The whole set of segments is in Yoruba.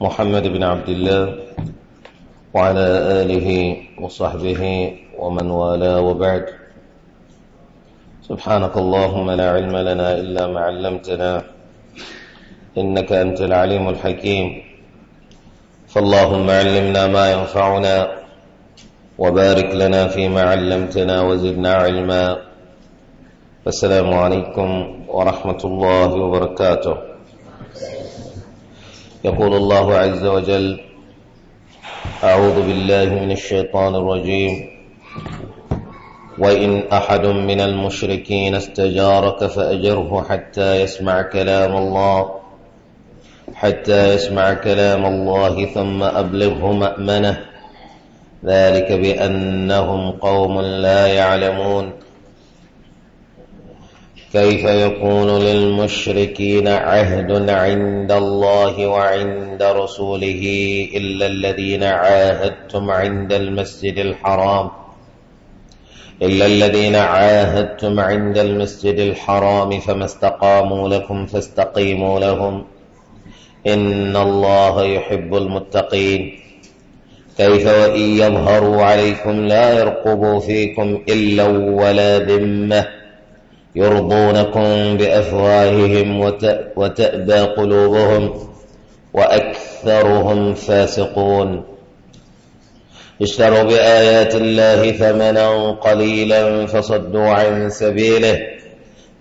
محمد بن عبد الله وعلى آله وصحبه ومن والاه وبعد سبحانك اللهم لا علم لنا إلا ما علمتنا إنك أنت العليم الحكيم فاللهم علمنا ما ينفعنا وبارك لنا فيما علمتنا وزدنا علما السلام عليكم ورحمة الله وبركاته يقول الله عز وجل أعوذ بالله من الشيطان الرجيم وإن أحد من المشركين استجارك فأجره حتى يسمع كلام الله حتى يسمع كلام الله ثم أبلغه مأمنه ذلك بأنهم قوم لا يعلمون كيف يكون للمشركين عهد عند الله وعند رسوله إلا الذين عاهدتم عند المسجد الحرام إلا الذين عاهدتم عند المسجد الحرام فما استقاموا لكم فاستقيموا لهم إن الله يحب المتقين كيف وإن يظهروا عليكم لا يرقبوا فيكم إلا ولا ذمه يرضونكم بأفواههم وتأبى قلوبهم وأكثرهم فاسقون اشتروا بآيات الله ثمنا قليلا فصدوا عن سبيله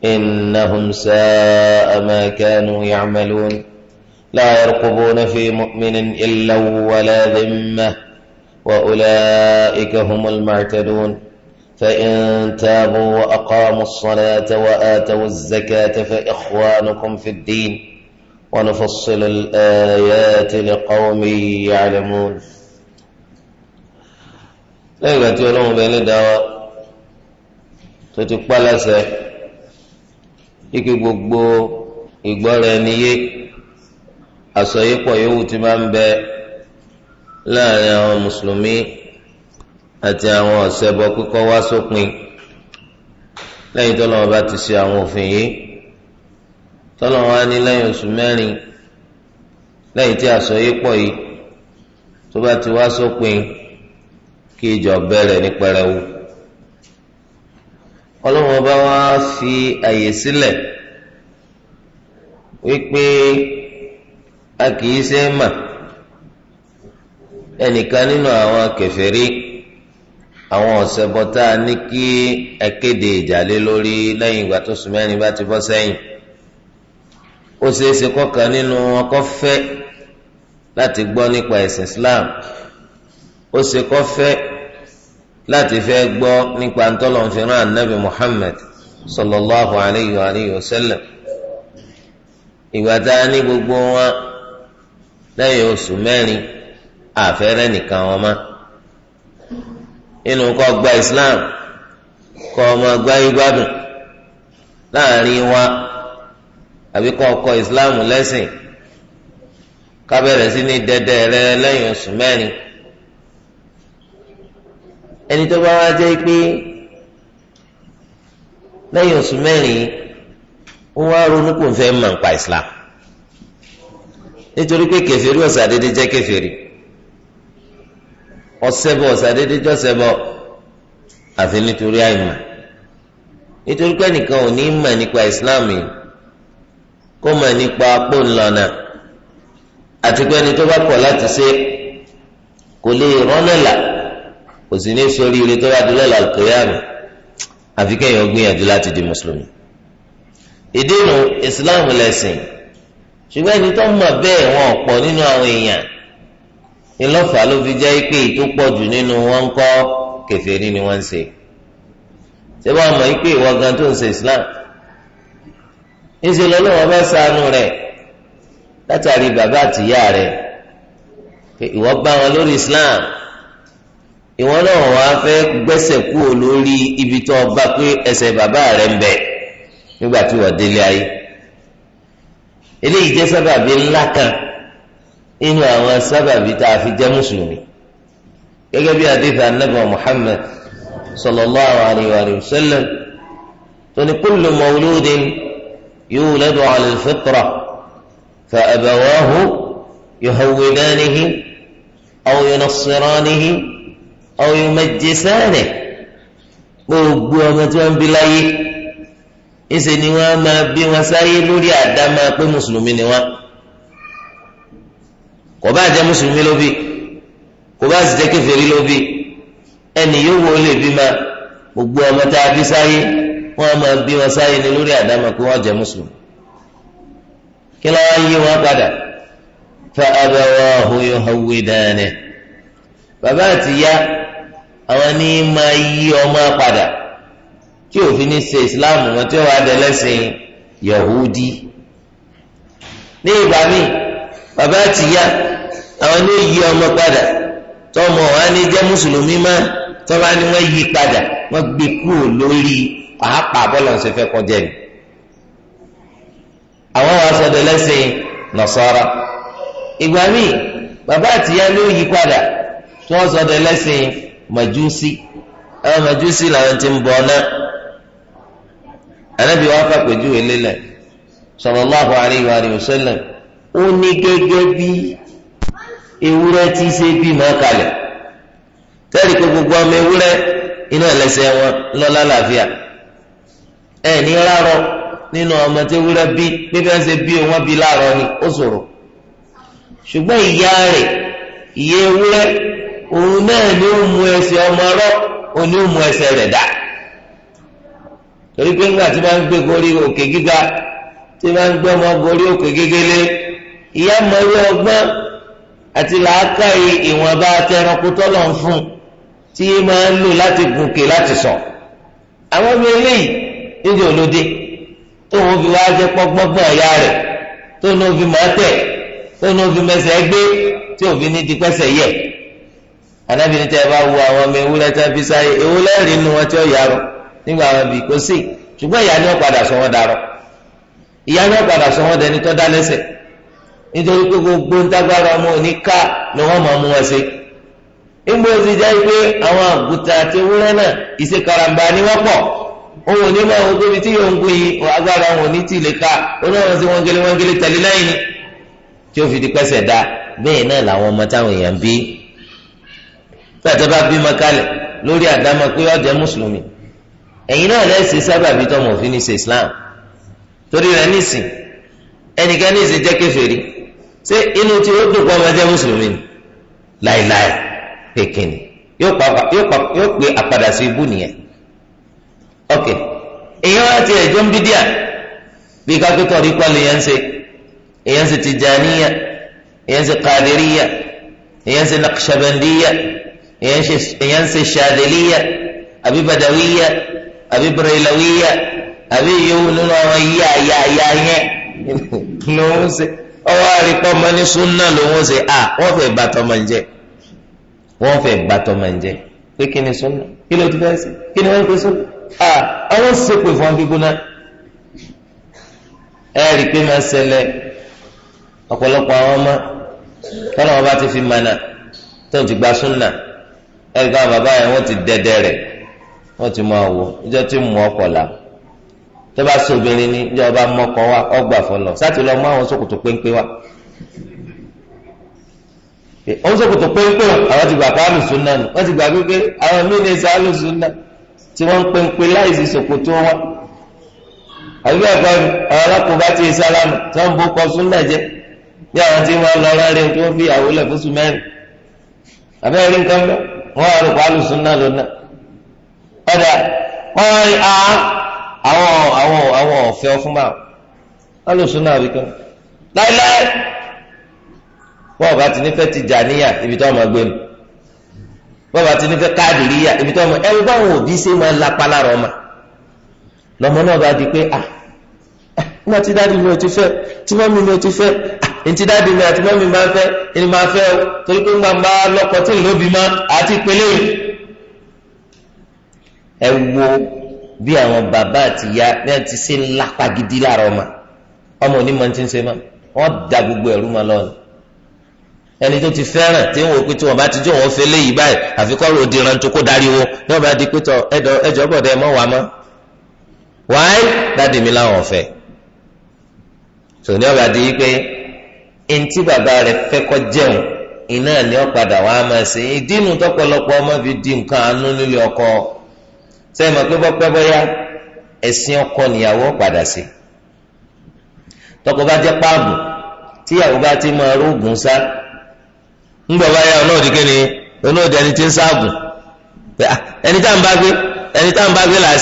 إنهم ساء ما كانوا يعملون لا يرقبون في مؤمن إلا ولا ذمة وأولئك هم المعتدون فإن تابوا وأقاموا الصلاة وآتوا الزكاة فإخوانكم في الدين ونفصل الآيات لقوم يعلمون لذلك يقولون بين الدواء تتقبل سيك يقبو يقبل نيي أصيق ويوت من بي لا يا مسلمين àti àwọn ọ̀sẹ̀bọ kíkọ́ wá sópin lẹ́yìn tọ́lọ́wọ́ bá ti ṣe àwọn òfin yìí tọ́lọ́wọ́ á ní lẹ́yìn oṣù mẹ́rin lẹ́yìn tí àsọyépọ̀ yìí tó bá ti wá sópin kí ìjọ bẹ̀rẹ̀ ní pẹrẹwu ọlọ́wọ́n bá wá fi àyè sílẹ̀ wípé a kì í ṣe é mà ẹnìkan nínú àwọn kèfèrí. àwọn ọ̀sẹ̀ bọ́ tá a ní kí ẹ kéde ìjàlé lórí lẹ́yìn ìgbà tó sùn mẹ́rin bá ti bọ́ sẹ́yìn ó ṣeé ṣe kọ́kan nínú wọn kọ́ fẹ́ láti gbọ́ nípa ẹ̀sìn Islam ó ṣe kọ́ fẹ́ láti fẹ́ gbọ́ nípa ntọ́lọ́nfẹ́ràn anabi Muhammad sallallahu alayhi wa alayhi wa sallam ìgbà tá a ní gbogbo wọn lẹ́yìn oṣù mẹ́rin àfẹ́rẹ́ nìkan wọn máa. inú kọ́ gba islam kọ́ ọmọ gbáyé gbádùn láàrin wa àbí kọ́ ọkọ islam lẹ́sìn kábẹ̀rẹ̀ sí ní dẹ́dẹ́ rẹ lẹ́yìn oṣù mẹ́rin ẹni tó bá wá jẹ́ pé lẹ́yìn oṣù mẹ́rin ó wá ronú islam nítorí pé kẹfẹ́rí ọ̀sà dédé ọsẹbọ ọsàdédé jọsẹbọ àfi nítorí àìmọ̀ nítorí pé nìkan ò ní mọ̀ nípa islam yìí kó mọ̀ nípa pọ́ńlọ́nà àti pé ẹni tó bá kọ̀ láti ṣe kò lè rọ́nà là kò sì ní sórí ire tó bá dúró làlùkìyàmù àfi kéèyàn gbìyànjú láti di mùsùlùmí ìdí nu islam lẹ́sìn ṣùgbọ́n ẹni tó mọ̀ bẹ́ẹ̀ wọn ọ̀pọ̀ nínú àwọn èèyàn ìlọ́fà ló fi jẹ́ pé ètò pọ̀ jù nínú wọn kọ́ kèfèrí ni wọ́n ń ṣe ṣé wọ́n mọ̀ pé ìwọ gan tó ń ṣe Islam níṣẹ́ lọ́lọ́wọ́ bá ṣàánú rẹ̀ látàrí bàbá àtìyá rẹ̀ pé ìwọ bá wọn lórí Islam ìwọ náà wà á fẹ́ gbẹ́sẹ̀ kúrò lórí ibi tó bá pé ẹsẹ̀ bàbá rẹ̀ ń bẹ nígbà tí wọ́n délé ayé eléyìí jẹ́ sábàbí ńlá kan. inú àwọn sábàbí tá a fi jẹ́ mùsùlùmí gẹ́gẹ́ bí adéfà anábìá muhammed sallallahu alayhi wa sallam tóní kullu mawlúdin yuladu ala al-fitra fa abawahu yuhawwidanihi aw yunassiranihi aw yumajjisanihi gbogbo ọmọ tí wọ́n bí láyé ìṣe ni wọ́n máa bí wọn sáyé lórí àdámà pé mùsùlùmí ni wọ́n. kò bá jẹ́ mùsùlùmí ló bí kò bá sì jẹ́ kèfèrí ló bí ẹnì yóò wọ lè bí ma gbogbo ọmọ tá a bí sáyé wọn a máa bí wọn sáyé ni lórí àdámà pé wọn jẹ́ mùsùlùmí kí ló wá yí wọn padà fa abawahu yuhawwidanihi bàbá àti ya àwọn ní máa yí ọmọ padà tí òfin ní ṣe islam wọn tí wọn adẹ lẹ́sìn yahudi ní ìgbà míì. bàbá àti ìyá àwọn ló yí ọmọ padà tọmọ wa ní jẹ́ mùsùlùmí má tọ́ba ni wọ́n yí padà wọ́n gbé kúrò lórí pàápàá bọ́lá ọ̀sẹ̀ fẹ́ kọjá ni àwọn wa sọdọ lẹ́sìn nọ̀sọ́ra ìgbà míì bàbá àti ìyá ló yí padà tí wọ́n sọdọ lẹ́sìn màjúsí àwọn làwọn ti ń bọ̀ náà ànábì wa fàpèjúwe lélẹ̀ ó ní gẹ́gẹ́ bí ewúrẹ́ tí ṣe bímọ kalẹ̀ tẹ́lẹ̀ kó gbogbo ọmọ ewúrẹ́ iná ẹlẹ́sẹ̀ wọn lọ́lá làáfíà ẹ ní rárọ nínú ọmọ tí ewúrẹ́ bí pípẹ́ ṣe bí wọn bí láàrọ ni ó ṣòro ṣùgbọ́n ìyá rẹ̀ ìyá ewúrẹ́ òun náà ni ó mú ẹsẹ̀ ọmọ rọ ni ó mú ẹsẹ̀ rẹ̀ dà torí pé ńgbà tí wọ́n ń gbé gorí òkè gíga tí wọ́n ń gbé ọmọ gorí òkè gégélé. ìyá mọ̀wé ọgbọ́n àti làákàyè ìwọ̀nba àtẹnukú tọ́lọ̀ ń fún tí yé máa ń lò láti gòkè láti sọ. àwọn ọmọ eléyìí níbi òlòdì tó wọn fi wá jẹ pọgbọgbọn ẹyà rẹ tó ní òfin máa tẹ tó ní òfin mẹsẹ gbé tí òfin ní ti pẹsẹ yẹ. ànábì ní tẹ́ ẹ bá wo àwọn ọmọ ewúrẹ́ tí fi sáyé ewúrẹ́ rí inú wọn tí ó yàrá nígbà wọn bì kó sí ṣùgbọ́n ìyá ni wọ́n padà sọ wọn dàrọ ìyá ni wọ́n padà sọ wọn dẹni tó dá lẹ́sẹ̀ nítorí pé gbogbo ntagbára ọmọ oníká ni ka máa mú wọn ṣe nígbà tó ti jẹ́ pé àwọn àgùntàn àti ewúrẹ́ náà ìṣèkarambà ni wọ́n pọ̀ òun ò ní máa wọ́n tóbi tí yóò ń gbé yín agbára òun ò ní tì lè ka oníwọ̀n sí wọn gẹ́lẹ́ wọn gẹ́lẹ́ tẹ̀lé lẹ́yìn ni tí ó fi di pẹ́sẹ̀ dá bẹ́ẹ̀ náà làwọn ọmọ táwọn èèyàn bí ṣé inú tí ó dùn kọ́ ọmọ ẹjẹ́ mùsùlùmí ni láìláì kékeré yóò pé àpadà sí ibú nìyẹn ok èèyàn láti ẹjọ́ ń bí díà bí kákítọ̀ rí pálí yẹn ń ṣe èèyàn ń ṣe tìjàníyà èèyàn ń ṣe kàdíríyà èèyàn ń ṣe nàkṣàbẹ̀ndíyà èèyàn ń ṣe ṣàdílíyà àbí bàdàwíyà àbí bẹ̀rẹ̀làwíyà àbí yòówù nínú àwọn yíyá yáyá yẹn ló ń ṣe ọwọ́ àríkọ́ ọmọ ní súnà lòun ṣe à wọ́n fẹ́ bá tọmọ ń jẹ wọ́n fẹ́ bá tọmọ ń jẹ pé kí ni súnà kí ló ti fẹ́ sí kí ni wọ́n fi súnà à àwọn sèpè fún gbígbóná ẹ rí i pé máa ṣẹlẹ̀ ọ̀pọ̀lọpọ̀ àwọn ọmọ tọ́lá wọn bá ti fi mànà tó ti gba súnà ẹ rí i pé àwọn bàbá yẹn wọ́n ti dẹ́dẹ́ rẹ̀ wọ́n ti máa wò ìjọ tí mú ọkọ̀ làwọn tó bá so obìnrin ní ìjọba bá mọ́kọ wa ọgbà fọlọ sátì lọ mú àwọn ṣòkòtò péńpé wa ó ṣòkòtò péńpé àwọn ti gbà pa àlùsùn náà nù wọ́n ti gbà pé àwọn míín ní sá àlùsùn náà tí wọ́n ń péńpé láìsí ṣòkòtò wọn àbí ẹ̀kọ́ àwọn alákòóbá ti sálámù tí wọ́n ń bó kọ sún náà jẹ́ bí àwọn tí wọ́n lọ rẹ́rìn tí wọ́n fi ìyàwó lẹ̀ fóṣù mẹ́rin àbẹ́rẹ́ nǹkan bẹ́ẹ̀ wọ́n àrùkọ àlùsùn náà lọ́nà àwọn àwọn àwọn ọ̀fẹ́ ọ̀fun bá alùsùn náà rí kan láíláí bọ́ọ̀ bá ti nífẹ̀ẹ́ Tìjàníyà ibi tó ọmọ gbé mu bọ́ọ̀ bá ti nífẹ̀ẹ́ Kádìríyà ibi tó ọmọ ẹ̀rú báwọn òbí ṣe máa ń lapa lára ọmọ lọmọ náà bá di pé à nígbà tí dáàdi mi ò ti fẹ́ tí mọ́mí mi ò ti fẹ́ ah, ti dáàdi mi àti mọ́mí máa fẹ́ ẹni máa fẹ́ o torí pé ńgbà máa lọ́kọ tí ìlú òbí máa àti ìpele ẹ wo bí àwọn bàbá àti ìyá bí wọ́n ti ṣe ń lápá gidi lára ọmọ ọmọ onímọ̀ ti ń ṣe mọ́ wọ́n da gbogbo ẹ̀rú ma lọ́ọ̀lù ẹni tó ti fẹ́ràn tí wọ́n pe tí wọ́n bá ti jọ wọ́n fẹ́ léyìí báyìí àfikọ́ rò di ìran tó kó darí wọn ní wọ́n bá di pé tọ ẹjọ́ bọ̀dẹ̀ mọ́ wàá mọ́ wáyé dáàdì mi láwọn ọ̀fẹ́ tò ní ọ̀gá di pé eŋti bàbá rẹ̀ fẹ́kọ́ jẹun iná ni ọ̀padà wàá máa ṣe ìdí inú tọ́pọ̀lọpọ̀ ọmọ fi di nǹkan àánú nílé ọkọ sẹ́yìnmọ̀ pé bọ́pẹ́ bọ́yá ẹ̀sìn ọkọ níyàwó padà sí tọkọ bá jẹ́ páàbù tíyàwó bá ti mọ arógùn sá ńgbọ̀ báyà ọlọ́ọ̀dì kí ni olóòdì ẹni tí ń sáàgùn ah, ẹni tá à ń bá gbé ẹni tá à ń bá gbé là á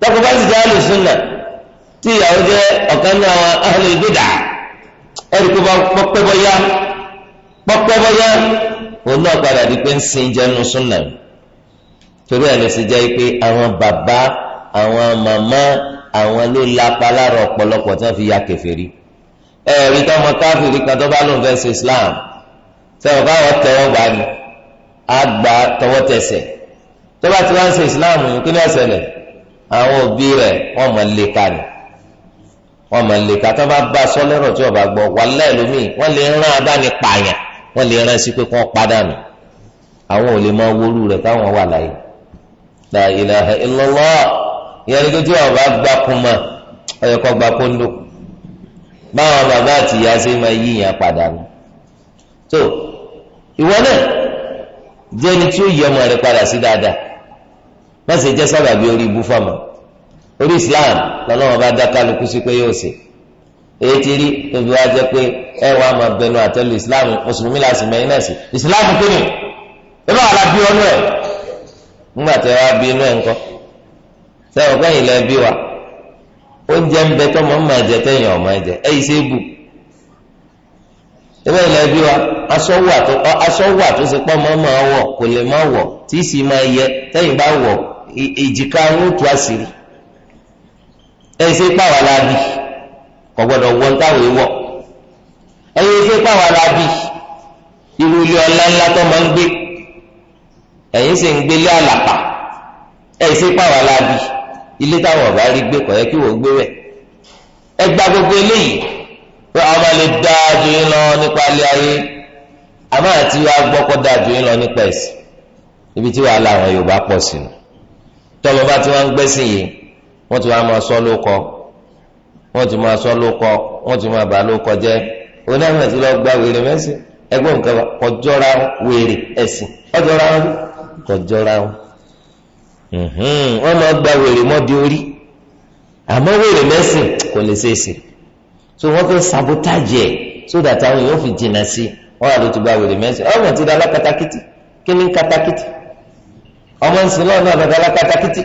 tọkọ bá sì jẹ́ àlùsùnà jẹ́ ọ̀kan ní àwọn òun náà padà di pé ń sin jẹnu súnà torí ẹ̀ ló ṣe jẹ́ pé àwọn bàbá àwọn màmá àwọn ló lápá lára ọ̀pọ̀lọpọ̀ tí wọ́n fi ya kèfèrí ẹ̀rí tọmọ káfíìrì kan tó bá lóun fẹ́ ṣe Islam sẹ́wọ̀n káwọn tẹ̀wọ́ gbà ní àgbà tọwọ́ tẹsẹ̀ tó bá ti wá ń ṣe Islam yìí kí ni ọ̀sẹ̀lẹ̀ àwọn òbí rẹ̀ wọ́n mọ̀ lè ka ni wọ́n mọ̀ lè ka tó bá bá sọ́lẹ́rọ̀ tí wọ́n gbọ́ wàlẹ́ lómi wọ́n lè rán abánipààyàn wọ́n lè rán sí pé kí wọ́n padà nù àwọn ò lè mọ wóoru rẹ̀ káwọn wà láyé la ilaha illallah ìyẹn ní kí ọba gbà kún mọ ọyọ kọ gbà kún lò báwọn bàbá àti ìyá ṣe máa yí ìyẹn padà nù tó ìwọ náà jẹ ẹni tí ó yí ọmọ rẹ padà sí dáadáa má ṣe jẹ sábàbí orí ibú fọmọ orí Islam lọ́nà wọn bá dá kálukú sí pé yóò ṣe. èyí ti rí tóbi jẹ pé ẹ wà máa bẹnu islam mùsùlùmí la mẹyìn náà sí islam kí ẹ bá wà lá bí ẹ ńgbà tẹ wá bí inú ẹ ńkọ́ sẹwọn kẹyìn lẹ bí wa ọmọ ẹ jẹ ebe bí wa àtúnṣe máa kò lè má tí sì máa yẹ bá ń àṣírí kò gbọdọ̀ wọ ní táwọn èèwọ̀ ẹ̀yin ife pàwọn alábì irú ilé ọlá ńlá tó máa ń gbé ẹ̀yin sì ń gbélé àlàpà ẹ̀yin ife pàwọn alábì ilé táwọn ọ̀bá rí gbé kò yẹ kí wọ́n gbé rẹ̀ ẹ gba gbogbo eléyìí pé àwọn máa lè dáa ju yín lọ nípa ilé ayé àmọ́ àti wàá gbọ́kọ́ dáa ju yín lọ nípa ẹ̀sìn ibi tí wàhálà àwọn Yorùbá pọ̀ sí nu tọ́lọ́ bá tí wọ́n ń gbẹ́sìn yìí wọ́n ti wá máa sọ lóko wọ́n ti máa sọ lóko wọ́n ti máa bà lóko jẹ́ onímọ̀ ti lọ gba wèrè mẹ́sìn ẹgbọ́n nǹkan kọjọ́ra wèrè ẹ̀sìn ọjọ́ra wọn kọjọ́ra wọn wọ́n máa gba wèrè mọ́di orí àmọ́ wèrè mẹ́sìn kò lè ṣe é ṣe so wọ́n fẹ́ sabotage ẹ̀ so that àwọn èèyàn fi jìnnà sí wọ́n wà ló ti gba wèrè mẹ́sìn ọmọ ti dá alákatakítí kí ni ọmọ ń sin lọ́nà ọ̀dọ̀ alákatakítí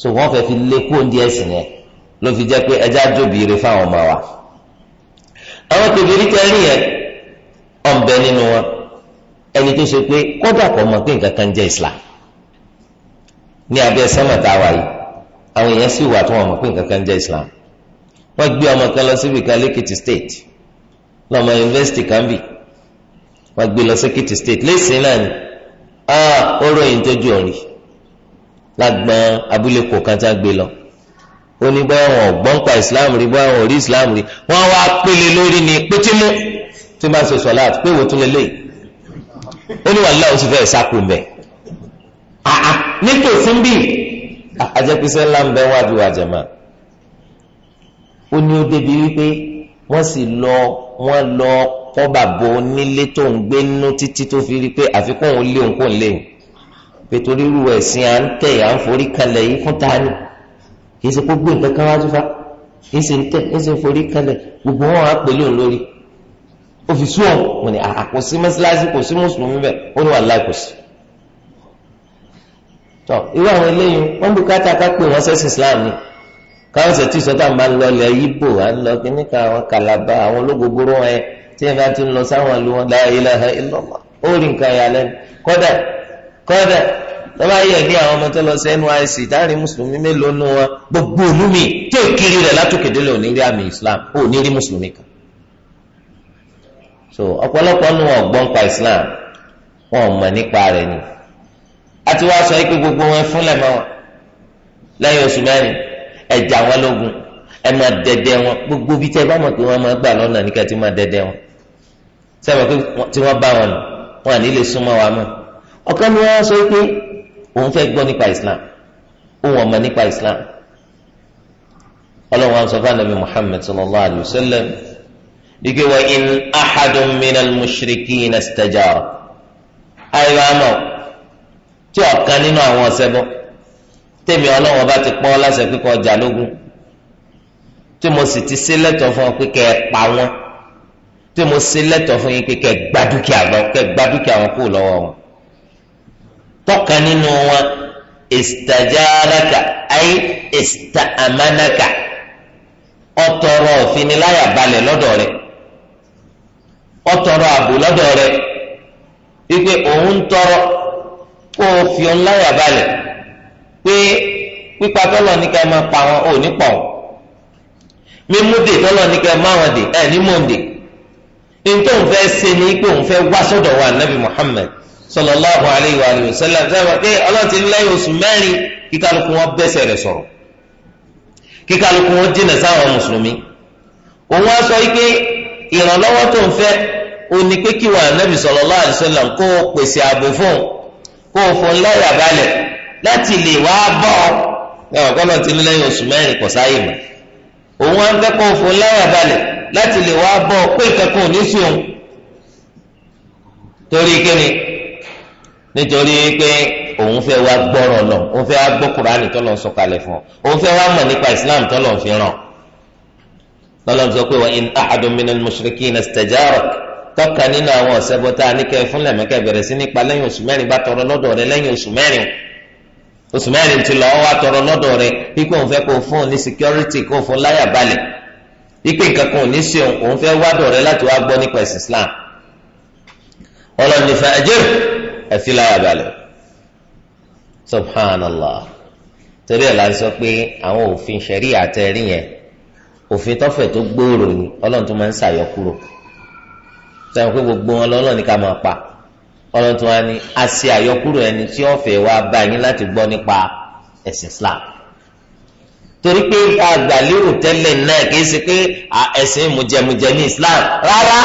so wọ́n fẹ́ fi lé oúnjẹ ẹ̀sìn yẹn ló fi jẹ́ pé ẹja jòbìrì fáwọn ọmọ wa àwọn kòbìrì tẹ́rì yẹn ọ̀nbẹ nínú wọn ẹni tó ṣe pé kódà kò mọ̀ pé nǹkan kan jẹ́ Islam ní abẹ́ sẹ́mọ̀tà wa yìí àwọn èèyàn sì wà tó wọn mọ̀ pé nǹkan kan jẹ́ Islam wọ́n gbé ọmọ kan lọ síbi kan lẹ́kìtì state lọ́mọ yunifásitì kan bì wọ́n gbé lọ sẹ́kìtì state lẹ́sìn náà ni ah, ó ròyìn tó ju òrì lágbọ́n abúlé kò kan tá a gbé lọ ó ní báyọ̀ wọn gbọ́npa islam rí báyọ̀ wọn rí islam rí wọ́n wá pélé lórí ni pétímú tí máa ṣe sọ̀lá àti pé wò tún lélẹ̀ ó ní wàhálà oṣù fẹ́ẹ́ sáku mbẹ́ àà nítòsí ń bì àjẹpísẹ́ ńlá ń bẹ́ wájú àjẹmá ó ní ó débi wípé wọ́n sì lọ wọ́n lọ kọ́ bàbá onílé tó ń gbé nínú títí tó fi rí pé àfikún òun lé òun kò ń lé òun pé ẹ̀sìn à ń tẹ̀ à ń forí kalẹ̀ yìí fún ta ni kìí ṣe gbogbo nǹkan kan wájú fa kìí ṣe tẹ kìí ṣe forí kalẹ̀ gbogbo wọn wà pẹ̀lú òun lórí ó fi sú òun wọn ni kò sí mọ́sálásí kò sí mùsùlùmí bẹ́ẹ̀ ó ní wàhálà kò sí. tọ irú àwọn eléyìí wọn bí káta ká pè wọn sẹ́sìn islam ni káwọn ṣe tí sọtà máa ń lọ ilẹ̀ yíbò à ń lọ kíní ká àwọn kàlàbà àwọn ológogoro wọn yẹn tí ẹ bá ti ń lọ sáwọn ìlú wọn la ilaha illallah ó rí nǹkan yà lẹ́nu kódà kódà lọ́ba yẹ ní àwọn ọmọ tó lọ sí NYSC táàrí mùsùlùmí mélòó nù wọn gbogbo ònú mi tí kiri rẹ̀ látòkè délé òní rí àmì Islam ò ní rí mùsùlùmí kan so ọ̀pọ̀lọpọ̀ nù wọn gbọ́n pa Islam wọn ò mọ̀ nípa rẹ̀ ni àti wàá sọ pé gbogbo wọn fúnlẹ̀ mọ́ wọn lẹ́yìn oṣù mẹ́rin ẹ̀jà wọn lógun ẹ máa dẹdẹ wọn gbogbo bí tẹ bá mọ̀ pé wọ́n máa gbà lọ́nà níkà tí máa wọn sọ pé òun fẹ́ gbọ́ nípa islam òun ọmọ nípa islam ọlọ́run àwọn sọ́kà nàbí muhammed sallallahu alayhi wa sallam ike wa in ahadun minal mushrikin istajara ayọ̀ àmọ́ tí ọ̀kan nínú àwọn ọ̀sẹ̀ bọ́ tèmi ọlọ́run ọba ti pọ́n láṣẹ kíkọ ọjà lógún tí mo sì ti ṣe lẹ́tọ̀ọ́ fún ọ pé kẹ́ ẹ pa wọn tí mo ṣe lẹ́tọ̀ọ́ fún yín pé kẹ́ ẹ gbá dúkìá wọn lọ́wọ́ wọn tọ́ka nínú wọn ìsìtàjáraka ayé ìsìtàmánaka ọtọrọ òfiniláyà balẹ̀ lọ́dọ̀ rẹ̀ ọtọrọ ààbò lọ́dọ̀ rẹ̀ wípé òun ń tọrọ kó o fi òun láyà balẹ̀ pé pípa tọ́lọ̀ ní ká ẹ máa pa wọn ò ní pọ̀ wọn mímúdè tọ́lọ̀ ní ká ẹ máa wọn dè ẹ ní mòǹdè ní tóun fẹ́ ṣe ni pé òun fẹ́ wá sọ́dọ̀ wa nabi Muhammad sallallahu alayhi wa sallam sábà pé ọlọ́run ti lẹ́yìn oṣù mẹ́rin kíkálukú wọn bẹ́sẹ̀ rẹ̀ sọ̀rọ̀ kíkálukú wọn jìnnà sáwọn mùsùlùmí òun á sọ wípé ìrànlọ́wọ́ tó ń fẹ́ o ní pé kí wà nábì sallallahu alayhi wa sallam kó o pèsè ààbò fún kó o fún láyà balẹ̀ láti lè wá bọ́ ọ ẹ̀wọ̀n kọ́lọ̀ ti lẹ́yìn oṣù mẹ́rin kọ̀ sáyè mọ́ òun á nítorí pé òun fẹ́ wá gbọ́rọ̀ lọ òun fẹ́ wá gbọ́ kuraani tọ́lọ̀ ń sọ̀kalẹ̀ fún ọ òun fẹ́ wá mọ̀ nípa Islam tọ́lọ̀ ń fi ràn tọ́lọ̀ ń sọ pé wa in ahadun minal mushrikina istajarak tọ́ka nínú àwọn ọ̀sẹ́bọ tá a ní kẹ́ fúnlẹ̀ mẹ́kẹ́ bẹ̀rẹ̀ sí nípa lẹ́yìn oṣù mẹ́rin bá tọrọ lọ́dọ̀ rẹ lẹ́yìn oṣù mẹ́rin oṣù mẹ́rin ti lọ wá tọrọ lọ́dọ̀ rẹ pípé òun fẹ́ kó fún ní security kó fún láyà balẹ̀ pípé nǹkan kan ò ní sí òun fẹ́ wádọ̀ rẹ láti wá gbọ́ nípa ẹ̀sìn Islam ọlọ́nìfẹ́ ẹ̀jẹ̀ ẹ̀sìn láyà balẹ̀ subhanallah torí ẹ̀ la sọ pé àwọn òfin ṣẹ̀rí àtẹ̀rí yẹn òfin tọ́fẹ̀ tó gbòòrò ni ọlọ́run tó máa ń ṣàyọ kúrò sọ pé gbogbo wọn lọ́lọ́ ní ká máa pa ọlọ́run tó wá ní a ṣe àyọkúrò ẹni tí ó fẹ́ wá bá yín láti gbọ́ nípa ẹ̀sìn Islam torí pé àgbàlérò tẹ́lẹ̀ náà kì í ṣe pé ẹ̀sìn mùjẹmùjẹ ní Islam rárá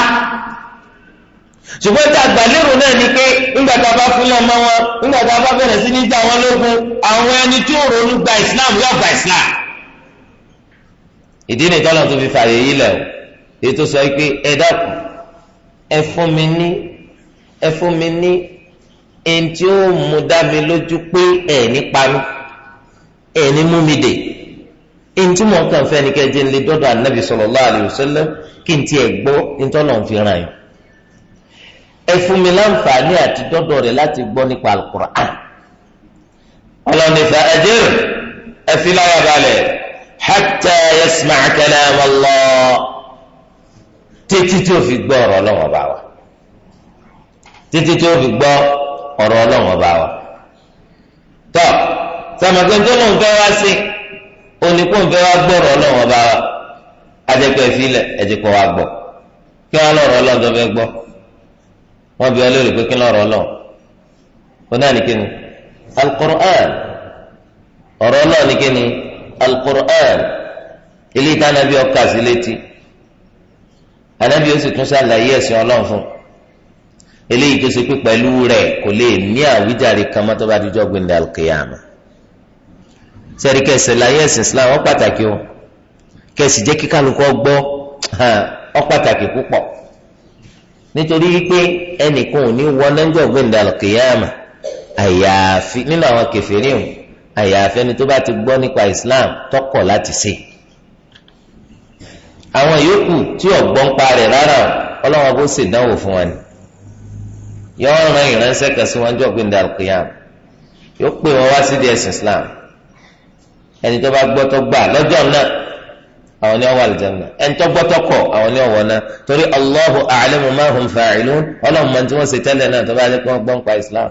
ṣùgbọ́n tí àgbàlérò náà ni pé nígbà tá a bá fún lọ́mọ wọn nígbà tá a bá bẹ̀rẹ̀ sí ní dá wọn lógun àwọn ẹni tí ó ronú gba Islam yóò gba Islam. ìdí ni tọ́lọ̀ tó fi fààyè yìí lẹ̀ o ètò sọ pé ẹ dákun ẹ fún mi ní ẹ fún mi ní ẹni tí ó mú dá mi lójú pé ẹ ní pa ẹ ní mú mi dè ẹni tí mò kàn fẹ́ ni kẹ́jẹ́ ń lè dọ́dọ̀ ànábì sallallahu alaihi wasallam kí n tiẹ̀ gbọ́ ní tọ́lọ̀ ń ẹ fún mi láǹfààní àti dọ́dọ̀ rẹ̀ láti gbọ́ nípa alukur'an ọlọ́nìfà ẹ̀jẹ̀rì ẹ fi láyà balẹ̀ hatta yasma' kalam Allah títí tí o fi gbọ́ ọ̀rọ̀ ọlọ́wọ́ bá wa títí tí o fi gbọ́ ọ̀rọ̀ ọlọ́wọ́ bá wa tọ́ sàmàgbẹ́jọ́ ń fẹ́ wá sí onípò ń fẹ́ wá gbọ́rọ̀ ọlọ́wọ́ bá wa adẹ́pẹ́ filẹ̀ ẹ̀jẹ̀ kọ́ wa gbọ́ kí wọ́n lọ́rọ̀ ọlọ́dọ̀ fẹ́ gbọ́ wọn bí ọlọ́ọ̀rì pé kí lọ́rọ̀ lọ wọn náà ní kí ni alukur'an ọ̀rọ̀ náà ní kí ni alukur'an ilé ìta anabi ọkọ àti létí anabi ó sì tún sàlàyé ẹ̀sìn ọlọ́run fún eléyìí tó ṣe pé pẹ̀lú rẹ̀ kò lè ní àwíjàre kan mọ́ tó bá dijọ́ gbẹ̀ndẹ̀ alukiyama sẹ́ẹ̀rì kẹsẹ̀ láyé ẹ̀sìn islam ó pàtàkì o kẹsì jẹ́ kí kálukọ́ gbọ́ pàtàkì púpọ̀ nítorí wípé ẹnìkan ò ní wọ lẹ́njọ́ gbẹ̀ndà kìyàmà àyàfi nínú àwọn kẹfìrí hùn àyàfi ẹni tó bá ti gbọ́ nípa Islam tọkọ̀ láti ṣe àwọn yòókù tí ọ̀gbọ́n pa rẹ̀ rárá ọlọ́wọ́n bó ṣèdánwò fún wọn ni yọ ran ìránṣẹ́ kan sí wọn jọ gbẹ̀ndà kìyàmà yóò pè wọn wá sídìí ẹ̀sìn Islam ẹni tó bá gbọ́ tó gbà lọ́jọ́ náà. àwọn ni wọ́n wà lìjànà ẹnitọ́ àwọn ni wọ́n náà torí Allahu ma ti ṣe tẹlẹ náà tó bá yẹ kí Islam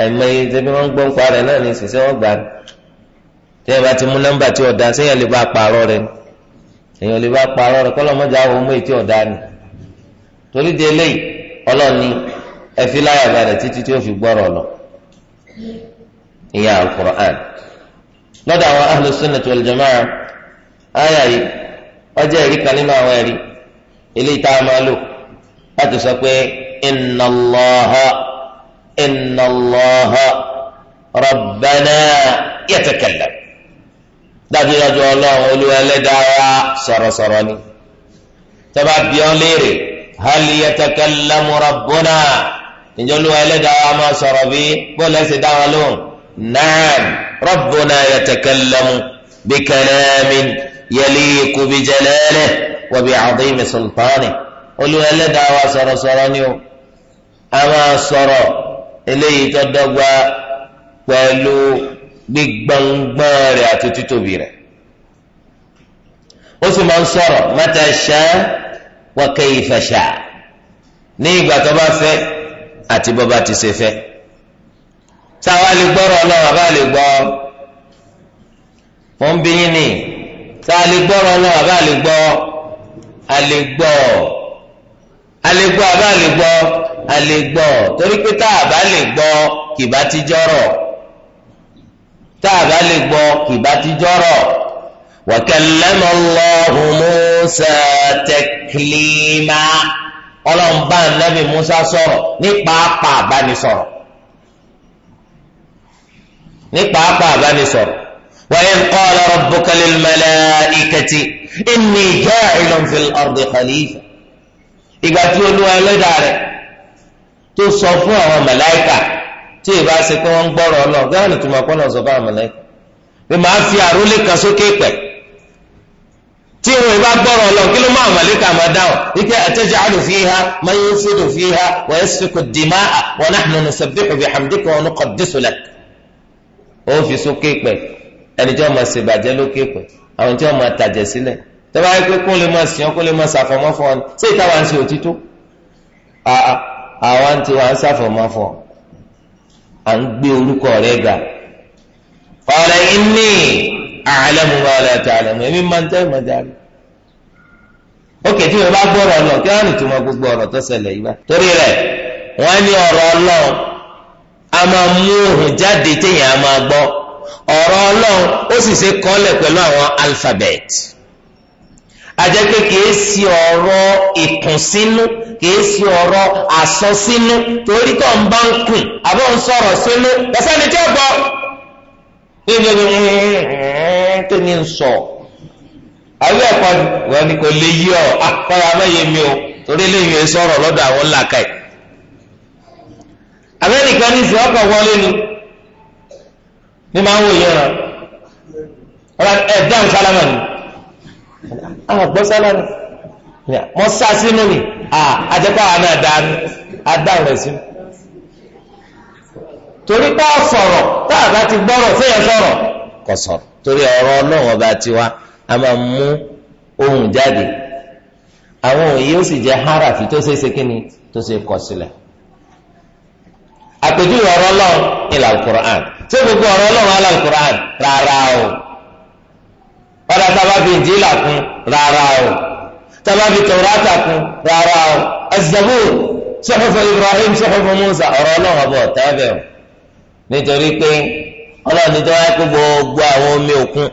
àìmọye tẹ́bí wọ́n gbọ́n pa rẹ̀ náà ní ìṣẹ̀ṣẹ̀ wọ́n gbà rẹ̀ bá ti mú nọ́mbà tí bá bá ni torí di eléyìí ẹ fi láyà títí tí ó fi lọ ìyá àyà yìí ọjọ́ ẹ̀rí kan nínú àwọn ẹ̀rí eléyìí tá a máa lò láti sọ pé innallaha innallaha rabbana yatakallam dájúdájú ọlọ́run olúwa ẹlẹ́dàá wa sọ̀rọ̀sọ̀rọ̀ ni tọ́ba bí ọ́n léèrè hal yatakallamu rabbuna ǹjẹ́ olúwa ẹlẹ́dàá máa sọ̀rọ̀ bí bọ́ọ̀lù ẹ̀sìn dáhùn lóhùn naam rabbuna yatakallamu bikalamin. يليق بجلاله وبعظيم سلطانه olùwẹ̀ ẹlẹ́dàá wa sọ̀rọ̀sọ̀rọ̀ ni o a máa sọ̀rọ̀ eléyìí tó dọ́gba pẹ̀lú gbígbọ̀ngbọ̀n rẹ̀ àti títóbi rẹ̀ ó sì máa ń sọ̀rọ̀ mata sha'a wa kayfa sha'a ní ìgbà tó bá fẹ́ àti bó bá ti ṣe fẹ́ táwa lè gbọ́rọ̀ ọlọ́run àbá lè gbọ́ ọ́ wọ́n ń bí yín nìyí tá a lè gbọ́ ọ̀rọ̀ náà àbá a lè gbọ́ a lè gbọ́ a lè gbọ́ àbá a lè gbọ́ a lè gbọ́ torí pé tá a bá lè gbọ́ kì ti jọ́rọ̀ tá a bá lè gbọ́ kì ti jọ́rọ̀ wa kallama Allahu Musa taklima nàbì Musa sọ̀rọ̀ ní pàápàá àbánisọ̀rọ̀ ní pàápàá àbánisọ̀rọ̀. وإذ قال ربك للملائكة إني جاعل في الأرض خليفة ìgbà tí olúwa ẹlẹ́dàá rẹ̀ tó sọ fún àwọn mẹ̀láìkà tí ìbá ṣe pé wọ́n ń gbọ́rọ̀ ọlọ́ gáà ní tùmọ̀ pọ́nà sọ fún àwọn mẹ̀láìkà pé màá fi àrólé kan sókè pẹ̀ tí wọn ìbá gbọ́rọ̀ ọlọ́ kí ló máa mẹ̀láìkà máa dáhùn wípé ataj'alu fiha man yufsidu fiha wa yasfiku dima'a wa nahnu nusabbihu bihamdika wa nuqaddisu lak ó fi sókè pẹ̀ ẹni tí wọn máa ṣe bàjẹ́ lókè pẹ̀ àwọn tí wọn máa tàjẹ̀ sílẹ̀ tó bá yẹ pé kó lè máa sìn kó lè máa ṣàfọmọ́ fún ọ ni ṣé tiwa ń fún ọ à ń gbé orúkọ ga ọ̀rẹ́ inni a'lamu ma máa ń tẹ́ tí mo bá kí wọ́n tún mọ torí rẹ̀ wọ́n ní ọ̀rọ̀ a máa mú òhun jáde téèyàn á máa gbọ́ ọ̀rọ̀ ọlọ́run ó sì ṣe kọ́lẹ̀ pẹ̀lú àwọn alphabet àjẹpé kìí sí ọ̀rọ̀ ìkùnsínú kìí sí ọ̀rọ̀ àsọsínú torí tó ń bá ń kùn àbọ̀ ń sọ̀rọ̀ sínú lọ́sẹ̀ni tí ó gbọ́ níbi tó ní ń sọ àwọn ẹ̀kọ́ wọn ni kò lè yí ọ àkọ́ra ah, mẹ́yẹ mi o torí eléyìí sọ̀rọ̀ lọ́dọ̀ àwọn làkàì abẹ́nìkan ní ìsìn ọkọ̀ wọlé ni ní máa ń wò yẹn rán ọ̀rọ̀ ẹ̀ dáhùn sálámà ni àwọn àgbọ̀ sálámà ni mọ̀ sá sínú ni àjẹpá wa náà dánú adáhùn rẹ̀ sínú torí pé ọ sọ̀rọ̀ tá a bá ti gbọ́rọ̀ séyẹ sọ̀rọ̀ kò sọ̀rọ̀ torí ọ̀rọ̀ ọlọ́run ọba tiwa a máa mú ohun jáde àwọn òye ó sì jẹ́ háràfi tó ṣeé ṣe kí ni tó ṣe kọ sílẹ̀ àpèjúwe ọ̀rọ̀ Ọlọ́run ilà alukur'an ṣé gbogbo ọ̀rọ̀ Ọlọ́run alà alukur'an rárá o ọ̀dà tábà fi ìjìlá kún rárá o tábà fi tòrátà kún rárá o az-Zabur sọfọfọ Ibrahim sọfọfọ Musa ọ̀rọ̀ Ọlọ́run ọbọ tẹbẹ o nítorí pé Ọlọ́run ní tọ́wá kó gbogbo àwọn omi òkun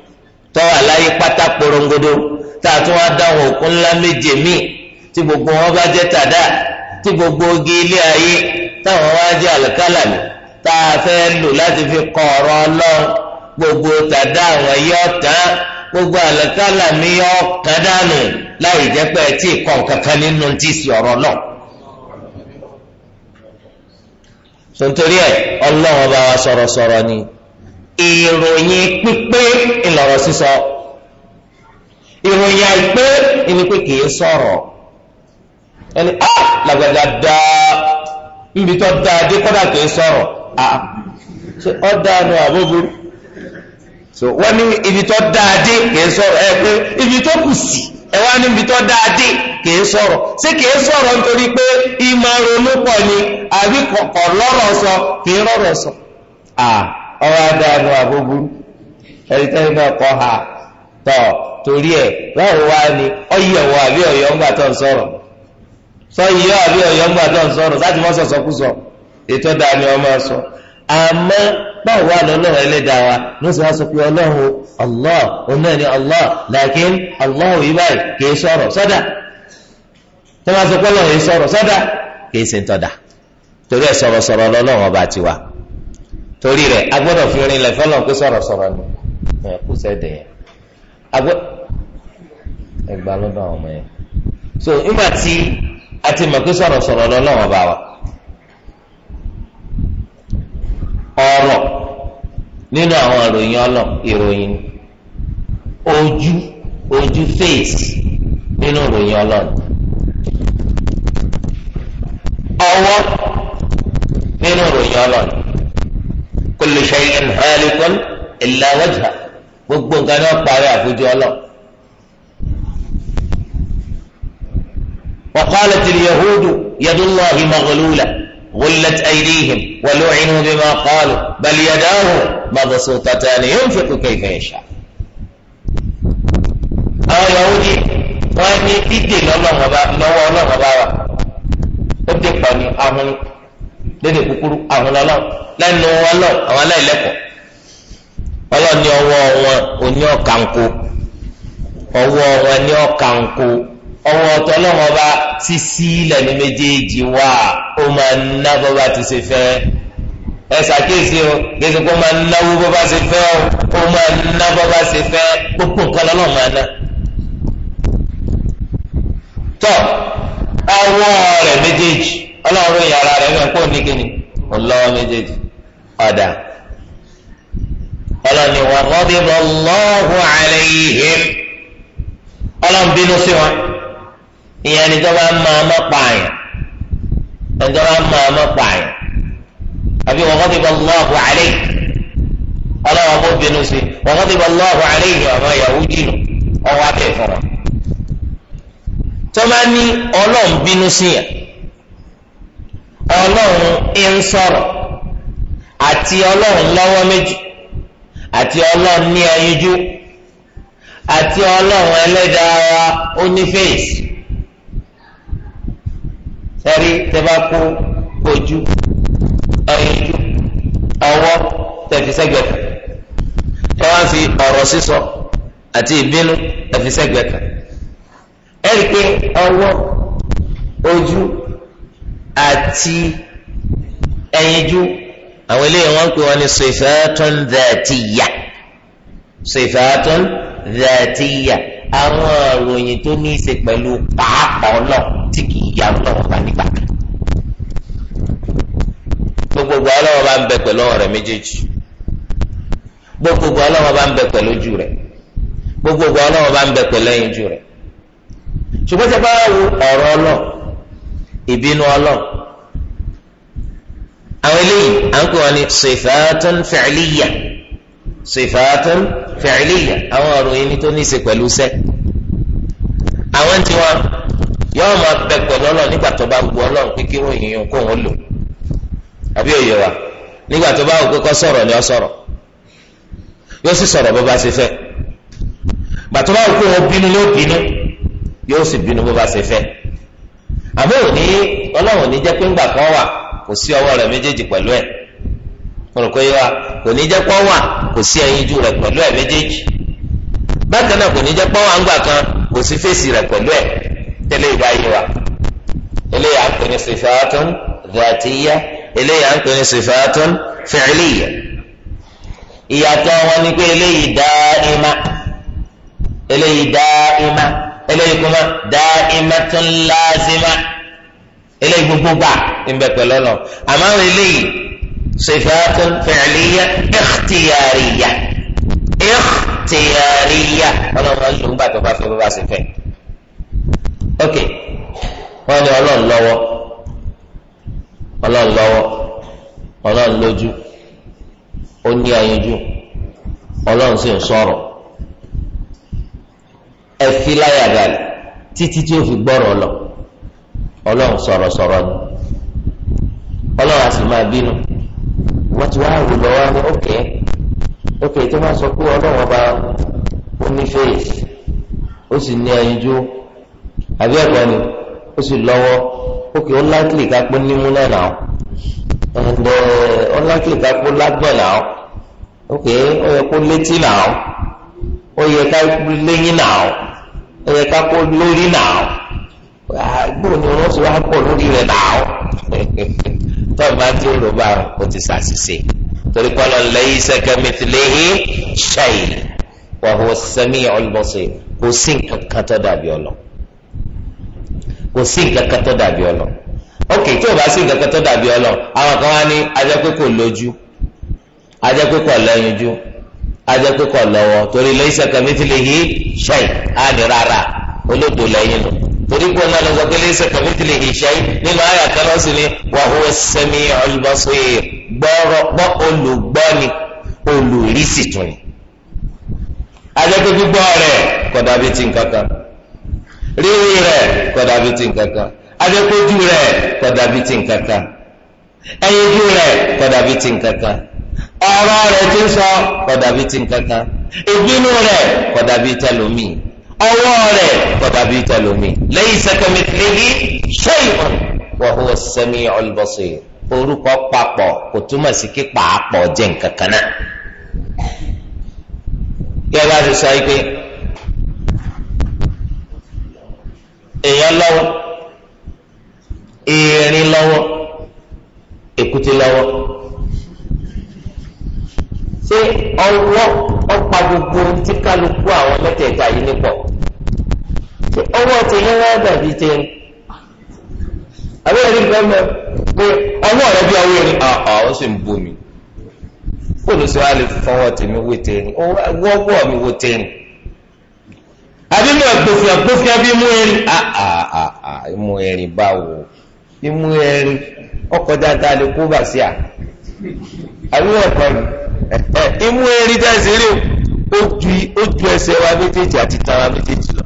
tọ́wà láyé pátá porongodo tá a tún wá dáhùn òkun ńlá méje míì tí gbogbo wọn bá jẹ́ tàdá tí gbogbo ogi ilé ayé táwọn wá jẹ́ àlùkálàmì tá a fẹ́ lò láti fi kọ́ ọ̀rọ̀ ọlọ́run gbogbo tàdá àwọn yóò tán gbogbo àlùkálàmì yóò kán dànù láì jẹ́ pé tí kọ̀ kankan nínú ti sì ọ̀rọ̀ náà. sọ̀tòrí ẹ̀ ọlọ́run ọba wa sọ̀rọ̀sọ̀rọ̀ ni ìròyìn pípé ìlọ̀rọ̀ sísọ ìròyìn àìpé ìní pé kì í sọ̀rọ̀ ẹni á ah, làgbàdàdà. níbi tó dáa ka kọ́dà kìí sọ̀rọ̀ ọ̀dà ni àbúburú so wọ́n ní ibi tó dáa dé kìí sọ̀rọ̀ ẹ pé ibi tó kù sí ẹ wá ní ibi tó dáa dé kìí sọ̀rọ̀ ṣé kìí sọ̀rọ̀ nítorí pé ìmọ̀ pọ̀ ni àbí kọ̀kọ̀ lọ́rọ̀ sọ kìí rọ̀rọ̀ sọ ọ̀rọ̀ àbúburú ẹni ha tọ̀ torí ẹ̀ ni ọ̀yẹ̀wò sọ yíyọ àbí ọyọ ńgbà tó ń sọ̀rọ̀ sáà tí sọ ètò dání ọmọ sọ àmọ́ báwo wà lọ́lọ́run ẹlẹ́dàá wa sọ pé ni allah làákín allah yìí báyìí kìí sọ̀rọ̀ sọ́dà tó máa sọ pé ọlọ́run yìí sọrọ sọ́dà kìí ṣe ń tọ́da torí ẹ̀ sọ̀rọ̀ sọ̀rọ̀ lọ́lọ́run ọba tiwa torí a fi rin pé ni kú ẹgbàá àwọn so tí àti mọ̀ pé sọ̀rọ̀sọ̀rọ̀ lọ́lọ́wọ́ bá wa ọ̀rọ̀ nínú àwọn ìròyìn ọlọ ìròyìn ojú ojú face nínú ìròyìn ọlọ ọwọ́ nínú ìròyìn ọlọ kullu shay'in halikun illa wajha gbogbo nǹkan náà parí àfojì ọlọ. وقالت اليهود يد الله مغلولة غلت أيديهم ولعنوا بما قالوا بل يداه مبسوطتان ينفق كيف يشاء àwọn yahudi wọn ní dídè lọ́wọ́ ọlọ́run bá wa ó dé pọ̀ ní ahun lédè kúkúrú ahun lọ́lọ́ lẹ́nu ọlọ́ àwọn aláìlẹ́kọ̀ọ́ ọlọ́ni ọwọ́ wọn ò ní ọ̀kàǹkó ọwọ́ wọn ní ọ̀kàǹkó ọwọ́ ọ̀tọ̀ náà ti bá ilẹ̀ ní méjèèjì wá ó máa ń ná bó bá ti ṣe fẹ́ ẹ ṣàkíyèsí o gbèsè kó máa ń náwó bó bá ṣe fẹ́ o ó máa ń ná bó bá ṣe fẹ́ gbogbo nǹkan lọ́nà máa ara rẹ̀ náà kó ní kíni ọlọ́wọ́ méjèèjì ọ̀dà ọlọ́ni ọlọ́run bínú sí ìyẹn ni tọ́ba máa má pààyàn ẹni tọ́ba máa má àbí wọ́n ti àlẹ́ ọlọ́wọ́ bó bínú sí wọ́n ti àlẹ́ yìí ọmọ ìyàwó jìnnà ọwọ́ abẹ́ fún wa tọ́ba ní ọlọ́run bínú sí yàn ọlọ́run ń sọ̀rọ̀ àti ọlọ́run lọ́wọ́ méjì àti ọlọ́run ní àti ọlọ́run ẹ̀rí tẹ́bá kó ojú ẹ̀yinjú ọwọ́ tẹ̀fisẹ́gbẹ̀kan tẹ́wá fi ọ̀rọ̀ sísọ àti ìbínú tẹ̀fisẹ́gbẹ̀kan ẹ̀rí pé ọwọ́ ojú àti ẹ̀yinjú àwọn eléyìí wọ́n ń pè wọ́n ní sifatun dhatiya sifatun dhatiya àwọn ìròyìn tó ní í ṣe pẹ̀lú pàápàá ọlọ́ tí kì í ya ọlọ́wọ́ bá nígbà kan gbogbo ọlọ́wọ́ bá ń bẹ pẹ̀lú ọ̀rẹ́ méjèèjì gbogbo ọlọ́wọ́ bá ń bẹ pẹ̀lú ojú rẹ̀ gbogbo ọlọ́wọ́ bá ń bẹ pẹ̀lú ẹ̀yìn ojú rẹ̀ ṣùgbọ́n tí a bá wo ọ̀rọ̀ ọlọ́ ìbínú ọlọ́ àwọn eléyìí à ń pè wọn ní sifatun fi'liyya sifaatun fi'liya àwọn ìròyìn ní tó ní í ṣe pẹ̀lú sẹ́ àwọn tí wọn yóò máa bẹ pẹ̀lú ọlọ́run nígbà tó bá wù ọlọ́run pé kí ròyìn yìí kó wọn lò àbí òye wa nígbà tó bá wù pé kó sọ̀rọ̀ ni ó sọ̀rọ̀ yóò sì sọ̀rọ̀ bó bá ṣe fẹ́ gbàtó bá wù wọn bínú ló bínú yóò sì bínú bó bá ṣe fẹ́ àbí òní ọlọ́run ní jẹ́ pé ńgbà kan wà kò sí ọwọ́ rẹ̀ méjèèjì pẹ̀lú ẹ̀ mo rò pé wa kò ní jẹ́ pọ́ wà kò sí ẹyin ju rẹ̀ pẹ̀lú ẹ̀ méjèèjì bákan náà kò ní jẹ́ pọ́ wà ńgbà kan kò sí fèsì rẹ̀ pẹ̀lú ẹ̀ tẹ́lẹ̀ ìbáyé wa eléyà ń pè ní sifatun dhatiyya eléyà ń pè ní sifatun fi'liyya ìyàtọ̀ wọn ni pé eléyìí dáìmá eléyìí dáìmá eléyìí kuma dáìmatun lazima eléyìí gbogbo gbà ń bẹ pẹ̀lú ọ̀nà صفات فعلية اختيارية اختيارية ọlọ́run máa ń ṣòwò bàtà bá fẹ́ bá ṣe fẹ́ ok wọ́n ní ọlọ́run lọ́wọ́ ọlọ́run lọ́wọ́ ọlọ́run lójú ó ní ayinjú ọlọ́run sì ń sọ̀rọ̀ ẹ fi láyà balẹ̀ títí tí ó fi gbọ́rọ̀ lọ ọlọ́run sọ̀rọ̀ sọ̀rọ̀ ni ọlọ́run á sì máa bínú wọ́n ti wá rò lọ́wọ́ ní òkè òkè tí wọ́n sọ pé ọlọ́wọ́ bá ó ní fèèsì ó sì ní ẹyinjú àbí ẹ̀kọ́ ni ó sì lọ́wọ́ òkè ó lákìlì kápó nímú náà nà eh, ó ẹ̀ǹdẹ̀ ó lákìlì kápó lágbọ̀n nà ó òkè ó yẹ kó létí nà ó ó yẹ ká léyìn nà ó ó yẹ ká kó lórí nà ah, ó gbóòní wọn sì wá pọ̀ lórí rẹ̀ nà ó. tó o bá ti rò bá o ti ṣàṣìṣe torí kọ́lọ̀ laysa kamithlihi shay'un wa huwa as-sami'ul basir kò sí nǹkan kan tó dàbí Ọlọ́run kò sí nǹkan kan tó dàbí Ọlọ́run ok tí o bá sí nǹkan kan tó dàbí Ọlọ́run àwọn kan wá ní ajẹ́ pé kò lójú ajẹ́ pé kò lẹ́yinjú ajẹ́ pé kò lọ́wọ́ torí laysa kamithlihi shay'un á ní rárá olódò lẹ́yìn lọ torí pé ọ̀nà lọ́sọ̀ pé lẹ́sẹ̀ kàmítìlì ìṣáyé nínú àyà kan lọ́sì ni wa huwa as-sami'ul basir gbọ́rọ̀ gbọ́ olùgbọ́ni olùrísì tún ni. ajẹ́pẹ́ gbígbọ́ rẹ̀ kò dàbí ti nǹkankan rírí rẹ̀ kò dàbí ti nǹkankan ajẹ́pẹ́ ojú rẹ̀ kò dàbí ti nǹkankan ẹyin ojú rẹ̀ kò dàbí ti nǹkankan ọ̀rọ̀ rẹ̀ ti sọ kò dàbí ti nǹkankan ìbínú rẹ̀ kò dàbí tẹlómìn ọwọ́ rẹ̀ kọ̀dà bíi tẹlomi laysa kamithlihi shay'un wa huwa as-sami'ul basir orúkọ papọ̀ kò túmọ̀ sí kí pàápọ̀ jẹ́ nǹkan kan náà. kí ẹ bá ti sọ pé èèyàn lọ́wọ́ erin lọ́wọ́ èkúté lọ́wọ́ ṣé ọwọ́ ọ̀pá gbogbo tí kálukú àwọn mẹ́tẹ̀ẹ̀ta yìí nípọ̀. ọwọ́ tèmi wọ́n dàbí tèmi abẹ́rẹ́ nígbà mọ́ pé ọwọ́ rẹ bí ọwọ́ ẹni àà ah, ah, ó sì ń bomi kó ló sì wá lè fọwọ́ tèmi wé tèmi ọwọ́ mi wó bí mú àà ah, báwo ọkọ̀ dáadáa lè kó bà sí à mi dáìsí rí ẹsẹ̀ wa méjèèjì àti tara méjèèjì lọ.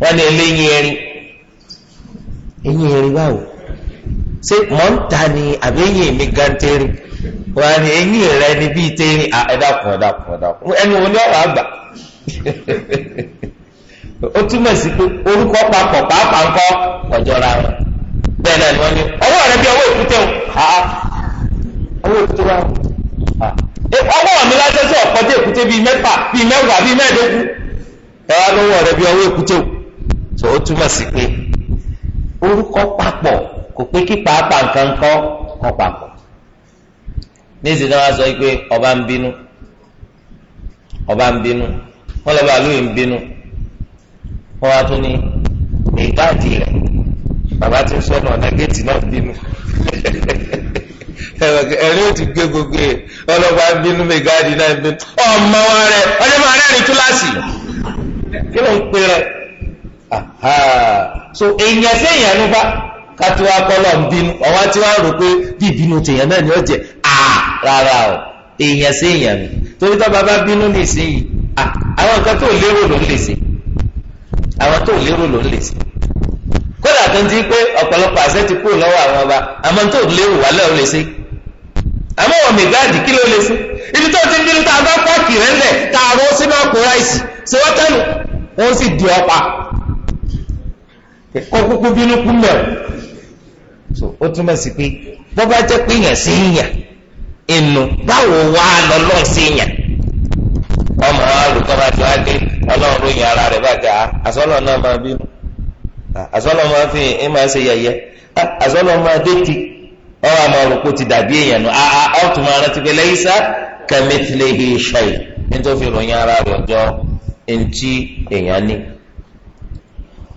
wọ́n ní eléyìn erin eyín erin báwo ni àbẹ́yìn mi gàǹtẹ́rì wọ́n rẹ ni bíi tẹ́rì ẹ̀dàkùn ẹ̀dàkùn ẹ̀dàkùn ẹnu wo ni ọ̀rọ̀ àgbà ó túmọ̀ sí pé orúkọ papọ̀ pàápàá ọ̀jọ̀ra bẹ́ẹ̀ náà ni wọ́n ní ọwọ́ rẹ bí ọwọ́ èkúté o ọwọ́ èkúté wa ọwọ́ mi lásán sí ọ̀pọ̀ èkúté bíi mẹ́fà bíi mẹ́wàá bíi wá lọ́wọ́ rẹ bí ọwọ́ èkúté o. so ó túmọ̀ sí pé orúkọ papọ̀ kò pé kí pàápàá nǹkan kọ́ kọ́ papọ̀ ọba ń ọba ń bínú wọn lọ bá ń bínú wọn wá tún ní ìbáàdì rẹ bàbá tí ń mbinu ọ̀nà géètì náà bínú ẹ̀rí ò ti gbé gbogbo ẹ̀ so èèyàn sẹ́yìn bá kátó akọ́lọ̀ ń bínú tí wọ́n rò pé bí ìbínú tèèyàn náà ni ó jẹ rárá o èèyàn sẹ́yìn ẹnu torí tó bá bínú ní àwọn nǹkan tó lérò ló ń lè ṣe àwọn tó lérò ló ń lè ṣe kódà tó ń pé ibi tó ti tá a bá pààkì rẹ̀ ńlẹ̀ sínú ọkùnrin àìsí ṣe kókókó bínú kú o ó túmọ̀ sí pé bó bá jẹ́ pé yàn sí yàn inú báwo wá lọ́lọ́ sí yàn ọmọ alùpùpù bá ti wá dé ọlọ́run ló yan ara rẹ̀ bàjẹ́ ah, àsọ́lọ́ náà máa bínú ah, àsọ́lọ́ máa fi ẹ máa ṣe ah, máa àmọ́ ti dàbí èèyàn nù àà lẹ́yìn sá kẹ́mẹ́tìlẹ́hìn nítorí ròyìn ara rẹ̀ ọjọ́ tí èèyàn ní.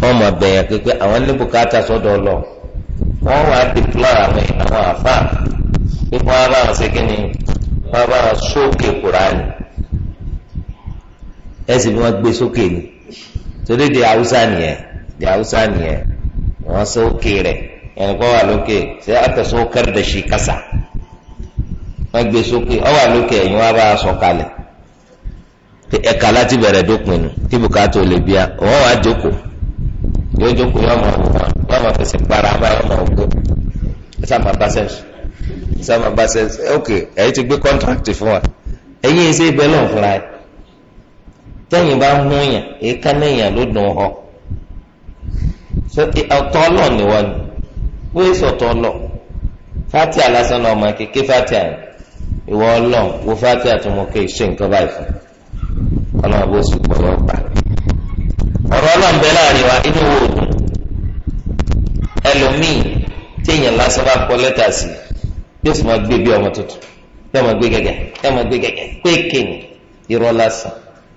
wọn mọ bẹyàn pé àwọn ní lọ wọn wà á dìplọ àwọn àwọn àfa pé ara wọn ṣe kí ni wọn bá wọn sókè kúránì ẹ sì bí wọn gbé ni torí di hausa nìyẹn di nìyẹn wọn sókè rẹ ẹnìkan wà lókè ṣé àtẹsọ kẹrìndẹ kásá wọn gbé sókè ọ wà lókè ẹ̀yìn wọn bá sọ̀ kalẹ̀ ẹ̀ka láti bẹ̀rẹ̀ dópin wọn yóò jókòó yóò máa wò wọn yóò máa fẹsẹ̀ gbára máa yóò máa wò ẹ sá máa bá sẹ́ǹsì ẹ sá bá sẹ́ǹsì ok ẹ̀yin ti gbé kọ́ńtrákìtì fún wa ẹ̀yin ẹ̀ ṣe ibẹ̀ náà fúnra ẹ̀ tẹ́yìn bá ń hún yàn èékán náà yàn ló dùn ọ́ ọ̀tọ̀ ọlọ́ ni wọ́n ni wọ́n èso ọ̀tọ̀ ọlọ́ fatia lásán náà ọmọ kéke fatia yẹn ìwọ ọlọ́ wo fatia tó mọ kéé ṣe nǹkan báyìí fún ọlọ́run bó sì gbọ́ gbà ọ̀rọ̀ ọlọ́run bẹ láàrin wa inú wo dùn ẹlòmíì téèyàn lásán bá kọ lẹ́tà sí yóò sì máa gbé bí ọmọ tuntun yóò máa gbé gẹ́gẹ́ yóò máa gbé gẹ́gẹ́ péèké irọ́ lásán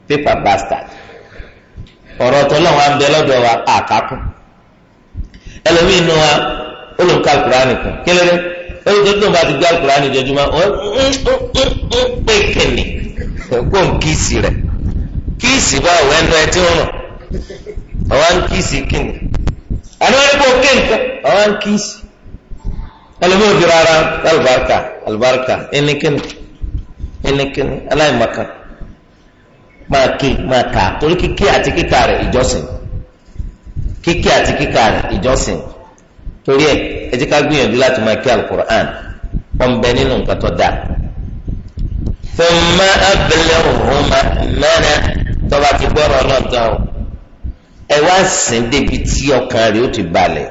pépà bastard ọ̀rọ̀ ọ̀tọ̀lọ́run wa ń bẹ lọ́dọ̀ wa àkákùn ẹlòmíì nu wa ó lòun ká alukurani kù kílódé ó lè tó tó bá ti gbé alukurani jọjúmọ́ ó kó kíìsì rẹ̀ kíìsì bá ọwọ́ ń kíìsì kíni àníwájú kò kí nǹkan ọwọ́ ń kíìsì ẹlòmíì ò dira ara alibarika alibarika ẹni kíni ẹni kíni aláìmọ̀kan máa ké máa kà torí kíké àti kíkà rẹ̀ ìjọsìn kíké àti kíkà rẹ̀ ìjọsìn torí ẹ ẹ ti ká gbìyànjú láti máa ké alukur'an wọn bẹ nínú nǹkan tó dáa fún ma abilẹ̀ ọ̀hún ma mẹ́rin tọ́ba ti gbọ́rọ̀ náà ẹ wá sìn débi tí ọkàn rẹ̀ ó ti balẹ̀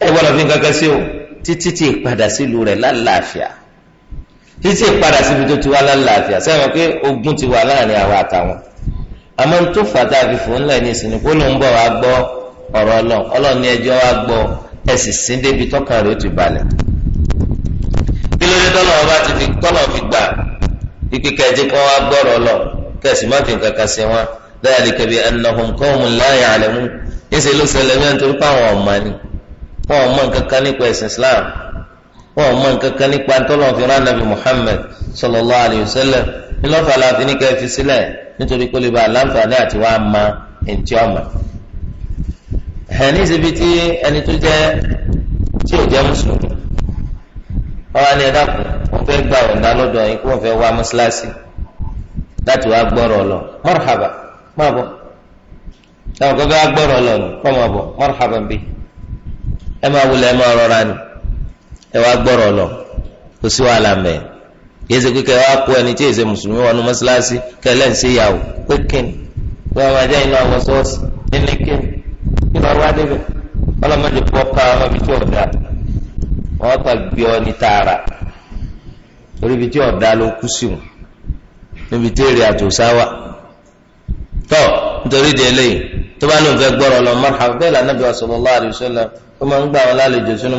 ẹ gbọ́dọ̀ fi kankan sí o títí tí ìpadà sílùú rẹ̀ lálàáfíà títí ìpadà síbi tó ti wá lálàáfíà sẹ́wọ̀n pé ogun ti wà láàrin àwọn àtàwọn àmọ́ n tó fàtà àfi fòun lẹ́ni ìsìn kó ló ń bọ̀ wá gbọ́ ọ̀rọ̀ ọlọ́run ọlọ́run ní ẹjọ́ wá gbọ́ ẹ sì sìn débi tọ́kàn rẹ̀ ó ti balẹ̀ kí ló dé tọ́lọ̀ ọba ti fi tọ́lọ̀ fi gbà kíkẹ́ jẹ́ kí wá gbọ́ ọ̀rọ̀ ọlọ́run má fi nǹkan sí wọn dhalika bi annahum qawmun la ya'lamun ẹsẹ̀ ló ṣẹlẹ̀ bẹ́ẹ̀ nítorí pé àwọn ọ̀ma ni wọn ò mọ̀ nǹkan kan nípa ẹ̀sìn Islam wọn ò mọ̀ nǹkan kan nípa ntọ́lọ́n fi rán Nabi Muhammad sallallahu alayhi wa sallam ńlọ́fà láàfin ní kẹ́ẹ́ fi sílẹ̀ nítorí kó lè ba àlàǹfààní àti wàá ma ẹ̀ǹtí ọ̀ma. ẹ̀ ní ìsibí tí ẹni tó jẹ́ tí ò jẹ́ mùsùlùmí wọn wá ní ẹ̀dá kù wọn fẹ́ gbà ọ̀dà lọ́dọ̀ yìí kó wọn fẹ́ wá mọ́ṣáláṣí láti wá gbọ́rọ̀ lọ marhaba má bọ̀ táwọn kan bá gbọ́rọ̀ lọ kọ́ máa bọ̀ marhaban bi ẹ máa wulẹ̀ ẹ máa rọra ẹ wá gbọ́rọ̀ lọ kò sí wàhálà mẹ́ẹ̀ yìí ṣe pé kẹ́ wá kó ẹni tí èsè mùsùlùmí wọnú mọ́ṣáláṣí kẹlẹ́ ń ṣe ìyàwó pé sọ́ọ̀sì kí wọ́n wá débẹ̀ ọlọ́mọdé pọ̀ ká tí tọ́ nítorí di eléyìí tó bá lóun lọ marhaba lànàbí wa ó máa ń gbà wọn lálejò sínú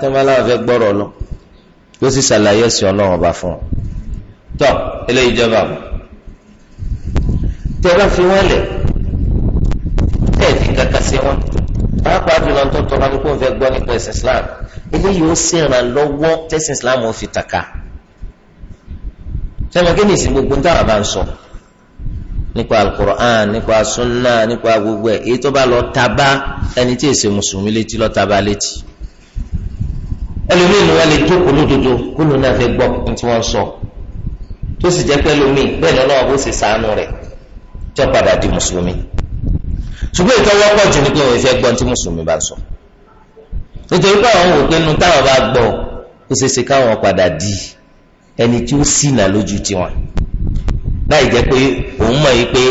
tó láwọn lọ sì ṣàlàyé ọba fún eléyìí jọba bá fi sí wọn pàápàá jùlọ tó kó n gbọ́ nípa ẹ̀sìn Islam eléyìí ó sì lọ́wọ́ tẹ́sìn Islam ó fi tàka kí ni ìsìn gbogbo ń dára bá ń sọ. nípa alukur'an nípa sunna nípa gbogbo ẹ̀ èyí tó bá lọ taba ẹni tí èsè mùsùlùmí létí lọ taba létí ẹlòmíì ni wọn lè jókòó lódodo kó ló náà fẹ́ gbọ́ ohun tí wọn sọ tó sì jẹ́ pé ẹlòmíì bẹ́ẹ̀ lọ́nà ọ̀bọ̀ sì sànù rẹ̀ tó padà di mùsùlùmí ṣùgbọ́n ìtọ́wọ́ pọ̀ jù ní pé òun fẹ́ gbọ́ ohun tí mùsùlùmí bá sọ nítorí pé àwọn wò pé nu táwọn bá gbọ́ ó ṣeéṣe káwọn padà di ẹni tí ó ṣìnà na ije pé òun mọ̀ yìí pé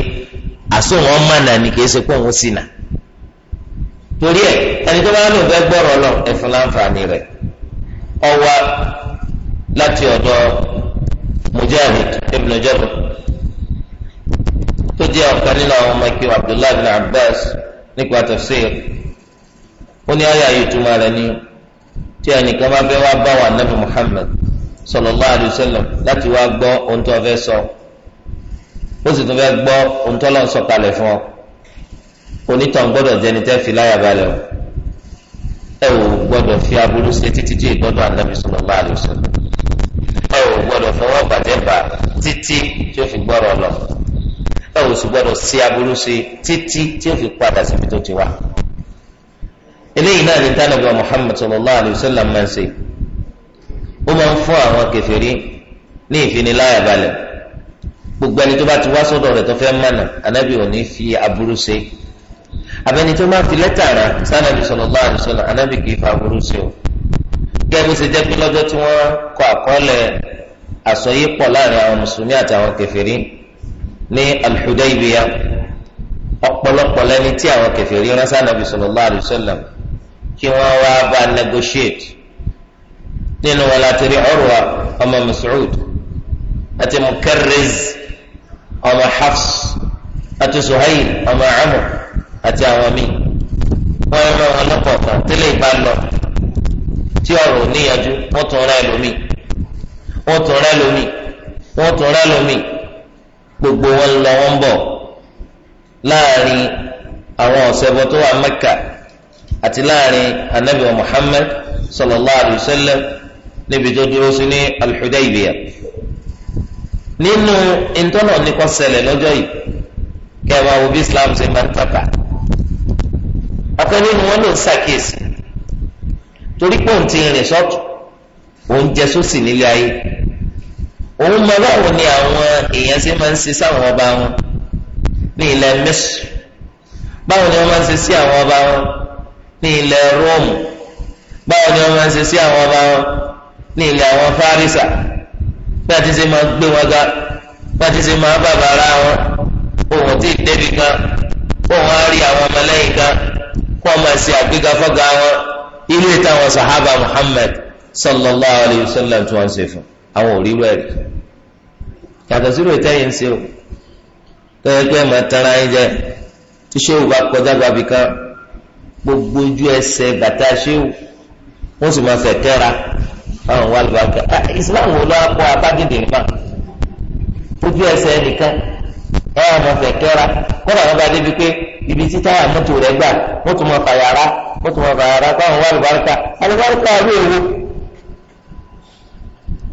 àsòwọn mọ̀nà ni kì í ṣe pé òun sì nà torí ẹ ẹni tó bá lò fẹ́ gbọ́rọ̀ lọ ẹ̀fọn láǹfààní rẹ̀ ọwọ́ láti ọ̀dọ̀ Mujahid ibn tó jẹ́ ọ̀kan nínú àwọn ọmọ Abdullahi bin Abbas nípa tafsir ó ní ayé àyètúmọ̀ rẹ ni tí ẹnìkan bá fẹ́ wá bá wà Muhammad láti wá gbọ́ ohun ó sì tún fẹ́ gbọ́ ohun tó lọ́n sọ̀kalẹ̀ fún ọ onítàn gbọ́dọ̀ jẹni tẹ́ fi láyà balẹ̀ o ẹ ò gbọ́dọ̀ fi aburú ṣe títí dé ìgbọ́dọ̀ ànábì sallallahu alaihi wasallam ẹ ò gbọ́dọ̀ fọwọ́ bàjẹ́ bà títí tí ó fi gbọ́rọ̀ lọ ẹ ò sì gbọ́dọ̀ ṣe aburú ṣe títí tí ó fi padà síbi tó ti wá. eléyìí náà ní tánàbí wa Muhammad sallallahu alaihi wasallam máa ń ṣe ó máa ń fún àwọn kèfèrí ní ìfiniláyà balẹ̀ gbogbo ẹni tó bá ti wá sọ́dọ̀ rẹ̀ tó fẹ́ mọ̀nà anabi ò ní fi aburú ṣe abẹni tó máa fi lẹ́tà rà sanabi sallallahu alaihi wasallam anabi kì í fa aburú ṣe o gẹ́gẹ́ bó ṣe jẹ́ pé lọ́jọ́ tí wọ́n kọ àkọọ́lẹ̀ àsọyípọ̀ láàrin àwọn mùsùlùmí àtàwọn kẹfìrí ní al-Hudaybiyah ọ̀pọ̀lọpọ̀ lẹni tí àwọn kẹfìrí ránṣẹ́ anabi sallallahu alaihi wasallam kí wọ́n wá bá negotiate nínú wọn láti rí Urwa ọmọ Mas'ud àti Mukarriz ọmọ Hafs àti Suhail ọmọ Amr àti àwọn míì wọn yọ wọn lọkọọkan tẹ́lẹ̀ ìbá lọ tí ọ̀rọ̀ níyanjú wọn tún rẹ lómi wọn tún rẹ lómi wọn tún rẹ lómi gbogbo wọn lọ wọn bọ̀ láàrin àwọn ọ̀sẹ̀bọ tó wà Mẹ́kà àti láàrin anabi wa sallallahu alayhi wa sallam níbi tó dúró sí ní al-Hudaybiyah nínú ìtọ́nà nìkan ṣẹlẹ̀ lọ́jọ́ yìí kẹwàá wo bí islam ṣe máa ń tàkà ọ̀kan nínú wọn ló ń ṣàkíyèsí torí pé òun ti rìn sọ́tù òun jẹ sósì nílé ayé òun mọ báwo ni àwọn èèyàn ṣe máa ń ṣe sáwọn ọba wọn ní ilẹ̀ Misr báwo ni wọ́n máa ń ṣe sí àwọn ọba wọn ní ilẹ̀ Róòmù báwo ni wọ́n máa ń ṣe sí àwọn ọba wọn ní ilẹ̀ àwọn Fárísà bí a ti ṣe máa gbé wọn ga bí a ti ṣe máa bàbàrà wọn òun ti débi kan òun á rí àwọn ọmọlẹ́yìn kan kó wọn máa àgbéga fọ́gà wọn ilé táwọn sàhábà Muhammad sallallahu alayhi wa sallam tí wọ́n ṣe fún àwọn òrírò ẹ̀rí yàtọ̀ sírò ìtẹ́yìn ń ṣe o tọ́yẹ pé ẹ̀mọ̀ tẹ́ra yín jẹ tí ṣéwù bá kọjá gbàbí kan gbogbo ojú ẹsẹ̀ bàtà ṣéwù wọ́n sì máa fẹ̀ tẹ́ra àwọn wà lùbákà ah, islam wo ló kó abágídé nípa ojú ẹsẹ̀ nìkan ẹ ọmọ fẹ́ kẹra kọlọ wọn bá débi pé ibi tí táyà mọ́tò rẹ̀ gbà mọ́tò mọ fàyàrá mọ́tò mọ fàyàrá kó àwọn wà lùbákà alùbákà ló èwo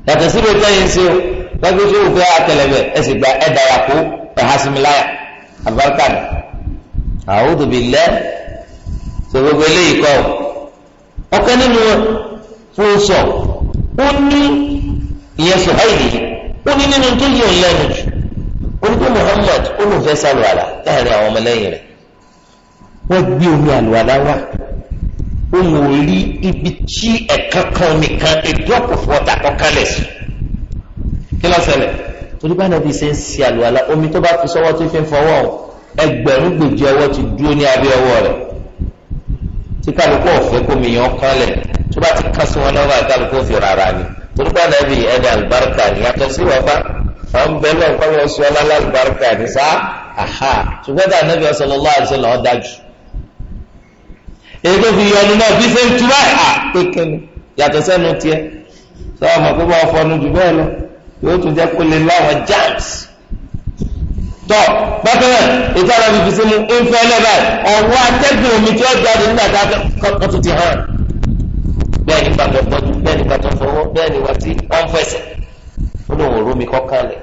yàtọ̀ síbi tẹ́yìn sí o lọ́gbẹ́ tó o fẹ́ àtẹlẹbẹ ẹ sì gba ẹ̀dá yà kó ẹ̀há similáyà alùbákà ni a'udhu billahi sọ gbogbo eléyìí kọ́ ọ̀kan nínú wọn fún sọ ó ní ìyẹn Suhaili ó ní nínú tó yẹ òun lẹ́nu jù orúkọ Muhammad ó lóun fẹ́ sàlùwàlà láàrin àwọn ọmọlẹ́yìn rẹ̀ wọ́n gbé omi àlùwàlà wá òun ò rí ibi tí ẹ̀ka kan nìkan a drop of water sí kí ló ṣẹlẹ̀ torí bá nàbí ṣe ń ṣe àlùwàlà omi tó bá fi sọ́wọ́ tó fi ń fọwọ́ ẹgbẹ̀rún gbèjì ọwọ́ ti dúró ní abẹ́ ọwọ́ rẹ̀ tí kálukú ọ̀fẹ́ kómi yàn kán tó bá ti kán sí wọn lọ́wọ́ àgbàlù kó fi rárá ni torúkọ nàbì ẹ̀dá àlùbáríkà ni yàtọ̀ sí wọn bá wọn bẹ lọ nǹkan wọn sọ ọlá àlùbáríkà ni sá àhà ṣùgbọ́n dà nàbì sallallahu alaihi wasallam dájú. èyí tó fi yọnu náà bí ṣe ń tu báyìí à kékeré yàtọ̀ sẹ́nu tiẹ̀ sọ ọmọ kó bá fọnu jù bẹ́ẹ̀ lọ tọ bákanáà ìtara bìbí sí mu lẹ́bàá ọ̀wọ́ atẹ́gùn omi tí ó jáde nígbà tá a tún ti hàn bẹ́ẹ̀ nípa tó gbọ́dú bẹ́ẹ̀ nípa tó fọwọ́ bẹ́ẹ̀ nípa tí wọ́n fẹsẹ̀ ó lóun ò rómi kọ́kànlẹ̀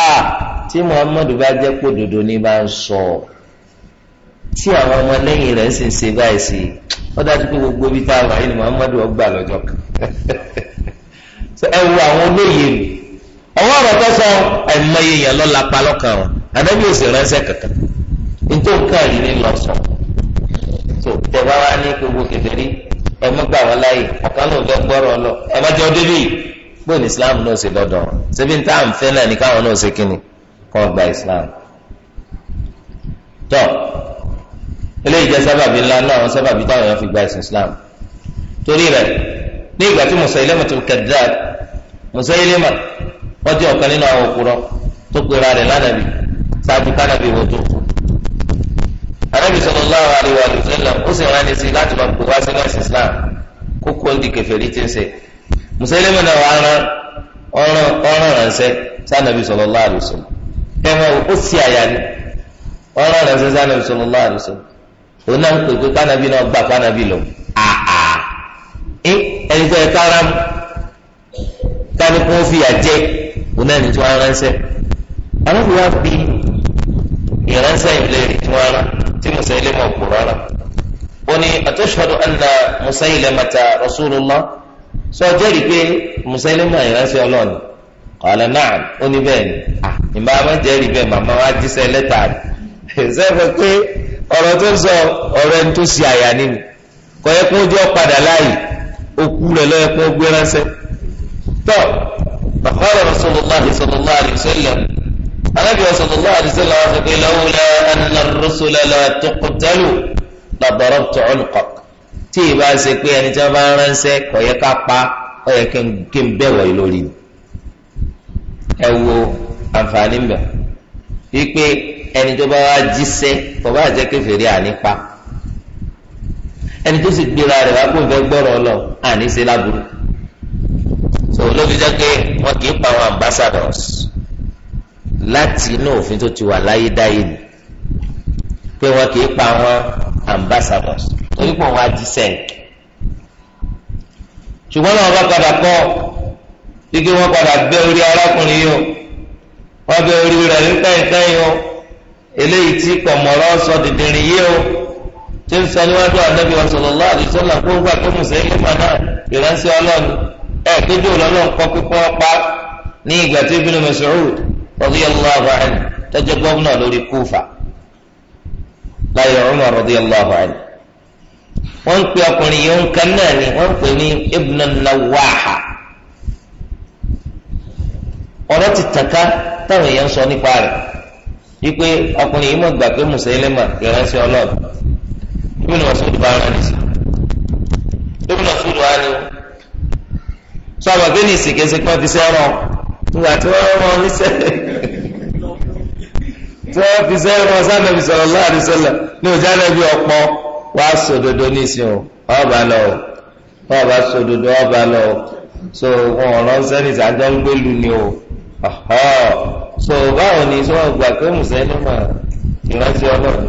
aa tí muhammadu bá jẹ́ pé òdodo ní bá ń sọ tí àwọn ọmọ lẹ́yìn rẹ̀ sì ń ṣe báyìí sí i wọ́n dájú pé gbogbo ibi tá a wà yìí ni muhammadu ọgbà lọ́jọ́ kan ẹ wo àwọn olóye mi àwọn ọ̀rọ̀ tó sọ ẹ̀mọye yẹn lọ́la pa lọ́kàn wọn àdébí òsì ránṣẹ́ kankan nítorí káàdì ní lọ sọ tó tẹ bá wá ní gbogbo kedere ẹ mọ́ gbà wọ́n láàyè ọ̀kan náà fẹ́ gbọ́rọ̀ lọ ẹ má jẹ́ ọdẹ bíi bó ní islam náà ṣe dọ́dọ̀ wọn ṣébi ní táwọn fẹ́ náà ní káwọn náà ṣe kíni kọ́ gba islam. tọ́ eléyìí jẹ́ sábàbí ńlá náà àwọn sábàbí táwọn èèyàn fi gba ìsìn islam torí rẹ̀ ní ìgbà tí Musailamatul Kadhdhab Musailama wọ́n jẹ́ ọ̀kan nínú àwọn òkúrọ̀ tó pera rẹ̀ lánàbì ṣáájú kánàbì wò tó kù anabi sallallahu alayhi wa sallam ó sì rán ní sí láti máa gbogbo wá sínú ẹ̀sìn islam kókó ń di kèfèrí tí ń ṣe mùsùlùmí náà wà rán ọ̀ràn ránṣẹ́ sànàbí sallallahu alayhi wa kẹwọn ó sì àyà ni ọ̀ràn ránṣẹ́ sànàbí sallallahu alayhi òun náà ń pè pé kánàbí náà gbà kánàbí lọ àà ẹni tó yẹ kára mu kálukú ó fìyà jẹ òun náà ní tí wọn ránṣẹ́ àwọn ìwà bíi ìránṣẹ́ ìlérè tí wọn rán tí Musaylima kù rárá ó ní atashhadu anna Musaylimata rasulullah sọ jẹ́rìí pé Musaylima ìránṣẹ́ ọlọ́ọ̀ni qala na'am ó ní bẹ́ẹ̀ ni ìmọ̀ àwọn jẹ́rìí bẹ́ẹ̀ màmá wa jíṣẹ́ lẹ́tà rẹ̀ sẹ́fẹ̀ pé ọ̀rọ̀ tó ń sọ ọ̀rọ̀ ẹni tó ṣe àyà nínú kọ̀yẹ́ kó jẹ́ padà láàyè òkú rẹ̀ lọ́yẹ kó gbé ránṣẹ́ tọ́ bàbá rẹ̀ Rasulullahi sallallahu alaihi wasallam alábi sallallahu alaihi wasallam sọ pé lawla anna ar-rusula la tuqtalu la darabtu unqak tí ì bá ṣe pé ẹni tí wọ́n bá ń ránṣẹ́ kò yẹ ká pa ó yẹ kí n bẹ̀wọ̀ yìí lórí ẹ wo àǹfààní mbẹ wípé ẹni tó bá wá jíṣẹ́ kò bá jẹ́ kèfèrí ànípa ẹni tó sì gbéra rẹ̀ wá gbọ́n fẹ́ lọ àní ṣe láburú so ló fi jẹ́ pé wọ́n kì í pa àwọn ambassadors láti inú òfin tó ti wà láyé dáyé ni pé wọn kì í pa àwọn ambassadors torí pé wọn á di sẹ́ǹk ṣùgbọ́n náà wọ́n padà kọ́ wípé wọ́n padà gbé orí arákùnrin yìí o wọ́n gbé orí rẹ̀ ní pẹ́ẹ́pẹ́ẹ́ o eléyìí tí pọ̀mọ́rọ́ sọ dìndìnrín yìí o tí ń sọ níwájú ànábì sallallahu alaihi wasallam kó gbà pé mùsùlùmí mà náà ìránṣẹ́ ọlọ́run ẹ̀ tójú ọlọ́run kọ́ pípọ́ pa ní ìgbà tí Ibn Mas'ud رضي الله عنه jẹ́ gómìnà lórí Kúfà láyé Umar radiyallahu anhu wọ́n ń يوم ọkùnrin yìí ń kan náà ni wọ́n ń pè ní Ibn Nawaha ọ̀rọ̀ ti tàka táwọn èèyàn ń sọ nípa rẹ̀ wípé ọkùnrin yìí mọ̀ gbà pé Musailima ìránṣẹ́ ọlọ́ọ̀dún Ibn Mas'ud bá ara nìyí Ibn Mas'ud wà ní sọ àbàgbé ní ìsìnkèsè kan fi sẹ́rọ̀ ọ́ nígbà tí wọ́n rán oníṣẹ́ tí wọ́n fi sẹ́yìn wọn sáà nàbì sọ̀rọ̀ lọ́wọ́ àdìsọ́lẹ̀ ní ọjà nàbì ọ̀pọ̀ wá sòdodo nísìn o ọba lọ o ọba sòdodo ọba lọ o so wọn ò ránṣẹ́ ní ìsàjọ́ ń gbélu ni o so báwo ni sọ gbà pé mùsẹ́ni mà ìrántí ọlọ́run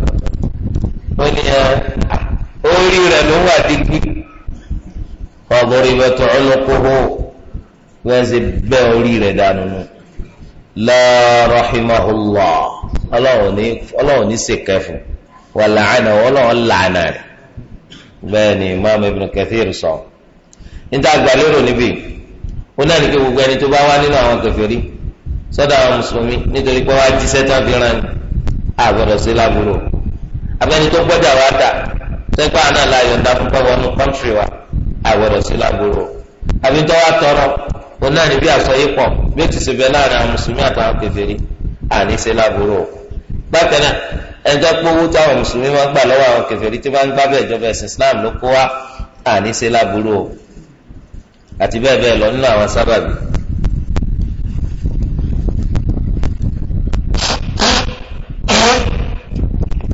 ó ní ẹ orí rẹ̀ ló wà dígbì ọ̀bọ̀rìbẹ̀tọ̀ ọlọ́kọ̀ọ́. wọ́n bẹ́ orí rẹ̀ dànù nù rahimahullah ọlọ́run ní ṣèkẹ́ fún wà làánà ọlọ́run làánà rẹ̀ bẹ́ẹ̀ ni imam ibn kathir sọ níta àgbàlérò níbí ó náà ní gbogbo ẹni tó bá wá nínú àwọn kèfèrí sọ́dọ̀ àwọn mùsùlùmí nítorí pé wọ́n á jíṣẹ́ tán fi àgbọ̀dọ̀ sí lábúrò abẹ́ni tó gbọ́dọ̀ wá dà náà wa àgbọ̀dọ̀ sí lábúrò àbí tó tọrọ wọn náà ní bí àsọyípọ̀ bí ó ti ṣe bẹ láàrin àwọn mùsùlùmí àtàwọn kèfèrí àníṣe láburú o bákan náà ẹjọ́ pé owó táwọn mùsùlùmí máa ń gbà lọ́wọ́ àwọn kèfèrí tí wọ́n ń gbábẹ́ ìjọba ẹ̀sìn Islam ló kó wá àníṣe láburú o àti bẹ́ẹ̀ bẹ́ẹ̀ lọ nínú àwọn sábàbí.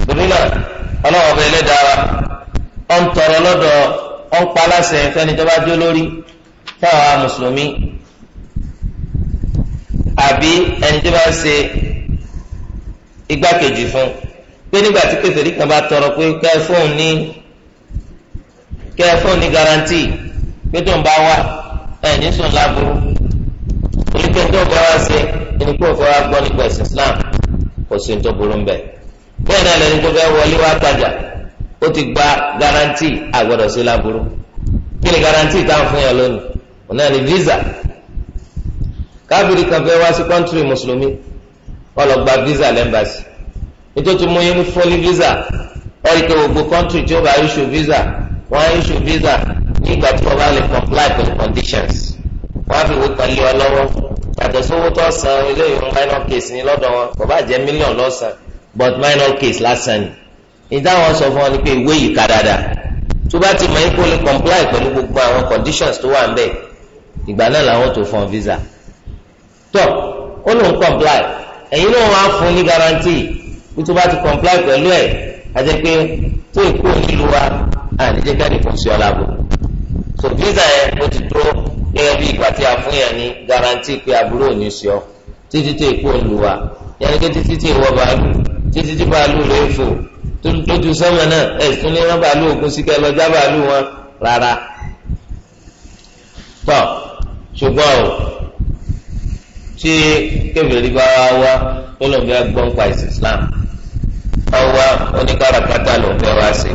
torí náà ọlọ́wọ́ ọba ọ̀ ń tọrọ lọ́dọ̀ ọ̀ ń pa aláṣẹ fẹ́ni tó bá jó lórí fáwọn mùsùlùmí àbí ẹni tí bá ṣe igbákejì fún pé nígbà tí kèfèrí kan bá tọrọ pé kẹ́ fóun ní kẹ́ fóun ní garanti pé tó ń bá wà ẹ̀ ní sùn láburú oríkẹ́ tó bá wá ṣe ẹni kó fẹ́ gbọ́ nípa ẹ̀sìn Islam kò sí ní tó burú ń bẹ̀ bẹ́ẹ̀ náà lẹni tó fẹ́ wọlé wá tajà ó ti gba garanti àgbọ̀dọ̀ sí láburú kí ni garanti táwọn fún yàn lónìí òun náà ni visa káfíìrì kan fẹ́ wá sí kọ́ńtìrì mùsùlùmí wọ́n lọ gba visa lẹ́mbàsì nítorí mo yẹ fọ́lí visa wọ́n rí i pé gbogbo kọ́ńtìrì tí ó bá issue visa wọ́n á issue visa nígbà tí wọ́n bá lè comply with the conditions wọ́n á fi wé kan lé ọ lọ́wọ́ yàtọ̀ sówó tó san eléyìí minor case ni lọ́dọ̀ wọn kò bá jẹ́ mílíọ̀n lọ́sàn but minor case lásán ni ìdáhùn sọ fún ọ ni pé ìwé yìí ká dáadáa tó bá ti mọ̀ yín lè comply pẹ̀lú gbogbo àwọn conditions tó wà ń bẹ̀ ìgbà náà làwọn tó fọ́n visa tọ ó lóun comply ẹ̀yin lóun á fún ní guarantee kí tó bá ti comply pẹ̀lú ẹ̀ àti pé tó ìkú onílù wa àdìjẹ́ káàdì fún sí ọ̀la bò so visa yẹn ó ti dúró gẹ́gẹ́ bí ìgbà tí a fún yẹn ní guarantee pé àbúrò ò ní sí ọ títí tó ìkú onílù wa yẹn ní títí tí ìwọ bàálù títí tí bàálù rẹ̀ fò lójú sọ́mọ náà ẹ̀ tún ní rán bàálù ògùn síkẹ́ lọ́jà bàálù wọn rárá tọ́ ṣùgbọ́n o tí kébìrì bá wá wá tó lòun fẹ́ gbọ́ nípa ẹ̀sìn Islam wá wá oníkàràkátà lòun fẹ́ wá sí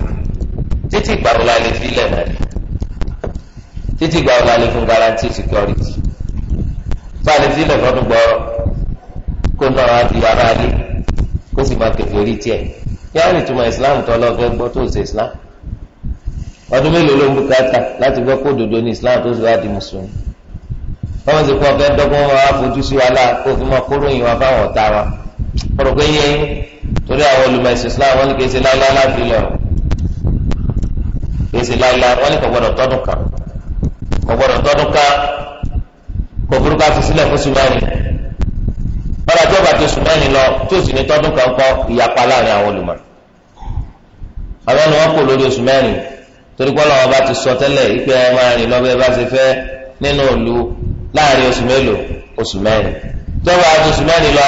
títí ìgbà wo la lè fi ilẹ̀ náà rí títí ìgbà wo la lè fún guarantee security bá a lè fi ilẹ̀ fọ́dún gbọ́rọ̀ kó náà wá di ara rí kó sì máa kèfèrí tiẹ̀ yára ìtumọ̀ Islam tó lọ fẹ́ gbọ́ tó ṣe Islam ọdún mélòó ló ń bùkátà láti gbọ́ kó òdodo ní Islam tó sì wá di mùsùlùmí wọ́n ti kọ́ fẹ́ dọ́gbọ́n wọn á fojú sí wa láà kó fi mọ́ kóró yìí wọn fáwọn ọ̀tá wa ọ̀rọ̀ pé yẹ torí àwọn olùmọ̀ ẹ̀sìn Islam wọn ní kí ẹsẹ̀ láíláí láti lọ kí ẹsẹ̀ láíláí wọn ni kò gbọdọ̀ tọ́dún kan kò gbọdọ̀ tọ́dún kan kò burúkú àfi sílẹ̀ fún sùmẹ́ni bọ́dà tí ó bá ti sùmẹ́ni lọ tí sì ní tọ́dún kan kọ́ ìyapa láàrin àwọn olùmọ̀ àwọn ni wọ́n kò lórí oṣù mẹ́rin torí pé ọlọ́wọ́ bá ti sọ tẹ́lẹ̀ ìpè ẹ̀ máa rìn lọ́bẹ̀ láàrin oṣù mélòó oṣù mẹ́rin jọba àti oṣù mẹ́rin lọ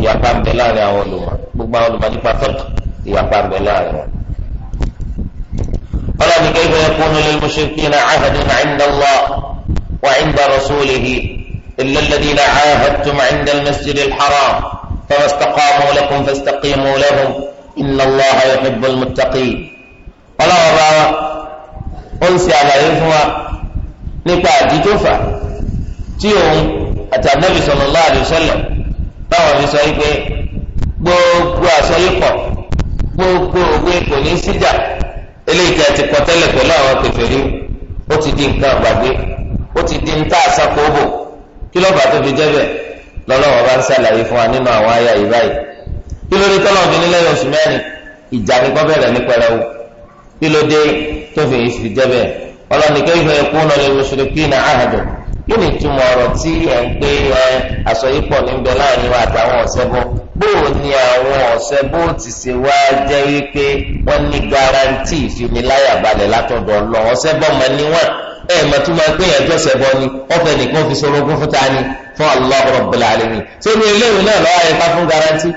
ìyapa ń bẹ láàrin àwọn olùmọ̀ gbogbo àwọn olùmọ̀ nípa fẹk ìyapa ń bẹ láàrin wọn. ọlọ́run ní kayfa yakunu lil mushrikina ahadun 'inda Allah wa 'inda rasulihi illa alladhina 'ahadtum 'inda al-masjidi al-haram famastaqamu lakum ń ṣe àlàyé fún wa tí òun àti anabi sallallahu alaihi wasallam báwọn fi sọ wípé gbogbo àsọyípọ̀ gbogbo òwe kò ní síjà eléyìí tí a ti kọ tẹ́lẹ̀ pẹ̀lú àwọn kèfèrí ó ti di nǹkan àgbàgbé ó ti di nǹkan àsakóbò kí ló bá tó fi jẹ́bẹ̀ lọ́lọ́wọ́ bá ń ṣàlàyé fún wa nínú àwọn àyà yìí báyìí kí ló dé tọ́lọ́ ọ̀dún nílẹ̀ oṣù mẹ́rin ìjà ni kọ́ bẹ̀rẹ̀ ní pẹrẹwu kí ló dé tó fi jẹ́bẹ̀ ọlọ́ni kayfa yakunu lil mushrikina ahadun kí ni ìtumọ̀ ọ̀rọ̀ tí ẹ̀ ń pé ẹ àsọyípọ̀ níbẹ̀ láàrin wa àtàwọn ọ̀sẹ́bọ̀ bóò ni àwọn ọ̀sẹ́bọ̀ ti ṣe wá jẹ́ wípé wọ́n garanti látọ̀dọ̀ ọ̀sẹ́bọ̀ mọ̀ ẹ̀ mọ̀ tó máa gbé ẹjọ́ ṣẹ̀bọ̀ ni ọ̀fẹ́ nìkan fi ni fún Allah Rabbil Alamin tó ní eléyìí náà lọ́wọ́ ẹ̀ka fún garanti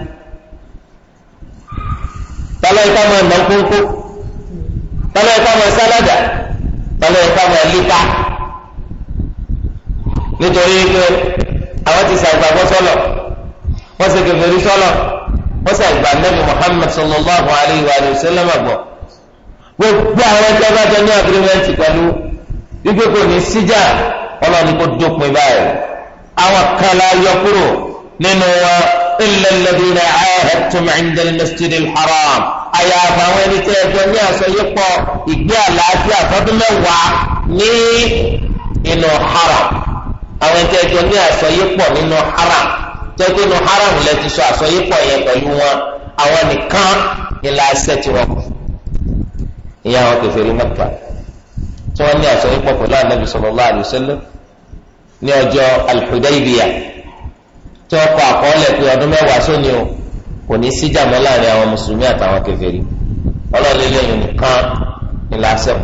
tálọ́ nítorí pé àwọn ti ṣàgbàgbọ́ sọ́lọ̀ wọ́n ṣe kèfèrí sọ́lọ̀ wọ́n ṣàgbà nẹ́bí Muhammad sallallahu alayhi wa sallam àgbọ̀ gbogbo àwọn ẹgbẹ́ bá jọ ní agirimẹ́ntì pẹ̀lú wípé kò ní síjà ọlọ́ni kò dópin báyìí àwọn kan la yọ kúrò nínú wọn ilẹ̀ lẹ́dínlẹ́ ahẹ́tùm ẹ̀ndẹ̀ mẹ́sídìí haram àyàfà àwọn ẹni tẹ́ ẹjọ́ ní àsọyípọ̀ ìgbé àlàáfíà fọdún mẹ́wàá ní inú haram àwọn ẹgbẹ́ ẹjọ́ ní àsọyépọ̀ nínú haram tẹ́gbẹ́ nínú haram lẹ ti sọ àsọyépọ̀ yẹn pẹ̀lú wọn àwọn nìkan ni láṣẹ ti rọ̀ ìyá àwọn kèfèrí Mẹ́kà tí wọ́n ní àsọyépọ̀ pẹ̀lú Ànábì sallallahu alaihi wasallam ní ọjọ́ al-Hudaybiyah tí wọ́n kọ àkọọ́lẹ̀ pé ọdún mẹ́wàá sóni o kò ní sí jàmọ́ láàrin àwọn mùsùlùmí àtàwọn kèfèrí ọlọ́ọ̀lẹ́lẹ́yìn nìkan ni láṣẹ kù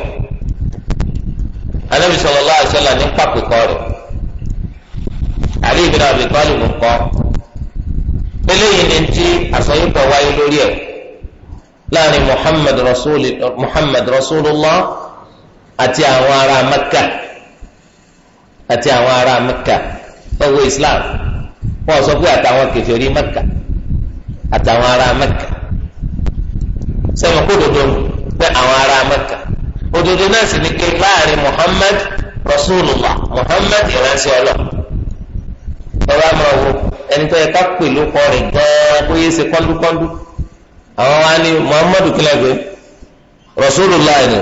anabi sallallahu alaihi wasallam ní pàpẹkọ rẹ Ali ibn Abi Talib ń kọ eléyìí ni ti àsọyípọ̀ wáyé lórí ẹ̀ láàrin Muhammad rasul Muhammad rasulullah àti àwọn ará Mẹ́kà àti àwọn ará Mẹ́kà ọwọ́ Islam wọ́n sọ pé àtàwọn kèfèrí Mẹ́kà àtàwọn ará Mẹ́kà sẹ́mi kó dodo pé àwọn ará Mẹ́kà òdodo náà sì ní ké láàrin Muhammad Rasulullah Muhammad ìránṣẹ́ ọlọ bàbá máa wo ẹni tó yẹ ká pè ló kọ rẹ̀ gan-an kó yé ṣe kọ́ńdúkọ́ńdú àwọn wa ni Muhammad kílẹ̀gbẹ́ Rasulullah ni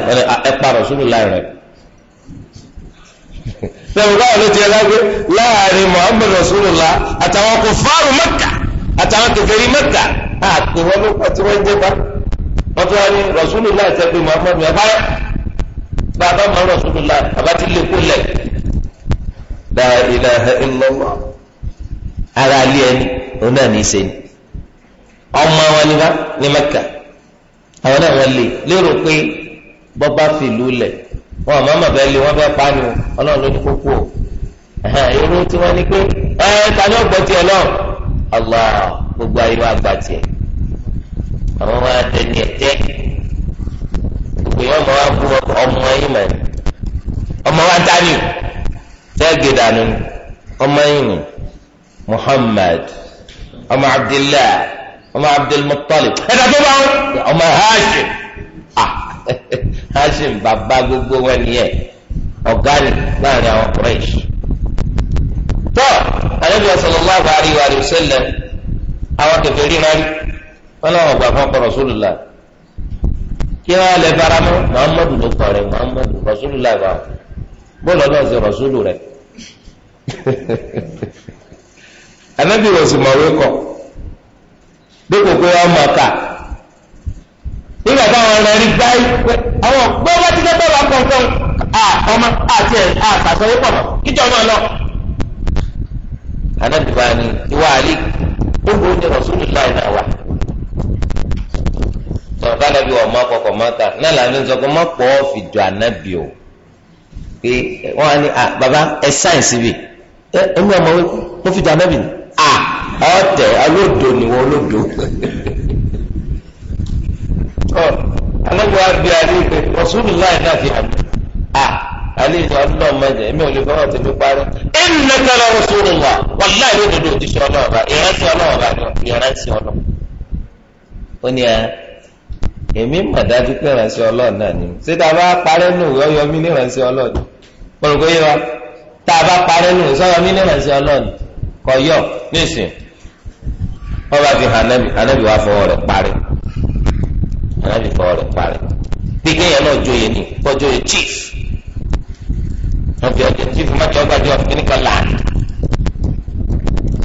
ẹ pa Rasulullah rẹ̀ sẹ́wọ̀n báwo ló ti ẹ lágbé láàrin Muhammad Rasulullah àtàwọn kò fáàrù Mẹ́kà àtàwọn kẹfẹ́rí Mẹ́kà àti wọn ló pọ̀ tí jẹ́ bá wọ́n tún wá ní Rasulullah ìtẹ́gbẹ́ Muhammad yẹn báyọ̀ bàbá máa rọ̀ sódò láì bàbá ti lè kó lẹ̀ la ilaha illallah ara alẹ́ ẹni òun náà ní í ṣe ni ọmọ wọn ni wá ní mẹ́kà àwọn náà wọn lè lérò pé bọ́bá fìlú lẹ̀ wọn àmọ́ àmọ́ bẹ́ẹ̀ lé wọn bẹ́ẹ̀ pa ni ọlọ́run ló ní kókó o tí wọ́n ní pé ẹ ta ni ọgbọ́n tiẹ̀ náà gbogbo ayé wa gba tiẹ̀ àwọn wa dẹni ẹ̀tẹ́ gbogbo yẹn ọmọ wa kú ọ ọmọ yín mọ̀ ọmọ wa ta ni tẹ́gì dànù ọmọ yín ni Muhammad ọmọ Abdullah ọmọ Abdul Muttalib ẹ̀dá tó bá wọn ọmọ Hashim ah Hashim bàbá gbogbo wọn nìyẹn ọ̀gá ni láàrin àwọn Quraysh tọ́ Ànábì sallallahu alaihi wa sallam àwọn kẹfẹ́ rí náà wọn náà wọ́n gbà fún ọkọ̀ Rasulullah. kí wọn lè muhammadu ló muhammadu rasulu bọlọ náà rasulu rẹ anabi wọ sùmọwé kọ dípò pé wọn mọ ká nígbà táwọn ọ̀rẹ́ rí gbáyé pé àwọn gbọ́dọ̀ ti dẹ́gbẹ́ wà kọ̀ọ̀kan à ọmọ àti ẹ̀ àtàkọ́wé pọ̀ mọ́ kíjọ lọ. anabi rasulu sọ fanabi wà má kọkọ má ta náà lànà sọ pé má pọ̀ fi jọ anabi o pé wọ́n á ní à baba ẹ sáyẹ̀nsì bi ẹ ẹ ní ọmọ wọ́n fi jọ anabi ni à ọ̀tẹ̀ olódo ni wọ́n olódo ọ anabi wa bi ali rasulillah náà fi hàn à ali ìjọba náà má jẹ èmi ò lè fọwọ́ tẹ̀lé parí ẹ̀ ń nàkàlà rasulillah wàlláhi lódodo òjíṣẹ́ ọlọ́ọ̀ba ìrántí ọlọ́ọ̀ba ni ìrántí ọlọ́ọ̀ba ó ní ẹ èmi mọ̀ dájú pé ìránṣẹ́ ọlọ́run náà ni ṣé tá a bá parẹ́ nù yọ́yọ́ mi ní ìránṣẹ́ ọlọ́run pọ̀lùkọ́ yé wa tá a bá parẹ́ nù sọ́yọ́ mi ní ìránṣẹ́ ọlọ́run kọ yọ nísìn wọ́n bá fi hàn ànábì wá fọwọ́ rẹ̀ parí ànábì fọwọ́ rẹ̀ parí bí kéèyàn náà jóye ní kọjóye chief wọ́n fi ọjọ́ chief mọ́tò ọgbàjọ́ kíníkan láàánú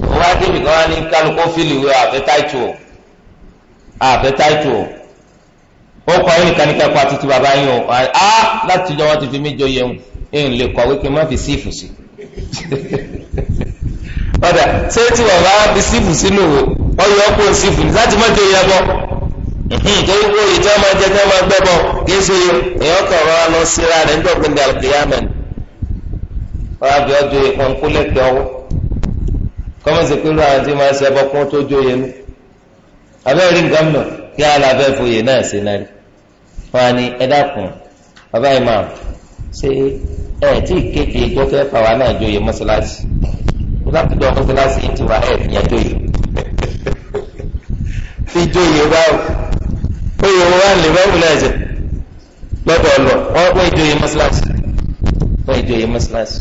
wọ́n wá débi kan wá ní kálukó fìlì wẹ́ àfẹ́ táìtù àfẹ́ táìtù ó kọ yín nìkan nìkan kọ àti ti bàbá yín o á láti jọ wọn ti fi mí jọ yẹun yín lè kọ wípé má fi sífù sí ọ̀dà ṣé tí bàbá fi sífù sínú ọyọ ọkọ sífù ní láti má jọ yẹn bọ́ torí pé òye tí wọn máa jẹ tí wọn máa gbẹ bọ kí n ṣe èèyàn kan rọra lọ síra rẹ nígbà pé ní alùpùpù ọ̀rọ̀ àbí ọjọ́ ìpọn kúlẹ̀ pẹ̀ ọwọ́ kọ́mọ̀sì pẹ̀lú àwọn tí máa ṣe ẹbọ kún tó jó yẹn nù abẹ́rẹ́ rí nǹkan mọ̀ kí alábẹ́ fòye náà ṣe náà rí. Fani ni ẹ bàbá imam ṣe ẹ tí kéde ẹjọ́ tó ẹ fà wá náà jòyè mọ́ṣáláṣí mo láti dọ̀ mọ́ṣáláṣí ti wá ẹ̀ ìyẹn jòyè ti jòyè báwo ó yẹ wọn wá lè báwo náà ṣe lọ́dọ̀ ọ̀lọ́ wọn wọ́n ìjòyè mọ́ṣáláṣí wọ́n ìjòyè mọ́ṣáláṣí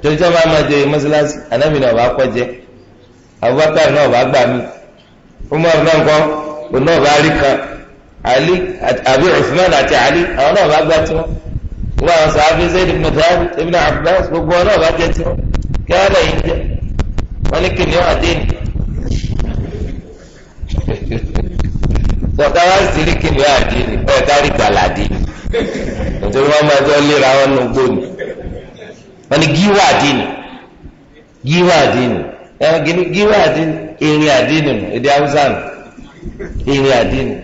torí tí wọ́n bá jòyè mọ́ṣáláṣí anábì náà bá kọ́ jẹ́ náà bá gbà mí Umar náà kọ́ òun náà bá rí kan ali àbí usman àti ali àwọn náà bá gbá tiwọn gbogbo àwọn sàáfin zayd ibn thabit ibn abbas gbogbo wọn náà bá jẹ tiwọn kí wọn lè yín jẹ wọn ní kìnìún àdéhùn sọ̀tà wá sí rí kìnìún àdéhùn ọ̀ kárí gbàládé nítorí wọn máa jọ léra wọn nù gbóni wọn ní gíwá àdéhùn gíwá àdéhùn ẹ gíwá àdéhùn ìrìn àdéhùn èdè haúsá nù ìrìn àdéhùn.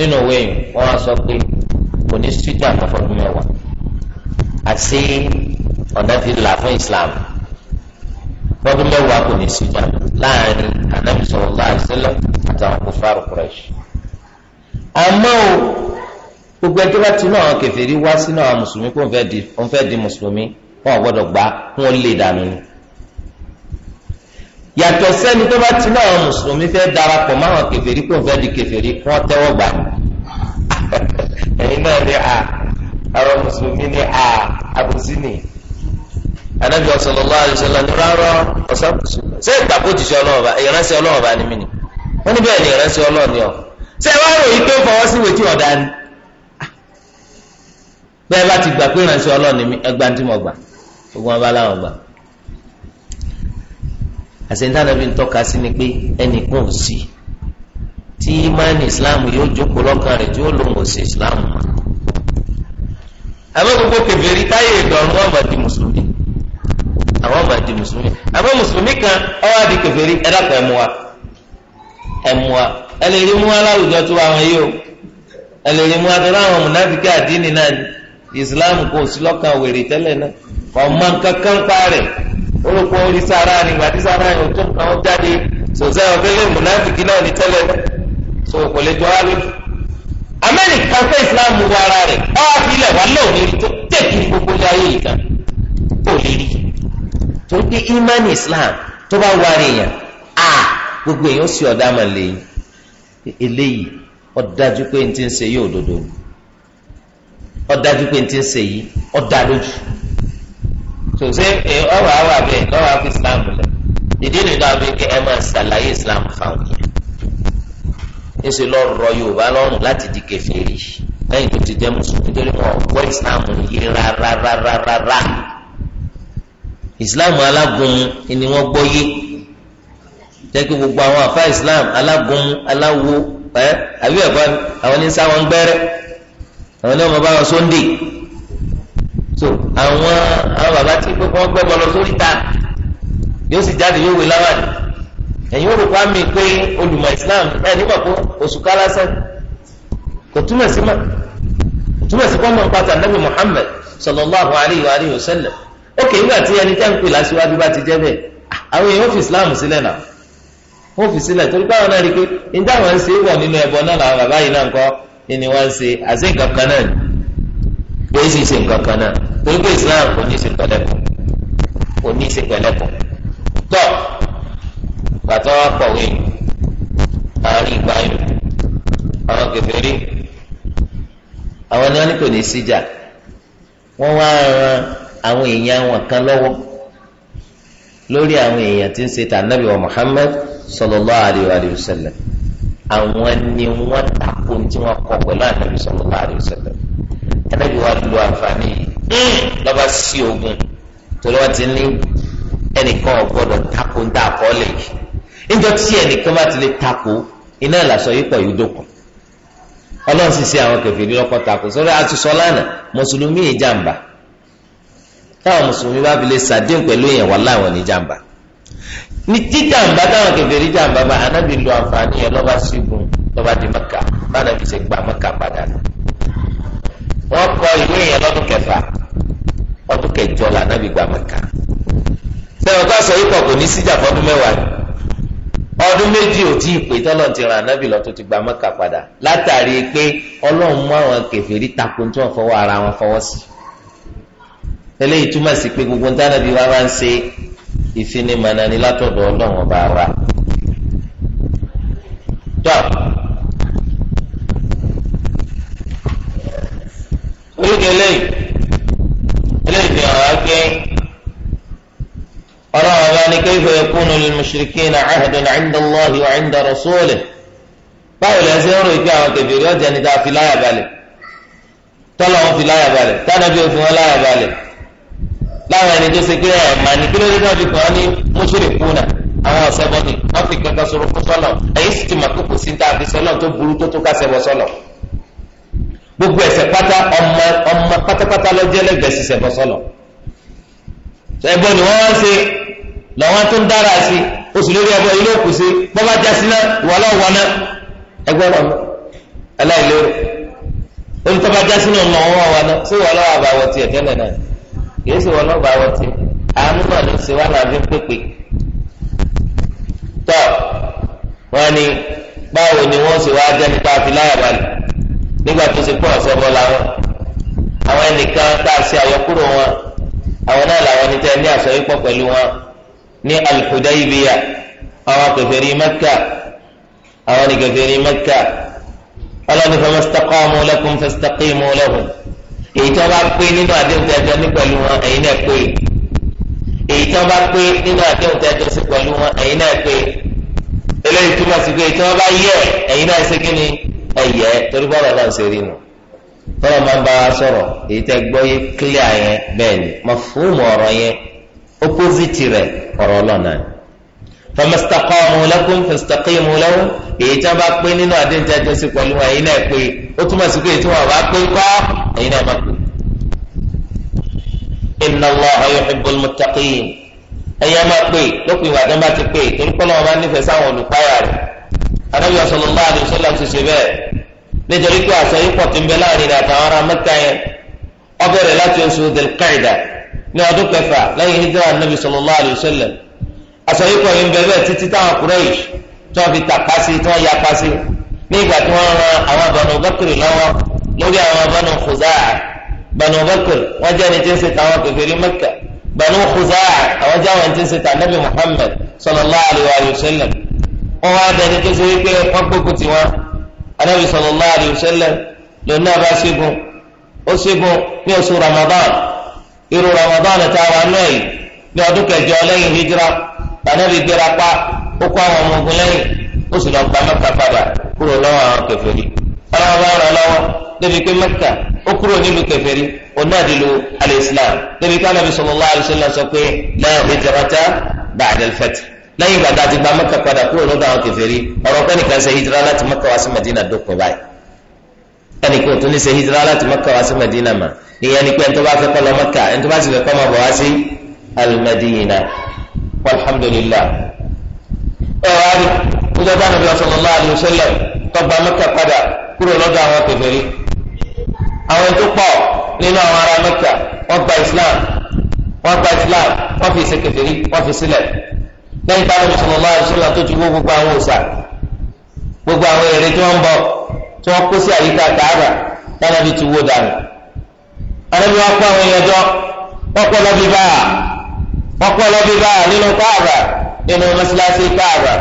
nínú òwe yìí wọ́n wá sọ pé kò ní sídìí àkọ́fọ́dún mẹ́wàá àti ọ̀dà ti là fún Islam fọ́dún mẹ́wàá kò ní sídìí láàrin anabi sallallahu alaihi wasallam àtàwọn kòfàrò Quraysh. àmọ́ o gbogbo ẹjọ́ bá ti náà àwọn kèfèrí wá sínú àwọn mùsùlùmí kó ń fẹ́ di mùsùlùmí wọn ò gbọ́dọ̀ gbà wọn lè dànù ni yàtọ̀ sẹ́ni tó bá ti náà mùsùlùmí fẹ́ darapọ̀ máwọn kèfèrí kò fẹ́ di kèfèrí kí wọ́n tẹ́wọ́ gbà ní. ẹ̀yin náà ni a àwọn mùsùlùmí ni a àbùsí ni anabi sallallahu alaihi wasallam ní rárá ọ̀sán mùsùlùmí. ṣé ìgbàgbọ́ ti ṣe ọlọ́ọ̀bá ìránṣẹ́ ọlọ́ọ̀bá ni mí ni wọ́n ní bẹ́ẹ̀ ni ìránṣẹ́ ọlọ́ọ̀ni ọ̀ ṣé wàá rò yìí pé fọwọ́ sí wètí ọ̀dà ni. bẹ́ẹ̀ bá ti gbà pé ìránṣẹ́ ọlọ́ọ̀ni àṣẹ̀ńtà nàbí ń tọ́ka sí ni pé ẹnìkan ò sí tí imáni islam yóò jókòó lọ́kàn rẹ̀ tí ó lòun ò sí islam mọ́. àbẹ́ gbogbo kèfèrí táyé ìdọ̀rùn wọn bá di mùsùlùmí àwọn bá di mùsùlùmí àbẹ́ mùsùlùmí kan ọwọ́ di kèfèrí ẹ̀dàpọ̀ ẹ̀mú wa ẹ̀mú wa ẹ lè rí mú aláwùjọ tó àwọn yìí o ẹ mú adọ́rọ̀ àwọn mùnàfíkì àdínì náà islam kò sí lọ́kàn wèrè tẹ́lẹ̀ náà kò orúkọ orí sára nígbà tí sára yẹn ò tó nǹkan ó jáde sòzá ọ̀gẹ́lẹ́ mùnáfìkì náà ní tẹ́lẹ̀ so kò lè jọ wá lójú. amẹ́ríkà islam wọ ara rẹ̀ báwa filẹ̀ wà lóòní tó tẹ̀kì gbogbo ní ayé yìí kò lè rí imani islam tó bá wà a gbogbo èèyàn sì ọ̀dà mà lẹ́yìn eléyìí ó dájú pé n ti ń yóò dodo n ti ń tó ṣe ọ̀rọ̀ àwọn abẹ lọ́wọ́ àfi islam lẹ ìdí nínú àbí kí ẹ máa ṣàlàyé islam fáwọn yẹn níṣẹ lọ rọ yorùbá lọ́rùn láti di kèfèrí lẹ́yìn tó ti jẹ mùsùlùmí torí wọn ọgbọ islam yìí rárárárárá islam alágun ni wọn gbọ́ yé jẹ́ kí gbogbo àwọn àfa islam alágun aláwo ẹ àbí ẹ̀kọ́ àwọn ní sáwọn gbẹ́rẹ́ àwọn ní ọmọ bá wọn sóńdè. àwọn àwọn bàbá tí gbogbo wọn gbẹbọ lọ sórí ta yóò sì jáde yóò wé láwàdì ẹ̀yin olùkọ́ àmì pé olùmọ islam ẹ̀ nígbà kó oṣù ká lásán kò túmọ̀ sí mọ́ túmọ̀ sí pọ́nmọ́ pátá nabi muhammed sallallahu alayhi wa alihi wa sallam islam sílẹ̀ náà fi sílẹ̀ torí náà rí i pé ṣe wọ̀ nínú ẹbọ náà làwọn bàbá yìí náà ń kọ́ wọ́n torí pé islam kò ní í ṣe pẹ̀lẹ́kùn kò ní í ṣe pẹ̀lẹ́kùn tọ pàtó akọ̀wé àárín ìgbàyò àwọn kèfèrí àwọn ni wọn ní kò ní í síjà wọn wá ran àwọn èèyàn wọn kan lọ́wọ́ lórí àwọn èèyàn tí ń ṣe tànàbí wa Muhammad sallallahu alayhi wa sallam àwọn ni wọn tako tí wọn kọ pẹ̀lú ànàbí sallallahu alayhi wa sallam ànàbí wa lu àǹfààní yìí. lọ́ba sí ogun torí wọ́n ti ní ẹnìkan ọ̀gbọ́dọ̀ tako ń àkọọ́lẹ̀ yìí ti lè tako iná ìlàsọ yìí pọ̀ yìí dókun ọlọ́run sì ṣe àwọn tako sọ́rọ́ àtúnṣọ lánàá mùsùlùmí ìjàmbá táwọn mùsùlùmí bá fi lè ṣàdéhùn pẹ̀lú èèyàn wà láwọn níjàmbá ní jíjàmbá táwọn bá àǹfààní sígun lọ́ba di maka bá ṣe gba maka padà wọ́n kọ ìwé yẹn lọ́dún kẹfà ọdún kẹjọ là nábì gba Mẹ́kà sẹ́wọ̀n tó aṣọ yìí pọ̀ kò ní síjà fọdún mẹ́wàá ni ọdún méjì ò tí ì pé tọ́lọ̀ ti ràn nábì lọ tó ti gba Mẹ́kà padà látàrí pé ọlọ́run mú àwọn kèfèrí takò tí wọ́n fọwọ́ ara wọn fọwọ́ sí eléyìí túmọ̀ sí pé gbogbo nítorí nábì wa máa ń ṣe ìfinimọ̀nà ni látọ̀dọ̀ ọlọ́run ọba wa. torí di eléyìí eléyìí fi hàn ágbé ọlọ́run ọba ní kayfa yakunu lil mushrikina ahdun 'inda Allahi wa 'inda rasulihi báwo lè ṣe ń rò pé àwọn kẹfìrí ọjà ni tá a fi láyà balẹ̀ tọ́lọ̀ wọn fi láyà balẹ̀ tánàbí òfin wọn láyà balẹ̀ láwọn ẹni tó ṣe pé ẹ̀ mà ní kílódé náà fi kàn án ní mushrikuna àwọn ọ̀sẹ̀ bọ́ni wọ́n fi kankan sọ̀rọ̀ fún sọ́lọ̀ gbogbo ẹ̀ṣẹ̀ pátá ọmọ ọmọ pátápátá lọ jẹ lẹgbẹẹ sísẹ bọsọlọ ẹbọ ni wọn wá ṣe làwọn tó ń dára sí oṣù lórí ẹbọ ilé òkú sí bọba jásí náà ìwà lọwọ náà ẹgbẹ náà aláìlérò olùtọ́ba jásí náà lọ wọn wà náà sí ìwà lọ́wọ́ àbáwọ̀ tiẹ̀ tẹ́lẹ̀ náà kì í sì wọ́n lọ́wọ́ àbáwọ̀ tiẹ̀ àánú náà ló ṣe wá láàbí pépè tọ́ wọn ni báwo ni wọ́n ṣe wá jẹ́ nípa àfiláyà balẹ̀ nígbà tó ṣe pọ̀ ọ̀sẹ̀ bọ́ làwọn àwọn ẹnìkan tá a ṣe àyọkúrò wọn àwọn náà làwọn ní tẹ́ ní àṣọyípọ̀ pẹ̀lú wọn ní al-Hudaybiya àwọn kèfèrí Mẹ́kà àwọn ní kèfèrí Mẹ́kà ọlọ́ni famastaqamu lakum fastaqimu lahum èyí tó bá pé nínú àdéhùn tẹ́jọ́ ní pẹ̀lú wọn ẹ̀yin náà pé èyí tó bá pé nínú àdéhùn tẹ́jọ́ sí pẹ̀lú wọn ẹ̀yin náà pé eléyìí túmọ̀ sí pé èyí tó bá yẹ ẹ̀yin náà ṣe kí ni ẹ̀yẹ torí bọ́ọ̀lù náà ṣe rí nù bọ́ọ̀lù máa ń bá wa sọ̀rọ̀ èyí tẹ́ gbọ́ yé clear yẹn bẹ́ẹ̀ ni mà fóòmù ọ̀rọ̀ yẹn opposite rẹ̀ ọ̀rọ̀ ọlọ́ọ̀nà ni famastaqamu lakum fastaqimu lahum èyí tí wọ́n bá pé nínú àdéhùn tí a jọ sí pẹ̀lú wọn èyí náà pé ó túmọ̀ sí pé èyí tí wọ́n pé kọ́ èyí náà má pé. inna Allaha yuhibbul muttaqin ẹ̀yẹ́ máa pé lópin ìwà anabi sallallahu alaihi wasallam ti ṣe bẹ́ẹ̀ nítorí pé àṣà yìí pọ̀ tí ń bẹ láàrin rẹ̀ àtàwọn ará mẹ́ta yẹn ó bẹ̀rẹ̀ láti oṣù delkaida ní ọdún kẹfà lẹ́yìn hijira anabi sallallahu alaihi wasallam àṣà yìí pọ̀ yìí ń bẹ bẹ́ẹ̀ títí táwọn Quraysh tí wọ́n fi tàpá sí tí wọ́n yapa sí ní ìgbà tí wọ́n ran àwọn Banu Bakr lọ́wọ́ lórí àwọn Banu Khuzaa Banu Bakr wọ́n jẹ́ ẹni tí ń ṣe tàwọn kèfèrí Mẹ́kà Banu Khuzaa àwọn jẹ́ àwọn ẹni ń ṣe tà nabi Muhammad sallallahu alaihi wasallam wọn wá dẹni tó ṣe wípé wọn gbógun tì wọn anabi sallallahu alaihi wasallam lòun náà bá ṣẹ́gun ó ṣẹ́gun ní oṣù ramadan irú ramadan tá a wà náà yìí ní ọdún kẹjọ lẹ́yìn hijira anabi gbéra pa ó kó àwọn ọmọ ogun lẹ́yìn ó sì lọ gba mẹ́ta padà kúrò lọ́wọ́ àwọn kèfèrí ọlọ́wọ́ bá ràn lọ́wọ́ débi pé mẹ́kà ó kúrò nílùú kèfèrí onáàdìlú alẹ́ islam débi pé anabi sallallahu alaihi wasallam sọ pé la hijrata ba'da al-fath lẹ́yìn ìgbà tá a ti gba mẹ́kà padà kúrò lọ́dọ̀ àwọn kèfèrí ọ̀rọ̀ pé nìkan ṣe hijira láti mẹ́kà wá sí madina dópin báyìí ẹnìkan tó ní ṣe hijira láti mẹ́kà wá sí madina mà ìyẹn ni pé ẹni tó bá fẹ́ kó lọ mẹ́kà ẹni tó bá sì fẹ́ kó máa bọ̀ wá sí alimadina alhamdulilah ẹ wá rí ọjọ́ bá nàbí sallallahu alaihi wasallam tó gba mẹ́kà padà kúrò lọ́dọ̀ àwọn kèfèrí lẹ́yìn tí àwọn mùsùlùmí máa ṣe wọn tó ti wó gbogbo àwọn òòṣà gbogbo àwọn èrè tí wọ́n ń bọ tí wọ́n kó sí àyíká Káàbà lánàbí ti wó dànù. ànábi wọn kó àwọn èèyàn jọ wọ́n kọ́ lọ́bí báà wọ́n kọ́ lọ́bí báà nínú Káàbà nínú mọ́sálásí Káàbà.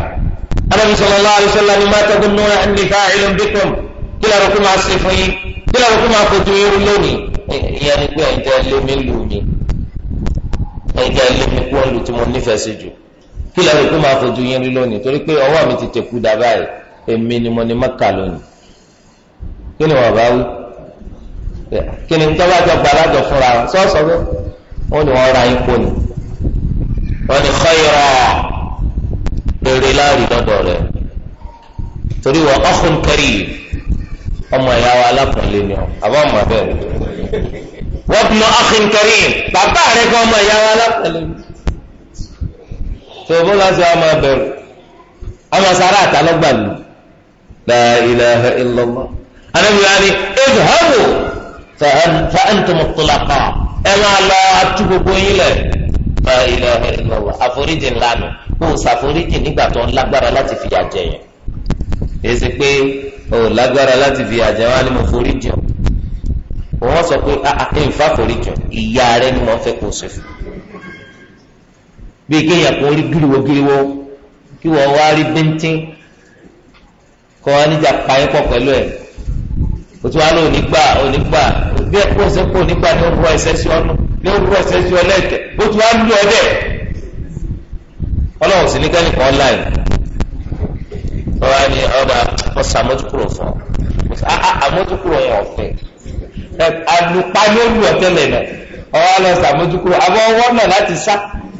ànábi sallallahu alaihi wasallam ni má tẹ́gun nù ẹni ìlú bíkùn kí lóru kó máa ṣe fún kí lẹ́rù kó máa fojú yín rí lónìí torí pé ọwọ́ mi ti tẹ̀kú dà báyìí èmi ni mo ní mẹ́kà lónìí kí ni wọ́n bá wí kí ni tọ́ba jọ gba alájọ fúnra sọ́ọ̀sọ́ bẹ́ẹ̀ wọ́n ní wọ́n ra yín kó ni wọ́n ní khayra rere láàrin lọ́dọ̀ rẹ̀ torí wọ́n akhun karim ọmọ ìyá wa alákùnrin ni ọ àbọ̀ ọmọ bẹ́ẹ̀ wọ́n pinnu akhun karim bàbá rẹ̀ kọ́ ọmọ ìyá wa alákùnrin ni tòbó lásìkò àwọn máa bẹ̀rù àwọn sáré àtàlọ́gbà lù la ilaha illallah anabi wa ni idhabu fa antum at-tulaqa ẹ máa lọ atú gbogbo yín lẹ la ilaha illallah àforíjì ńlá nu kó o ṣàforíjì nígbà tó ń lágbára láti fìyà jẹ yẹn èsì pé o lágbára láti fìyà jẹ wọn ni mo forí jù wọn sọ pé a ah, ń ah, fa forí ìyá rẹ ni mo fẹ́ kó o ṣe fún un bíi kéèyàn kò rí gíriwo gíriwo kí wọ́n wá rí bíntín kọ́ wọn níjà pààyàn pọ̀ pẹ̀lú ẹ̀ òtú wa ló nígbà onígbà bí ẹ kó ṣe kó nígbà ní òwúrọ̀ ẹsẹ̀ sí ọ́nù ní òwúrọ̀ ẹsẹ̀ sí ọlẹ́ẹ̀kẹ́ òtú wa lù ọ́ dẹ̀ ọlọ́run sì ní kẹ́lí kan láì ọba ni ọba ọsà àmójúkúrò fún ọ ah, ah, àmójúkúrò yẹn ọ̀fẹ́ alùpàlóòlù ọ̀tẹ̀lẹ̀ náà ọba lọ sàmójúkúrò àbọ̀ náà láti sá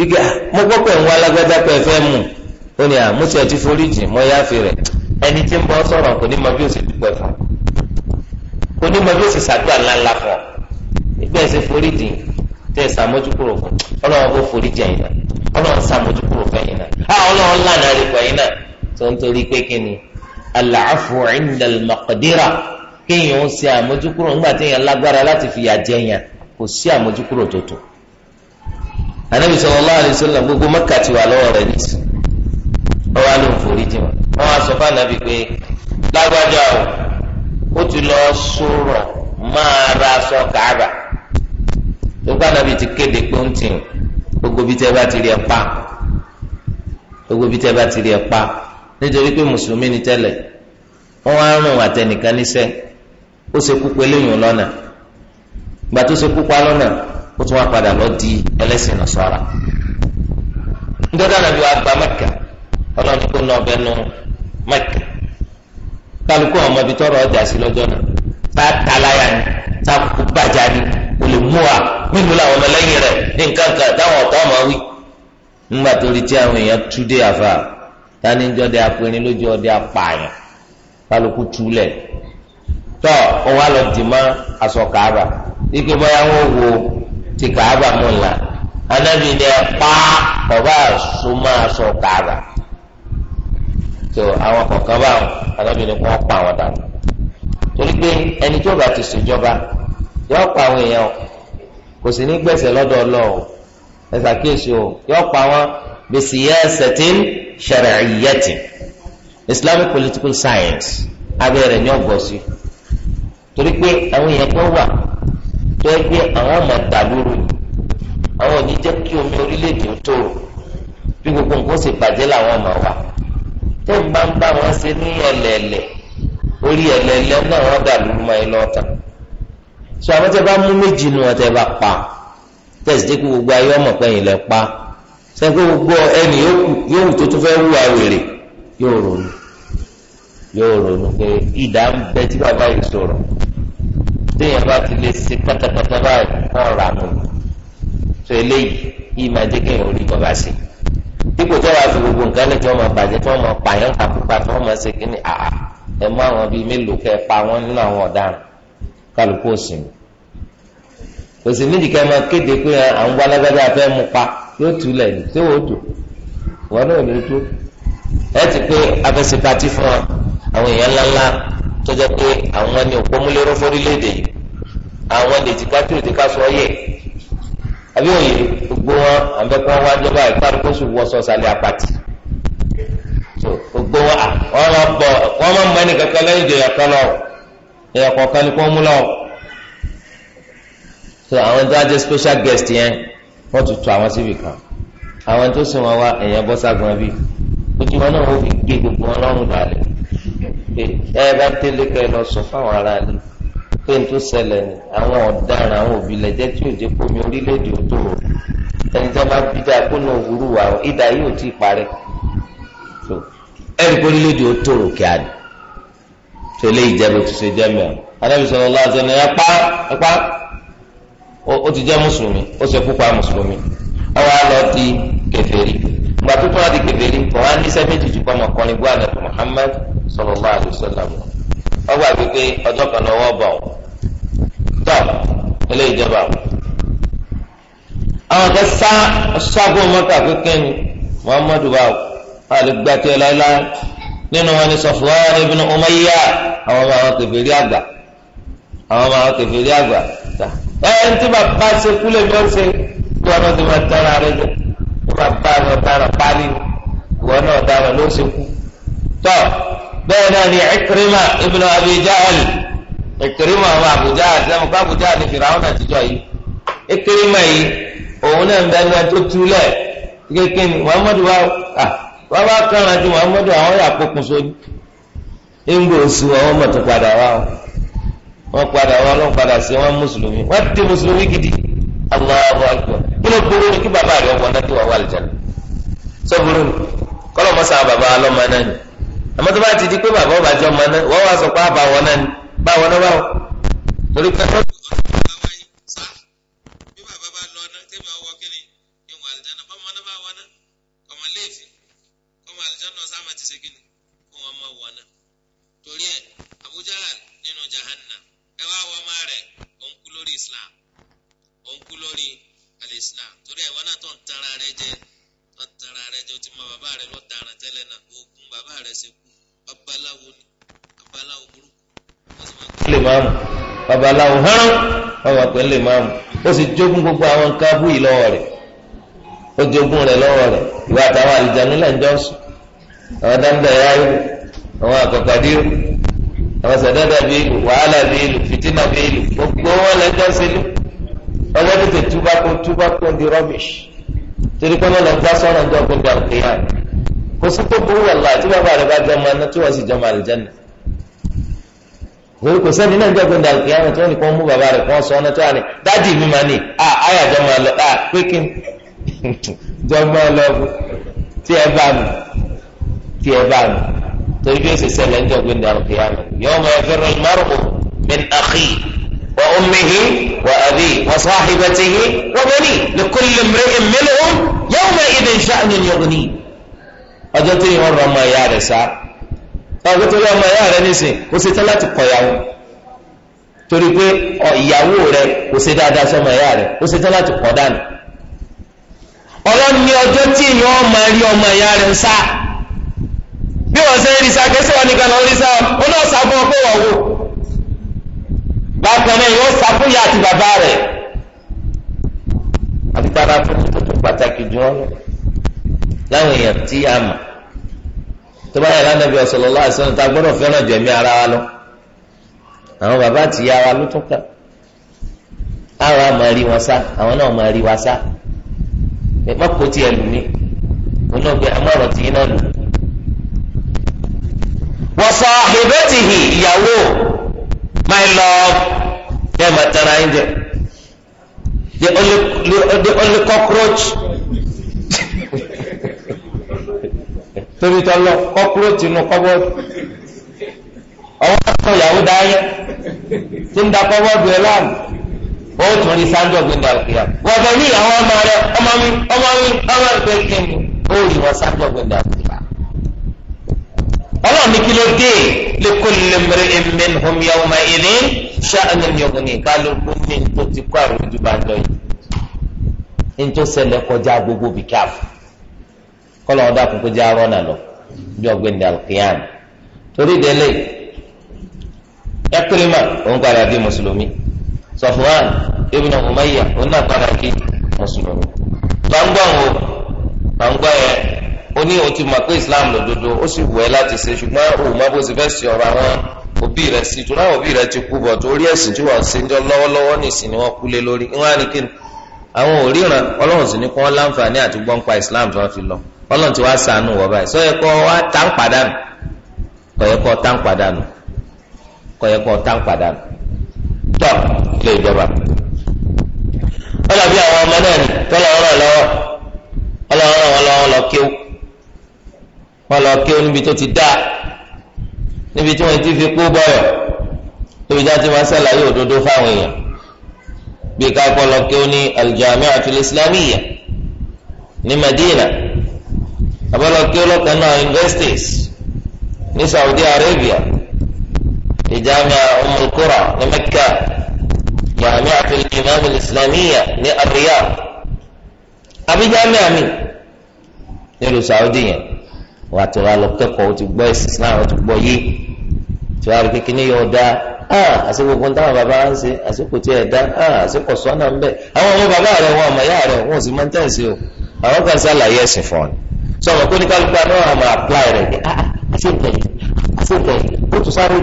gbígbà ah, mo gbọ́ pé ń wá alágbádá pé ẹ fẹ́ mú ó ní àmúṣe ẹ ti forí jìn mọ́ yáfi rẹ̀ ẹni tí ń bọ́ sọ̀rọ̀ kò ní mọ bí ó ṣe dúpẹ́ fún kò ní mọ bí ó ṣe ṣàdúrà ńláńlá fún ọ nígbà ẹ ṣe tẹ ṣàmójúkúrò fún ọlọ́run kò forí ẹ̀yìn náà ọlọ́run ṣàmójúkúrò fún ẹ̀yìn náà ọlọ́run lànà rẹ̀ pọ̀ náà tó ń torí pé kí ni alàáfù indal maqdira kéèyàn ń anabi sallallahu alaihi wasallam gbogbo maka ti wà lọ́wọ́ rẹ̀ nìsí wọn wá ló ń forí jì wọn wọn wá sọ fún anabi pé lágbájá o ó ti lọ sọ̀rọ̀ máa ra aṣọ kàrà gbogbo anabi ti kéde pé ó ń tì ń gbogbo bí tẹ bá ti rí pa gbogbo bí tẹ bá ti rí pa nítorí pé mùsùlùmí ni tẹ́lẹ̀ wọn wá rún ó ṣe kúkú eléyìí lọ́nà gbàtó ṣe kúkú alọ́nà. ó tún wá padà lọ di ẹlẹ́sìn nasara ndọ́dọ̀ ànábi wa gba mẹ́kà ọlọ́run kò nà ọbẹ̀ nù mẹ́kà kálukú àwọn ọmọbi tọrọ ọjà sí lọ́jọ́ náà tá a ni tá a kú bàjá ni kò lè mú wa làwọn ọmọlẹ́yìn ní nǹkan kan táwọn ọ̀tọ́ ọmọ wí nígbà tó rí tí àwọn èèyàn tú dé àfà tani ń apẹrin lójú ọdẹ apààyàn kálukú túlẹ̀ tọ́ ọ wá ti kàába mú la anabi ni ẹ pa ọba àsomọ aṣọ kàába tó àwọn kọ̀ọ̀kan báwọn anabi ni wọ́n pa àwọn dànù torí pé ẹni tó bá ti ṣèjọba yọ pa àwọn èèyàn kò sí ní gbẹ̀sẹ̀ lọ́dọ̀ ọlọ́ọ̀ ẹ ṣàkíyèsí o yọ pa wọn bẹ̀sì yẹ ẹsẹ̀ tí ń Islamic political science abẹ́rẹ́ ni ọ̀gbọ́n sí torí pé àwọn èèyàn kan wà tó ẹgbẹ́ gbé àwọn ọmọ ẹgbàá lóru àwọn ò ní jẹ́ kí omi orílẹ̀-èdè ń gbogbo nǹkan ṣe bàjẹ́ làwọn ọmọ wa tó wọn ṣe ní ẹlẹ́ẹ̀lẹ́ orí ẹlẹ́ẹ̀lẹ́ náà wọ́n dà lóru máa ń lọ tán so àwọn tẹ bá mú méjì nu bá pa tẹ̀sí dé kó gbogbo ayé ọmọ lẹ pa gbogbo yóò wù tó tún fẹ́ wù téèyàn bá ti lè ṣe pátápátá báyìí wọn rà nù tó eléyìí yìí máa jẹ́ kéèyàn orí bàbá sí dípò tó wàá fi gbogbo nǹkan lè tí wọn máa bàjẹ́ tí wọn máa pààyàn kàkúpa tí wọn máa ṣe kí ni àá ẹ mú àwọn bíi mélòó kẹ pa wọn nínú àwọn ọ̀daràn kálukú òsìn kò sí nídìí kẹ máa kéde pé à ń wá lágbájá fẹ́ mu pa yóò tú lẹ̀ ní tí wọ́n tó wọn náà lè tó ẹ ti pé abẹ́sẹ̀ pati fún àwọn èèyàn ńláńlá tó jẹ́ pé àwọn ni òpómúlérò fórílẹ̀-èdè yìí àwọn lèjìká tí ò ti ká sọ yẹ àbí òye gbogbo wọn àbẹ́kọ́ wá jọba ìpàdókòsù wọ́sọ sálẹ̀ apàtì so gbogbo wọn à wọn máa bọ wọn máa ń bẹ ní kankan lẹ́yìn ìjòyè kan lọ ìyẹn kọ̀ọ̀kan ni kò mú lọ so àwọn tó wá jẹ special guest yẹn wọ́n tún tu àwọn síbì kan àwọn tó sùn wọn wá èèyàn bọ́ ságun ẹbí ojú wọn náà wọ́n fi gé gbogbo wọn lọ́rùn dàlẹ́ ẹ bá tẹ́lẹ̀ kẹ́ lọ sọ fáwọn ará ni. pé n tó ni àwọn ọ̀daràn àwọn òbílẹ̀ jẹ́ tí òjò kómi orílẹ̀-èdè òtò rò ẹni tó bá bídà kó náà wúrú wa ìdá yóò tí parẹ́ tó ẹni kó orílẹ̀-èdè rò kí a dì tó lé ìjẹ́bù tó ṣe jẹ́ mẹ́rin anábì sọ̀rọ̀ ní ó ti jẹ́ mùsùlùmí ó ṣe púpà mùsùlùmí ọwọ́ di kèfèrí ọgbà wípé ọjọ́ kan lọ́wọ́ bọ̀ ọ́ tọ́ ilé ìjọba ọ́ àwọn kan sá ṣáàbù mọ́tà kékeré ni muhammadu báwo wàlú gbàtí ẹ láéláé nínú wọn ni Safwan ibn Umayyah àwọn ọmọ àwọn kẹfìrí àgbà àwọn ọmọ àwọn kẹfìrí àgbà ẹ ẹ ntí bàbá ṣe kúlẹ̀ bí wọ́n ṣe kí wọn ti máa tẹ́ra rẹ jẹ kí wọn bá àwọn ọ̀daràn pálí wọn náà ọ̀daràn ló ṣe kú tọ́ bẹ́ẹ̀ náà ni Ikrima ibn Abi Jahl Ikrima ọmọ Abu Jahl sẹ́mu kó Abu Jahl ni Fìràwọn àtijọ́ yìí Ikrima yìí òun náà ń bẹ ẹni tó túlẹ̀ kékeré ni Muhammadu wa wọ́n bá kàràn ju Muhammadu àwọn yà kókun sóni ńgbò sí wọn wọ́n mọ̀tò padà wá wọ́n padà wá wọ́n padà sí wọn mùsùlùmí wọ́n ti mùsùlùmí gidi Allahu kí ló gbóró àmọ́ tó bá ti di pé bàbá ọba jọ ọmọ náà wọ́n wá sọ pé àbá wọn náà ni bá wọn náà báwọn torí pé wọ́n. torí ẹ Abu Jahal nínú jahannam ẹ wá wọ ọmọ rẹ òun kú lórí Islam òun kú lórí al-Islam torí ẹ wọn náà tó ń tara rẹ jẹ tó ń tara rẹ babaláwo ni babaláwo burúkú lè máa mú babaláwo hán wọn máa pè lè máa mú ó sì jogún gbogbo àwọn nǹkan abú yìí lọ́wọ́ rẹ̀ ó jogún rẹ̀ lọ́wọ́ rẹ̀ ìwà àtàwọn àlìjánu lẹ́yìn jọ́sùn àwọn dáńdá ẹ̀yà ìlú àwọn àkọ́kọ́dé àwọn sàdádà bí ìlú wàhálà bí ìlú fìtínà bí ìlú gbogbo wọn lẹ́jọ́ sílú ọjọ́ tètè túbákó túbákó di rọ́bìṣì torí pé wọn lọ gbá sọ́nà ọjọ́ gbogbo kò sí tó burú wàlá tí bàbá rẹ bá jọ ọmọ aná tí wọ́n sì jọ ọmọ àlùjànnà kò sẹ́ni náà jẹ́ gbẹ̀ndà kìíyàmù tí wọ́n ní kí wọ́n mú bàbá rẹ̀ ko sọ ọ́nà tó ani ní mi ma ní à áyàjọ máa lọ à pékè jọ máa lọ tí ẹ bá mi tí ẹ bá mi torí bí ó sì ṣẹlẹ̀ ń jẹ́ gbẹ̀ndà kìíyàmù yawma yafirru al-mar'u min akhihi wa ummihi wa abihi wa sahibatihi wa banihi li kulli imri'in minhum yawma idhin sha'nun yughnihi ọjọ́ tó yìí wọ́n rọ ọmọ ìyá rẹ̀ sá ọgbẹ́ tó yẹ ọmọ ìyá rẹ̀ nísìn kò ṣe tán láti kọ̀ ìyàwó torí pé ìyàwó rẹ̀ kò ṣe dáadáa sọmọ ìyá rẹ̀ kò ṣe tán láti kọ̀ dànù ọlọ́run ní ọjọ́ tí èèyàn ọmọ rí ọmọ ìyá rẹ̀ ń sá bí wọ́n ṣe ń rí sákẹ́sọ̀ wọn nìkan lọ́ọ́ rí sá ó náà sá pé wọ́n wò bákan náà yóò sá fún ìyá àti bàbá rẹ̀ àbí tára fún tó tó pàtàkì jù ọ́ lọ́wọ́ láwọn èèyàn tí a mọ̀ tó bá yà lánàbí sallallahu alaihi wasallam tá a gbọ́dọ̀ fẹ́ràn jù ẹ̀mí ara wa lọ àwọn bàbá àti ìyá wa ló tún kà àwọn àmọ́ rí wọn sá àwọn náà máa rí wa sá ẹ̀pọ́ kò tiẹ̀ lù mí òun náà gbé amọ̀rọ̀ tì í lù. wọ́n sọ ìbẹ́tìhì ìyàwó my love kẹ́ ẹ̀ máa tẹ́ra ẹ̀ jẹ́ the only cockroach. torí tọ́lọ́ kọ́kúrọ́tì inú kọ́bọ́ọ̀dù ọwọ́ tó yàwó dáyẹ tí ń da kọ́bọ́ọ̀dù ẹ̀ láàmú ó tún rí sáńdọ̀ gbẹ̀ndà kìyà wọ́n fẹ́ ní àwọn ọmọ rẹ ọmọ mi ọmọ mi ọmọ mi pé ni ó rí wọn sáńdọ̀ gbẹ̀ndà kìyà. ọlọ́run ní kí ló dé lè kó lè mèrè èmi hùm yàwó ma ìní ṣáàní yọ̀gùn ní kálukú ní tó kó àrùn ojú yìí ní tó ṣẹlẹ̀ gbogbo bìkẹ́ àfọ̀. kọlọ ọdọ akụkọ jẹ arọ náà lọ bí ọgbẹni alkiyam torí délé Ikrima òun padà dị mùsùlùmí Safwan ibn Umayyah òun náà padà di mùsùlùmí gbàngbọ̀n o gbàngbọ̀n yẹn ó ní òtún pé Islam lòdodo ó sì wẹ̀ láti ṣe ṣùgbọ́n òun bó fẹ́ òbí sí tó náà òbí ti kú bọ̀ torí ẹ̀sìn tí wọ́n ṣe ń jọ Islam tí ọlọ́run ti wá sànù wọ báyìí sọ yẹ kọ́ wá tá ń padànù kọ́ yẹ kọ́ tá ń padànù kọ́ yẹ kọ́ tá ń padànù tọ́ ilé ìjọba ọlọ́bí àwọn ọmọ náà tọ́lọ̀ ọ̀rọ̀ lọ́wọ́ ọlọ́run wọn lọ́wọ́ lọ kí ó wọn lọ kí ó níbi tó ti dá níbi tí wọn ti fi kú bọ̀yọ̀ níbi tí wọn ti máa ṣàlàyé òdodo fáwọn èèyàn bí ká kọ́ lọ kí ó ní al-Jami'atul Islamiyya ní Madina abọ́lọ́kí ọlọ́kan náà investis ní Saudi Arabia ní jamia Ummul Qura ní Mecca jami'at al-imam al-islamiyya ní Riyadh àbí jamia mi nílùú Saudi yẹn wà á ti wà lọ kẹ́kọ̀ọ́ ó ti gbọ́ ẹ̀sìn Islam ó ti gbọ́ yé tí wàá rí kékeré yóò dáa ah, àṣẹ gbogbo ń táwọn bàbá ń ṣe àṣekò tí ẹ dá ah, àṣekò sọ́nà ń bẹ̀ àwọn ọmọ bàbá rẹ̀ wọn ọmọ ìyá rẹ̀ wọn ò sì máa ń tẹ̀sí o àwọn kan ṣàlàyé ẹ̀sìn fún ọ sọ̀rọ̀ kó ní kálukú àná àmọ́ apply rẹ̀ ní àṣìǹkẹ̀ yìí àṣìǹkẹ̀ yìí ó tún sáré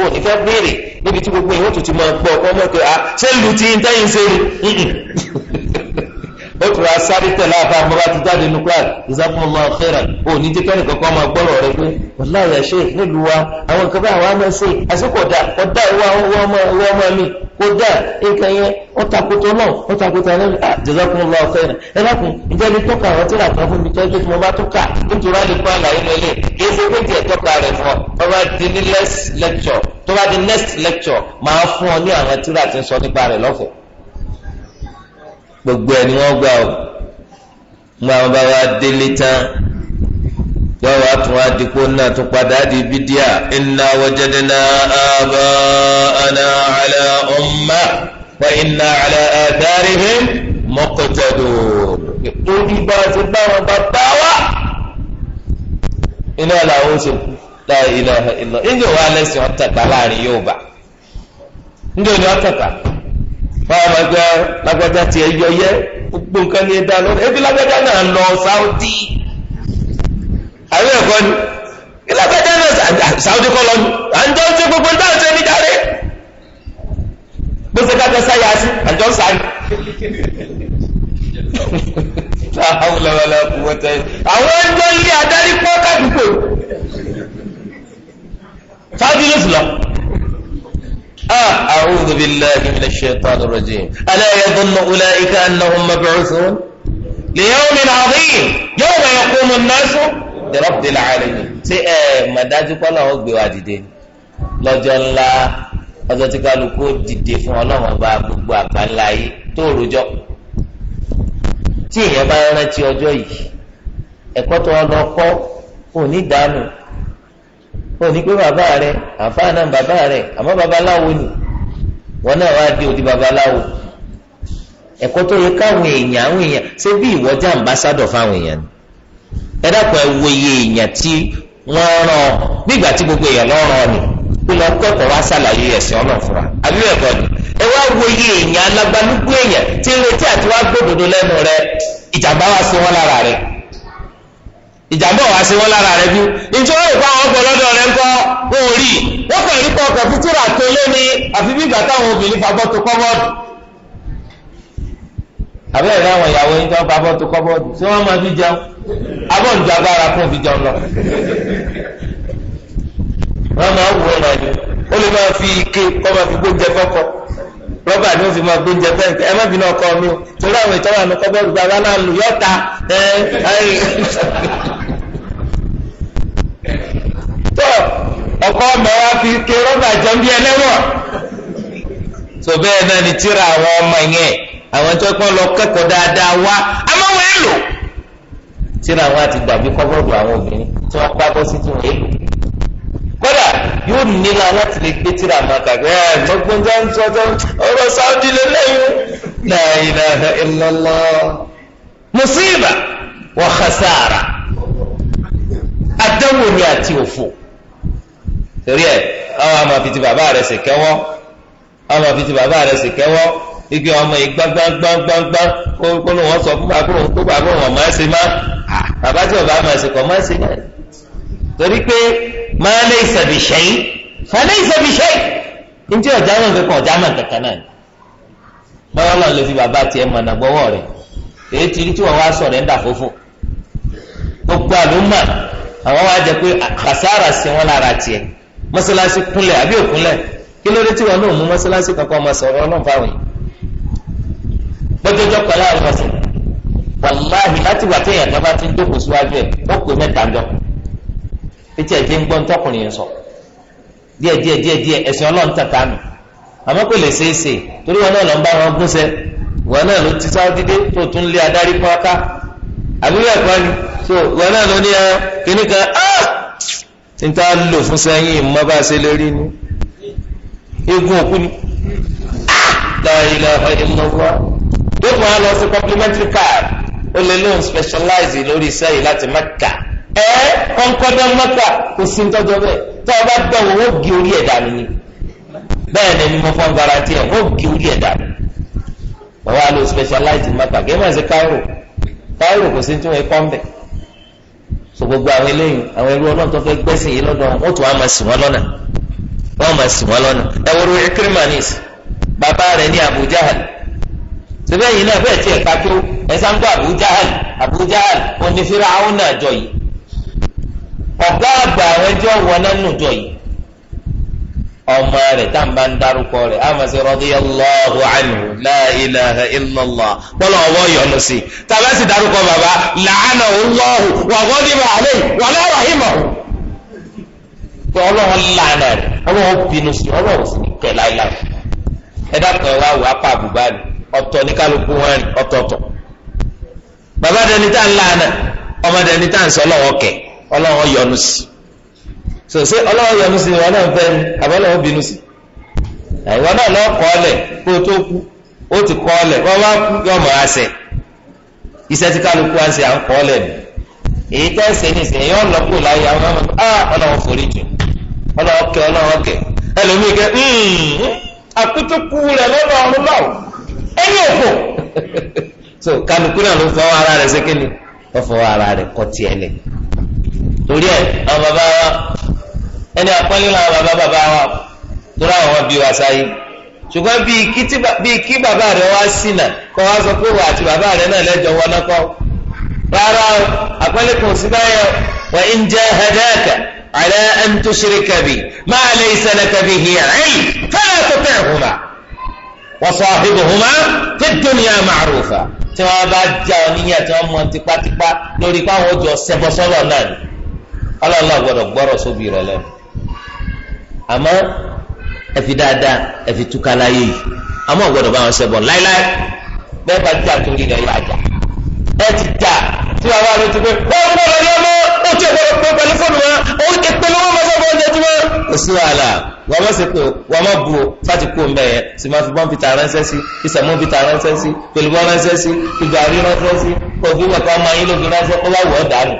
ó ní fẹ́ béèrè níbi tí gbogbo yìí ó tún ti máa gbọ́ ọmọ kẹ́ à ṣé lu ti ń tẹ́yìn ṣe ni ó tún ra sáré tẹ̀lé àfa àmọ́ra ti jáde nínú class jazakumullahu khairan ò ní jẹ́ kẹ́nìkan kan máa gbọ́rọ̀ rẹ pé wallahi ya sheikh nílùú wa àwọn nǹkan báyìí àwọn àmọ́ ṣe àsìkò ọ̀dà ọ̀dà ìwà ìwà ọmọ mi kò dà nǹkan yẹn ó takoto náà ó takoto náà jazakumullahu khairan ẹ dákun ǹjẹ́ ní tọ́ka àwọn tí ràpá fún mi tó ẹgbẹ́ tí mo bá tọ́ka nítorí àdìpọ̀ àlàyé mẹ́lẹ̀ kì í ṣe pé tiẹ̀ tọ́ka gbogbo ẹ̀ ni wọ́n gbà ó gba àwọn bàbá délé tán yóò wá tún wá dípò náà tún padà di bídíà inna wajadna aba'ana ala umma wa inna ala atharihim muqtadun. orí bá a ti bá wọn bàbá wa iná làwọn ṣe la ilaha illa ǹjẹ́ wàá lẹ́sìn ọ̀tàkà láàrin yóò bá ǹjẹ́ òní ọ̀tàkà báwo máa gbé lágbájá tiẹ̀ yọ yẹ gbogbo nǹkan ní ẹ̀dá lọ́wọ́ ebi lágbájá náà lọ sáúdí àwọn ẹ̀kọ́ ni lágbájá náà sáúdí kọ́ lọ́nu à ń jọ ń ṣe gbogbo náà ṣe ní dáre bó ṣe kájọ sáyà sí àjọ ń sáré sáwùlọ́wọ́lọ́ kúwọ́tẹ́ àwọn ẹjọ́ ilé adarí pọ́ kàdúgbò sáúdí ló sì lọ. أعوذ بالله من الشيطان الرجيم ألا يظن أولئك أنهم مبعوثون ليوم عظيم يوم يقوم الناس لرب العالمين ṣé ẹ mà dájú pé Ọlọ́run gbé wa dìde lọ́jọ́ ńlá ọjọ́ tí kálukú dìde fún Ọlọ́run ọba gbogbo àgbáńlá yìí tó rojọ́ tí èèyàn bá rántí ọjọ́ yìí ẹ̀kọ́ tó ọlọ́kọ́ kò ní dànù ó ní pé bàbá rẹ àfa náà bàbá rẹ ni wọn náà wá di odi babaláwo ẹ̀kọ́ tó yẹ káwọn èèyàn àwọn èèyàn ṣé bí ìwọ́jà ambassadọ̀ fáwọn èèyàn ni ẹ dákun ẹ iye èèyàn tí wọ́n rán ọ gbogbo èèyàn lọ́rọ̀ ni lọ wá ṣàlàyé ẹ̀sìn àbí ẹ̀kọ́ ni ẹ wá wo iye ìjàmbá wa sí wọn lára rẹ bí nítorí ìfọ àwọn ọkọ lọ́dọ̀ rẹ ńkọ́ wọn ò rí wọn kàn rí kọ ọkọ fítúrà tó lé ní àfi bí ìgbà táwọn obìnrin fagbọ́ tó kọ́bọ́ọ̀dù àbẹ́rẹ́ àwọn ìyàwó yín tó ń fagbọ́ tó kọ́bọ́ọ̀dù tí wọ́n máa fi jẹun abọ́ǹdù agbára fún fi jẹun lọ. wọ́n máa wù ọ́ náà ni ó lè máa fi ike kọ́ máa fi gbóúnjẹ fọ́kọ rọ́bà ni ó fi máa gbóúnjẹ fẹ́ǹkì ẹ má bínú ọkọ mi o torí àwọn ìtọ́wà ní kọ́bọ́ọ̀dù bàbá náà lù yọ́ta ẹ ẹ pọ̀ ọkọ ọmọ wa fi ké rọ́bà jẹun bí ẹlẹ́wọ̀n tó bẹ́ẹ̀ náà ni tíra àwọn ọmọ yẹn àwọn tó kọ́ lọ kẹ́kọ̀ọ́ dáadáa wá amáwọ̀ ẹ̀ lò tíra àwọn àti dàbí kọ́bọ̀dù àwọn obìnrin tí wọ́n gbá bọ́ sí tí wọ́n èlò kódà yóò nílò láti lè gbé tíra àwọn àtàgbẹ́ ẹ̀ gbọ́gbọ́n tó tó ọ̀rọ̀ sáwọ́dì lé lẹ́yìn la ilaha musiba wa khasara àdánwò àti òfò. torí ẹ àwọn àmọ fi ti bàbá rẹ sì kẹwọ baba fi ti bàbá ọmọ yìí gbangbangbangba kó ló wọn sọ fún bàbá kó bàbá má bàbá tí kọ náà torí pé máa lé njẹ ọjà náà fi ọjà náà kankan náà ni báwa náà lè fi bàbá mọ èyí ti rí tí Masalasi kúnlẹ̀ àbí òkúnlẹ̀ kí ló dé tí wọn náà mú mọ́sálásí kankan ọmọ sọ̀rọ̀ ọlọ́run fáwọn yìí gbọ́dọ̀jọ́ pẹ̀lú àwọn ọ̀sẹ̀ wàláhì láti wà téèyàn kan bá ti ń jókòó síwájú ẹ̀ ó pè mẹ́ta jọ etí ẹ̀jẹ̀ ń gbọ́ ń tọkùnrin yẹn sọ díẹ̀ díẹ̀ díẹ̀ díẹ̀ ẹ̀sìn ọlọ́run tàtà nù àmọ́ kò lè ṣeé ṣe torí wọn náà lọ ń bá wọn gúnṣẹ́ wọn náà ló ti sáwọ́ dídé tó tún lé adarí pọ́n ká àbúrò ẹ̀kọ́ ni so wọn náà ló ní ẹ kíní kan áà ah! níta lò fún sẹ́yìn ìmọ̀ bá ṣe lè rí ni eégún òkú ni láìlà ìmọ̀wá dókun á lọ sí complimentary card ó lè lóun specialize lórí iṣẹ́ yìí láti mẹ́ka ẹ kọ́ńkọ́dọ́ mẹ́ka kò sí tọ́jọ́ bẹ́ẹ̀ tó o bá dẹ̀wò ó gé orí ẹ̀dá mi ni bẹ́ẹ̀ ni mo fọ́n garanti ẹ̀ ó gé orí ẹ̀dá mi wọ́n wá lọ specialize mẹ́ka kí ẹ má ṣe káírò káírò kò sí tí wọ́n kọ́ ń bẹ̀ so gbogbo àwọn eléyìí àwọn ẹrú ọlọ́run tó fẹ́ gbẹ́sìn yìí lọ́dọ̀ wọn tún wọn máa sìn wọn lọ́nà wọn máa sìn wọn lọ́nà ẹ wọ́n Ikrimanis bàbá rẹ̀ ní Abu Jahal síbẹ̀ yìí náà bẹ́ẹ̀ tiẹ̀ ká tó ẹ gbọ́ Abu Jahal Abu Jahal onífẹ́ra àwọn náà jọ yìí ọ̀gá àgbà àwọn ẹjọ́ wọn náà nù jọ yìí ọmọ rẹ̀ tá n bá ń dárúkọ rẹ̀ àmàṣe radiyallahu anhu la ilaha illallah bọ́lá ọwọ́ yọnu sí tàbá sì dárúkọ bàbá làánà Allahu wa ghadiba alayhi wa la rahimahu pé ọlọ́run làánà rẹ̀ ọlọ́run bínú sí ọlọ́run sì kẹ̀ láìláì ẹ dákun ẹ wá wò apá àbùbá rẹ̀ ọ̀tọ̀ ní kálukú wọn rìn ọ̀tọ̀ọ̀tọ̀ bàbá dẹni tá ń làánà ọmọ dẹni tá ń sọ ọlọ́run kẹ̀ ọlọ́run yọnu sí so ṣé ọlọ́wọ́ yọnu sí ìwọ náà fẹ́ ni àbọ̀lọ́wọ́ bínú sí ìwọ náà lọ kọ́ ọlẹ̀ kó o tó kú ó ti kọ́ ọlẹ̀ kó o bá kú yọ ọmọ àṣẹ iṣẹ́ tí kálukú á ṣe à ń kọ́ ọlẹ̀ ni èyí tẹ́ ṣe ní ìsìn yọ lọ́kù láyé àwọn ọmọ tó ah ọlọ́wọ́ forí jù ọlọ́wọ́ kẹ ọlọ́wọ́ kẹ ẹlòmíì kẹ hmm, àkútúkú rẹ lọ́dọ̀ ọ̀run náà ẹni so kálukú náà ló fọwọ́ ara ni ó fọwọ́ ara rẹ̀ kọ́ tiẹ̀ lẹ̀ ẹni àpọ́nlé làwọn bàbá bàbá wa tóra àwọn bí wa sáyé ṣùgbọ́n bíi kí bàbá rẹ wá ṣìnà kọ́ wá sọ pé wà àti bàbá rẹ náà lẹ́jọ́ wọn náà kọ́ rárá o àpọ́nlé kò sí báyọ̀ wa in jahadaka ala an tushrika bi ma laysa laka bihi ilm fala tuti'huma wa sahibuhuma fid dunya ma'rufa tí wọ́n bá já ọ níyà tí wọ́n mọ tipátipá lórí pé ojú ọ̀sẹ̀ bọ́ sọ́lọ̀ náà ni ọlọ́ọ̀lọ́ gbọ́dọ̀ gbọ́rọ̀ sóbì rẹ lẹ́nu àmọ́ ẹ fi dáadáa ẹ fi túká láyé yìí àmọ́ ọ̀gbọ́dọ̀ bá wọn ṣẹbọ láíláí bẹ́ẹ̀ bá jà tó rí lẹ́yìn àjà ẹ ti jà tí wàá wà ló ti pé wọ́n mú ọ̀rọ̀ yẹn ó ti ọ̀gbọ́dọ̀ pé pẹ̀lú fóònù wọn òun ti pé lọ́wọ́ máa sọ́kọ́ ọ̀jẹ̀ jùmọ́. kò sí wàhálà wọ́n má ṣe pé wọ́n má bu o fáti kú ọ̀nbẹ yẹn sì máa fi bọ́ǹpìtà ránṣẹ́ sí ìsàmúbìtà ránṣẹ́ sí pèlúbọ́ ránṣẹ́ sí ìgbà rí ránṣẹ́ sí òfin wọ̀ká máa yín lóbi ránṣẹ́ ó wá wọ̀ ọ́ dànù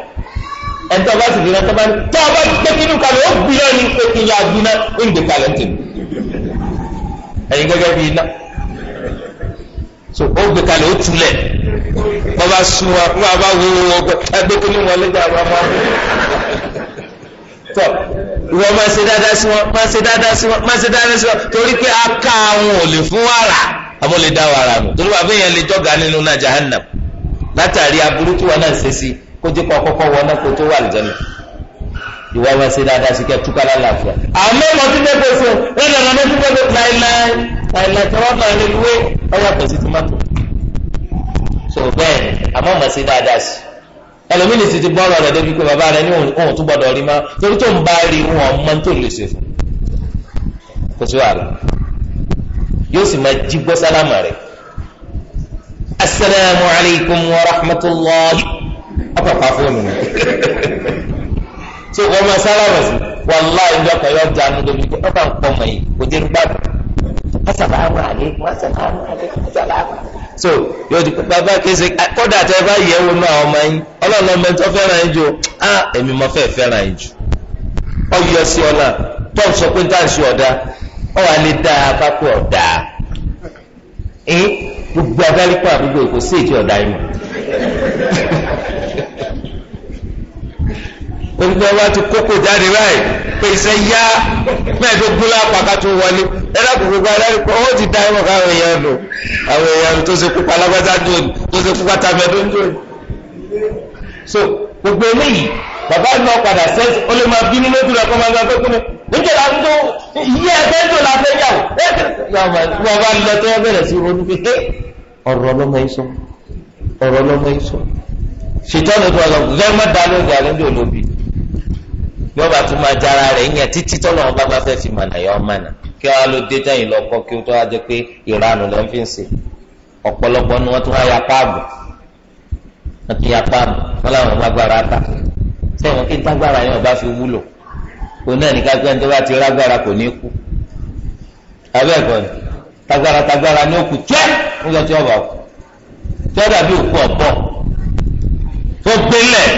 ẹ̀ńtọ́ bá sì fi náà tọ́ba tó ọba gbé kínú kalẹ̀ ó gbiná ní pé kí n yá gbiná ó ń gbé kalẹ̀ ń tèmi ẹ̀yin gẹ́gẹ́ bí iná so ó gbé kalẹ̀ ó tulẹ̀ bàbá sun wa fún wa bá wo ẹgbẹ́ kínú wọlé jà wà máa wọ tọ ìwọ máa ṣe dáadáa sí wọn máa ṣe dáadáa sí wọn máa ṣe dáadáa sí wọn torí pé aká àwọn ò lè fún wàrà àmọ́ lè dá wàrà nù torí wàá fi yẹn lè jọ̀gá nínú náà jahannam látàrí aburú tí wọn náà ṣe sí i kó tí kọ́ kọ́kọ́ wọ náà kó tó wà lìjẹ́nà ìwọ ọmọ ṣe dáadáa sí kẹ́ túká lálàáfíà. àmọ́ ọmọ tí bẹ́ẹ̀ bẹ́ẹ̀ fún ẹ lọ́nà ló tún bẹ́ẹ̀ bẹ́ẹ̀ láìláì láìláì tí wọ́n náà lè wé ọyà pẹ̀ sí tomato. so bẹ́ẹ̀ àmọ́ ọmọ ṣe dáadáa sí ẹlòmínì sì ti bọ́ ọ̀rọ̀ rẹ̀ débi pé bàbá rẹ̀ ní òun tún gbọ́dọ̀ rí má torí tó ń bá rí wọn ọmọ tó lè ṣe fún kò sí wàhálà yóò sì máa jí gbọ́ sálámà rẹ̀ asalaamualeykum wa rahmatulahi ọ̀pọ̀pá fóònù mi so ọmọ sálámà sí wàllá ìjọ kan yọ jánu débi pé ọba ń pọ ọmọ yìí kò dé gbàdúrà asàlámù àlékún asàlámù àlékún asàlámù so yóò di bàbá kése kódà tẹ bá yẹ wo náà ọmọ yín ọlọ́run ọmọ ẹ̀tọ́ fẹ́ràn yín jù á èmi mọ fẹ́ fẹ́ràn yín jù ọyọ sí ọlá tó sọ pé tá à ń ṣe ọ̀dà ọwà lè dá apákó ọ̀dà gbogbo adáríkọ àdúgbò kò sí èdè ọ̀dà yìí mọ́ olùkọ́ wa ti kókò jáde báyìí pé iṣẹ́ yá mẹ́ẹ̀ẹ́dógún lápáká tó wọlé ẹ̀rọ kò gbogbo alẹ́ kọ́ ó ti da ẹ̀wọ̀ káwọn èèyàn lò àwọn èèyàn tó ṣe kópa alágbádá jò ní tó ṣe kópa tàbẹ́dún jò ní. so gbogbo eléyìí bàbá náà padà sẹ́sì ó lè máa bínú lójú rẹ̀ kọ́ máa gbà pẹ́kúnni níjẹ́ la ń tó yí ẹgbẹ́ jò la fẹ́ yà wọ́n bá lọ tó wọ́n bẹ̀rẹ̀ sí ronú pé ọ̀rọ̀ ọlọ́mọ ṣètọ́nù tó ọlọ́ gẹ́gẹ́ má dáná ìgbà lóde olóbi bí ọba tó máa jára rẹ̀ yẹn títí tọ́lọ́ wọn bá bá fẹ́ fi mànà yọ mànà kí wọn ló dé tẹ́yìn lọ kọ́ kí ó tó wá pé ìranù lẹ́ fi ń ṣe ọ̀pọ̀lọpọ̀ ni wọ́n tún wá ya páàbù wọ́n tún ya páàbù wọ́n làwọn ọba gbára ta sẹ́wọ̀n kí tágbára yẹn ọba fi wúlò òun náà nìkan pé tó bá ti rágbára kò ní kú abẹ́ ẹ̀kọ́ ni tágbára tágbára ní òkú tíẹ́ nígbà tí ọba kú tí ọ tó gbélẹ̀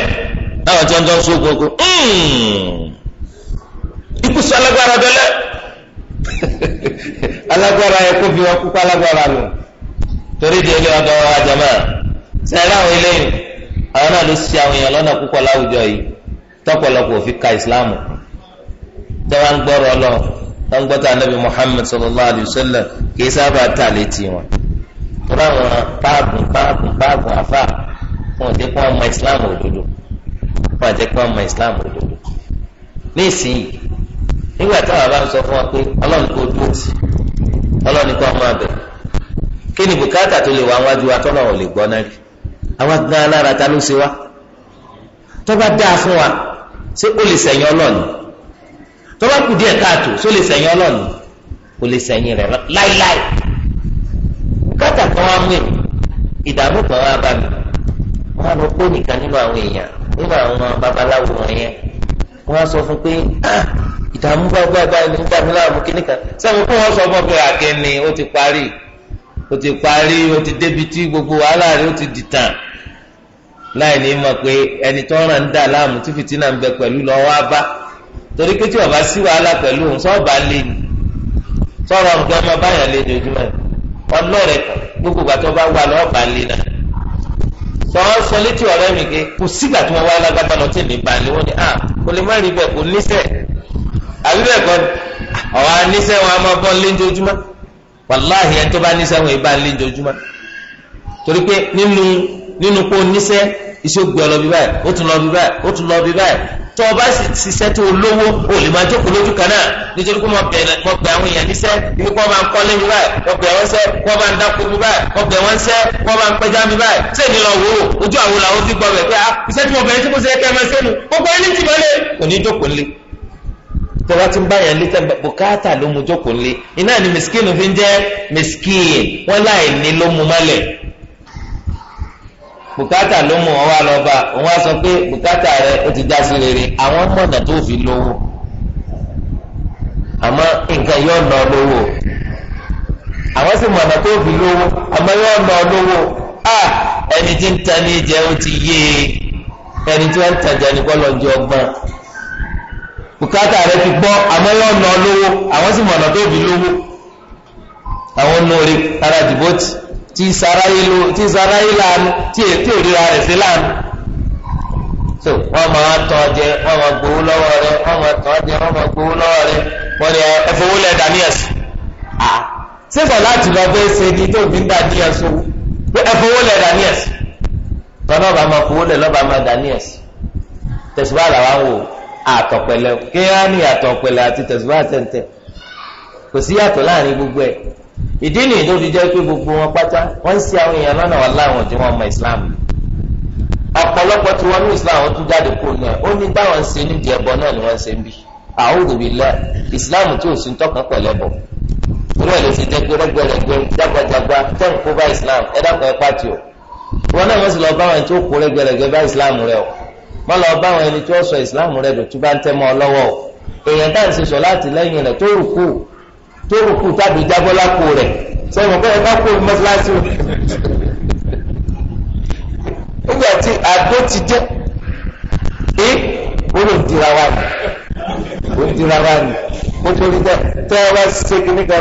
táwọn tí wọ́n jọ ń hmm. ikú sọ alágbára dọ́lẹ́ alágbára yẹ kó fi wọn alágbára torí di ọdọ àwọn eléyìí àwọn náà ló ṣe àwọn ka ìsìláàmù ń lọ ń Muhammad sallallahu alayhi wa sallam kì í wọn ò jẹ́ kí wọ́n mọ islam òdodo wọn ò jẹ́ kí wọ́n mọ islam òdodo nísìnyí nígbà táwọn bá ń sọ fún wa pé ọlọ́run kò dúró sí ọlọ́run kò máa bẹ̀ kí ni bùkátà tó lè wà wájú wa tọ́lọ̀ ò lè gbọ́ náà rí àwa gan alára ta ló ṣe wá tó bá dáa fún wa ṣé ó lè sẹ̀yìn ọlọ́run tó bá kù díẹ̀ káàtó ṣó lè sẹ̀yìn ọlọ́run kò lè sẹ̀yìn rẹ̀ láíláí bùkátà kan wá mú ìdààmú kan wá bá mi. wọn lọ pé nìkan nínú àwọn èèyàn nínú àwọn babaláwo wọn yẹn wọn sọ fún pé ah, ìdààmú gbàgbà báyìí ní ìdààmú láàmú kíníkan sẹ́wọ̀n kó wọ́n sọ fún ọkùnrin àkẹ́ni ó ti gbogbo wàhálà rẹ̀ ó ti dìtàn láì ní mọ̀ pé ẹni tó ràn ń dà láàmú tí fìtínà ń bẹ pẹ̀lú bá torí pé tí sí wàhálà pẹ̀lú òun lé ni sọ̀rọ̀ nǹkan ọmọ báyà lé dojúmọ́ gbogbo gbàtọ́ bá wà sọ̀rọ̀ sọ létí ọ̀rẹ́ mi ké kò sígbà tí wọ́n wá lágbàdàn lọ́tí mi bá ní wọ́n ní à ah, kò lè má rí bẹ́ẹ̀ kò níṣẹ́ àbí bẹ́ẹ̀ kọ́ ah, ọ̀wá níṣẹ́ wọn a máa bọ́ lé njojúmọ́ wàláhì ẹni tó bá níṣẹ́ wọn ìbá lé njojúmọ́ torí pé nínú nínú kó níṣẹ́ iṣẹ́ gbé lọ bí báyìí ó tún lọ bí báyìí ó tún lọ bí báyìí tó o bá ṣiṣẹ́ tó o lówó o lè máa jókòó lójú kan náà nítorí pé mo bẹ̀ àwọn èèyàn níṣẹ́ ibi kọ́ máa ń kọ́ lé mi báyìí mo bẹ̀ wọ́n ṣẹ́ kọ́ máa ń dáko mi báyìí mo bẹ̀ wọ́n ṣẹ́ kọ́ máa ń pẹja mi báyìí ṣé mi lọ wò ó ojú àwọn làwọn fi gbọ́ bẹ̀ pé a ah, iṣẹ́ tí mo bẹ̀rẹ̀ tí mo ṣe kẹ́ máa ṣe nu gbogbo ẹni tí mo lé jókòó lé tó bá ti ń bá yẹn lé tẹ bùkátà ló mu jókòó lé iná ni miskin fi ń jẹ́ miskin wọ́n láì ní ló mu mọ́lẹ̀ Bukata ló mú wọn wá lọ bá sọ pé bukata rẹ ti já sí rere àwọn mọ̀nà tó fi lówó àmọ́ nǹkan yóò lówó àwọn sì mọ̀nà tó fi a ẹni tí ń ta ní ti yé e ẹni tí wọ́n ń tajà ní kọ́ lọ́jọ́ ọgbọ́n bùkátà rẹ ti gbọ́ àmọ́ yóò ná lówó àwọn sì mọ̀nà tó fi tí sarayi lo tí sarayi lanu tí tí òrìra rẹ̀ sí lanu so wọn máa tọ jẹ wọn máa gbowó lọ́wọ́ rẹ̀ wọn máa tọ jẹ wọn máa gbowó lọ́wọ́ rẹ̀ wọn ni ẹ fowó lẹ dàníyàsí à sísọ láti lọ bẹ ṣe ni tó fi ń dàníyàsí owó pé ẹ fowó lẹ dàníyàsí tọ́nà ọba máa fowó lẹ lọ́ba máa dàníyàsí tẹ̀síwá làwọn wò àtọ̀pẹ̀lẹ̀ kéèyàn ní àtọ̀pẹ̀lẹ̀ àti tẹ̀síwá tẹ̀ntẹ̀ kò sí yàtọ̀ láàrin gbogbo ẹ̀ ìdí nìyí tó fi jẹ́ pé gbogbo wọn pátá wọ́n ń ṣe àwọn èèyàn lọ́nà wà láwọn tí wọ́n mọ islam yìí ọ̀pọ̀lọpọ̀ tí wọ́n ní islam wọ́n tún jáde kó náà ó ní báwọn ń ṣe níbi ẹ̀bọ náà ni wọ́n ṣe ń bì a'udhu billah islam tí ò sí ń tọkàn pẹ̀lú ẹ̀bọ irú ẹ̀ ló ti jẹ́ pé rẹ́gbẹ̀rẹ́gbẹ̀ jágbajàgba tẹ́ ń kó bá islam ẹ dákun ẹ pàtì o wọn náà wọ́n sì lọ bá àwọn tí ó kó rẹ́gbẹ̀rẹ́gbẹ̀ bá islam rẹ o wọ́n lọ bá àwọn o èèyàn tó rùkú tàbí jábọ́ lápò rẹ̀ sẹ́wọ̀n pé ẹ bá kó mọ́sálásí o. nígbà tí àdó ti jẹ́ ẹ ó lè dira wa ni ó dira wa ni ó torí dẹ tẹ́ ẹ wá ṣe kí nígbà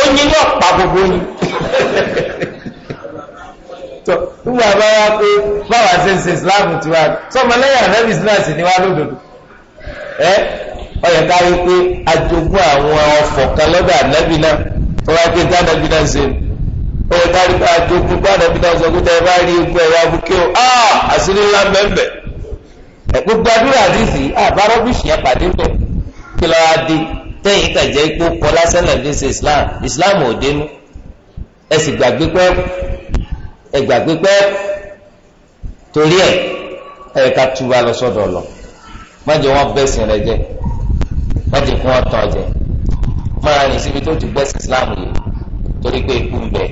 oyin yóò pa gbogbo yin. tó nígbà bá wá pé báwa ṣe ń ṣe Islam tiwa sọmọlẹ́yìn ànábì Islam sì ni wá lódodo ó yẹ ká rí pé ajogún àwọn ọ̀fọ̀ kan lọ́dọ̀ ànábì náà tó wá pé dánábì náà ṣe ó yẹ ká rí pé ajogún dánábì náà sọ pé tẹ́ ẹ bá rí egbò ẹ̀yà abúké o áà àṣírí ńlá mẹ́mẹ́ gbogbo àdúrà àdìsí àbárọ́bìṣì yẹn pàdé mẹ́ kí lọ́ọ́ adé tẹ́yìn kàjẹ́ ipò kọ́ lásán náà fi ṣe Islam Islam ò dénú ẹ sì gbàgbé pẹ́ ẹ gbàgbé pẹ́ torí ẹ ẹ̀ka tuba lọ sọ́dọ̀ lọ má jẹ́ wọ́n bẹ́sìn rẹ jẹ́ wọ́n ti kún ọ̀tọ̀ jẹ máa rìn síbi tó ti gbẹ́sẹ̀ islam yìí torí pé ikú ń bẹ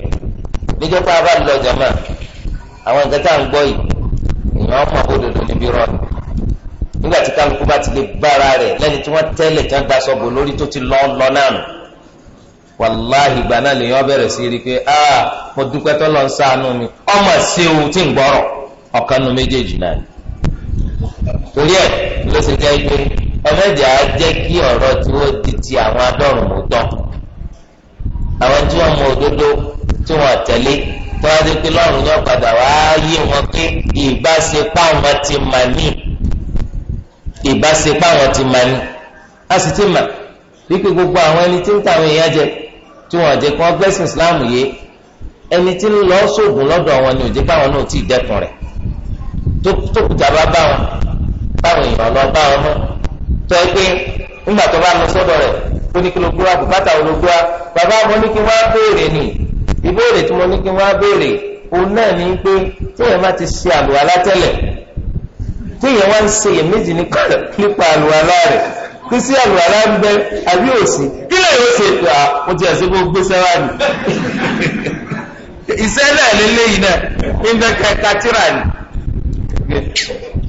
níjọ́ pé a bá lọ jama àwọn nǹkan tá à ń gbọ́ yìí èèyàn ọmọ òdodo níbi rọ nígbà tí kálukú bá ti lè bára rẹ̀ lẹ́ni tí wọ́n tẹ́lẹ̀ tí wọ́n gba sọ́gbò lórí tó ti lọ́ lọ náà nù wàláhì ìgbà náà lèèyàn bẹ̀rẹ̀ a ah, mo dúpẹ́ tó lọ ń mi ọmọ ṣéwu tí ń gbọ́rọ̀ méjèèjì ọmọdé á jẹ́ kí ọ̀rọ̀ tí wọ́n di ti àwọn adọ́rùn mú tán àwọn tí wọ́n mọ òdodo tí wọ́n tẹ̀lé tí wọ́n á dé pé lọ́rùn yóò padà wá yé wọn pé ìbáṣepọ̀ àwọn ti mà ní ìbáṣepọ̀ àwọn ti mà ní a sì ti mà wípé gbogbo àwọn ẹni tí ń tàwọn èèyàn jẹ tí wọ́n jẹ kí wọ́n Islam yé ẹni tí ń lọ sóògùn lọ́dọ̀ wọn ni ò jẹ́ báwọn náà ti dẹ́kun rẹ̀ tó kùtà bá báwọn báwọn èèyàn lọ báwọn náà. tọ ẹ pé ńgbà tó bá lọ sọ́dọ̀ rẹ̀ ó ní kí ló gbúra bùkátà ó ló gbúra bàbá mo ní kí wọ́n á béèrè nì ìbéèrè tí mo ní kí wọ́n á béèrè òun náà ní pé tí èèyàn bá ti ṣe àlùwàlá tẹ́lẹ̀ tí èèyàn wá ń ṣe èméjì nípa kí sí àbí òsì kí lè yóò ṣe pé mo ti ẹ̀sìn kó gbé ni ìṣẹ́ náà náà ń bẹ kẹta tíra ni.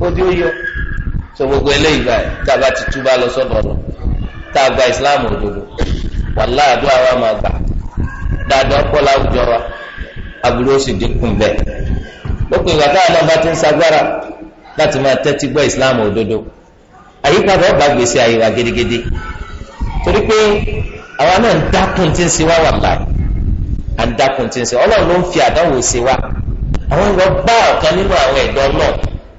Odiyo dé ó yọ so gbogbo eléyìí báyìí tá a ti lọ lọ gba islam ododo wàhálà àdúrà wa máa gbà dáadáa ọ̀pọ̀ láwùjọ wa sì dínkù lópin ìgbà táwọn náà bá ti ń sagbára láti máa tẹ́tí gbọ́ islam ododo àyípadà ọba gbèsè àyè wa torí pé àwa náà ń dákun tí ń wá wà láì tí ń ọlọ́run ló ń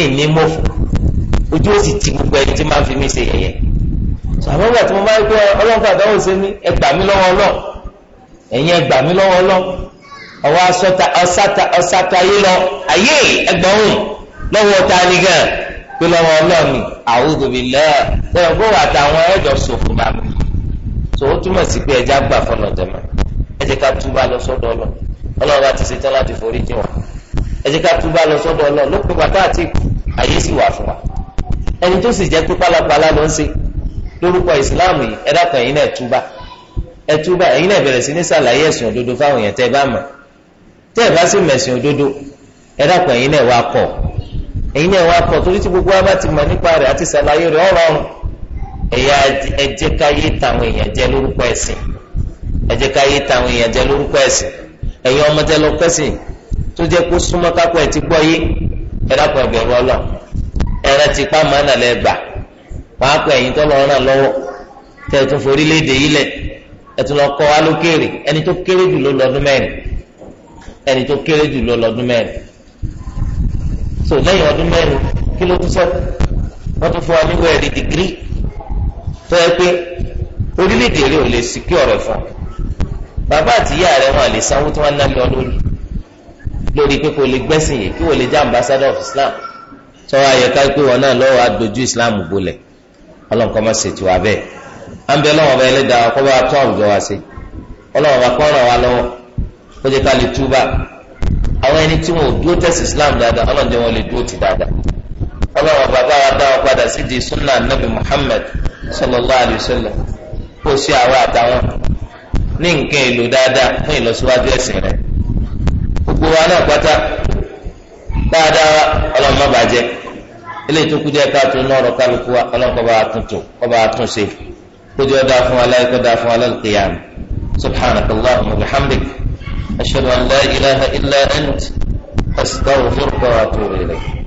ìní mọ̀fù ojú ó sì ti gbogbo ẹni tí máa fi mí ṣe yẹ̀yẹ́ sàmọ́ ìgbà tí mo máa ń gbé ọlọ́pàá àdáwò ṣe mí ẹ gbà mí lọ́wọ́ ọlọ́ ẹ̀yin ẹ gbà mí lọ́wọ́ ọlọ́ ọwọ́ asọ́ta ọ̀sátà ọ̀sátà yé lọ ayé ẹgbọ̀n lọ́wọ́ ta ni gan pé lọ́wọ́ ọlọ́ọ̀ni a'udhu billah sẹ́yìn kó wà táwọn ẹ̀jọ̀ sòfò bá mi tó o túmọ̀ sí pé ẹja gbà fọlọ́ jẹ̀mọ́ ẹ ká túbà lọ sọ́dọ̀ ọlọ́ ọlọ́ọ̀bá ti ṣetán láti forí jìn wọ́n ẹ jẹ́ ká túbà lọ sọ́dọ̀ Ọlọ́run lópin bàtà àti àyè sì wà fún wa ẹni tó sì jẹ́ pé pálapàla ló ń ṣe lórúkọ Islam yìí ẹ dákun ẹ̀yin náà túbà ẹ túbà ẹ̀yin náà bẹ̀rẹ̀ sí ní sàlàyé ẹ̀sìn òdodo fáwọn èèyàn tẹ́ ẹ bá mọ̀ tẹ́ ẹ bá sì mẹ̀sìn òdodo ẹ dákun ẹ̀yin náà wá kọ̀ ẹ̀yin náà wá kọ̀ torí tí gbogbo wa bá ti mọ̀ nípa rẹ̀ àti sàlàyé rẹ̀ ọ̀rọ̀rùn ẹ̀yà ẹ káyé tàwọn èèyàn jẹ́ lórúkọ ẹ̀sìn tó jẹ́ kó súnmọ́ kápẹ́ ẹ̀ ti gbọ́ yé ẹ dákun ẹgbẹ̀rún ọlọ ẹ̀rẹ́ ti pa màánà lẹ gbà wàá pẹ́ ẹ̀yìn tó lọ́ọ́ ràn lọ́wọ́ tẹ́ ẹ tún forí léde yìí lẹ̀ ẹ tún lọ kọ́ wa lókèrè ẹni tó kéré jù ló lọ́dún mẹ́rin ẹni tó kéré jù ló lọ́dún mẹ́rin so lẹ́yìn ọdún mẹ́rin kí ló tún sẹ́kù wọ́n tún fún wa níwọ̀ ẹ̀rí dìgírì tó yẹ pé orílẹ̀-èdè rẹ̀ ò lè sí kí ọ̀rọ̀ fún bàbá àtìyá rẹ̀ wọn à lórí pé kò lè gbẹ́sìn yìí kí wọ́n lè jẹ́ of Islam sọ́wọ́ àyẹ̀ká pé wọn náà lọ́wọ́ Islam bolẹ̀ ọlọ́nkọ́ ṣètò abẹ́ à ń bẹ lọ́wọ́ ọba ẹlẹ́dàá kọ́ bá tó àwùjọ wa ṣe ọlọ́wọ́ bá kọ́ ràn wá lọ́wọ́ kó jẹ́ ká lè túbà àwọn ẹni tí wọn ò dúró tẹ̀sí Islam dáadáa ọlọ́dẹ wọn lè dúró ti dáadáa bàbá wa dá wọn nabi sallallahu alayhi wa sallam gbogbo wa náà pátá dáadáa ọlọ́run má bàjẹ́ eléyìí tó kú jẹ́ káàtó náà ọ̀rọ̀ kálukú wa ọlọ́run kọ́ bá wa tún tó kọ́ bá wa tún ṣe kójú ọ̀dà fún wa láyé kódà fún wa lálùkìyàmù subhanakallahumma wa bihamdik ashhadu an la ilaha illa ant astaghfiruka wa atubu ilayk.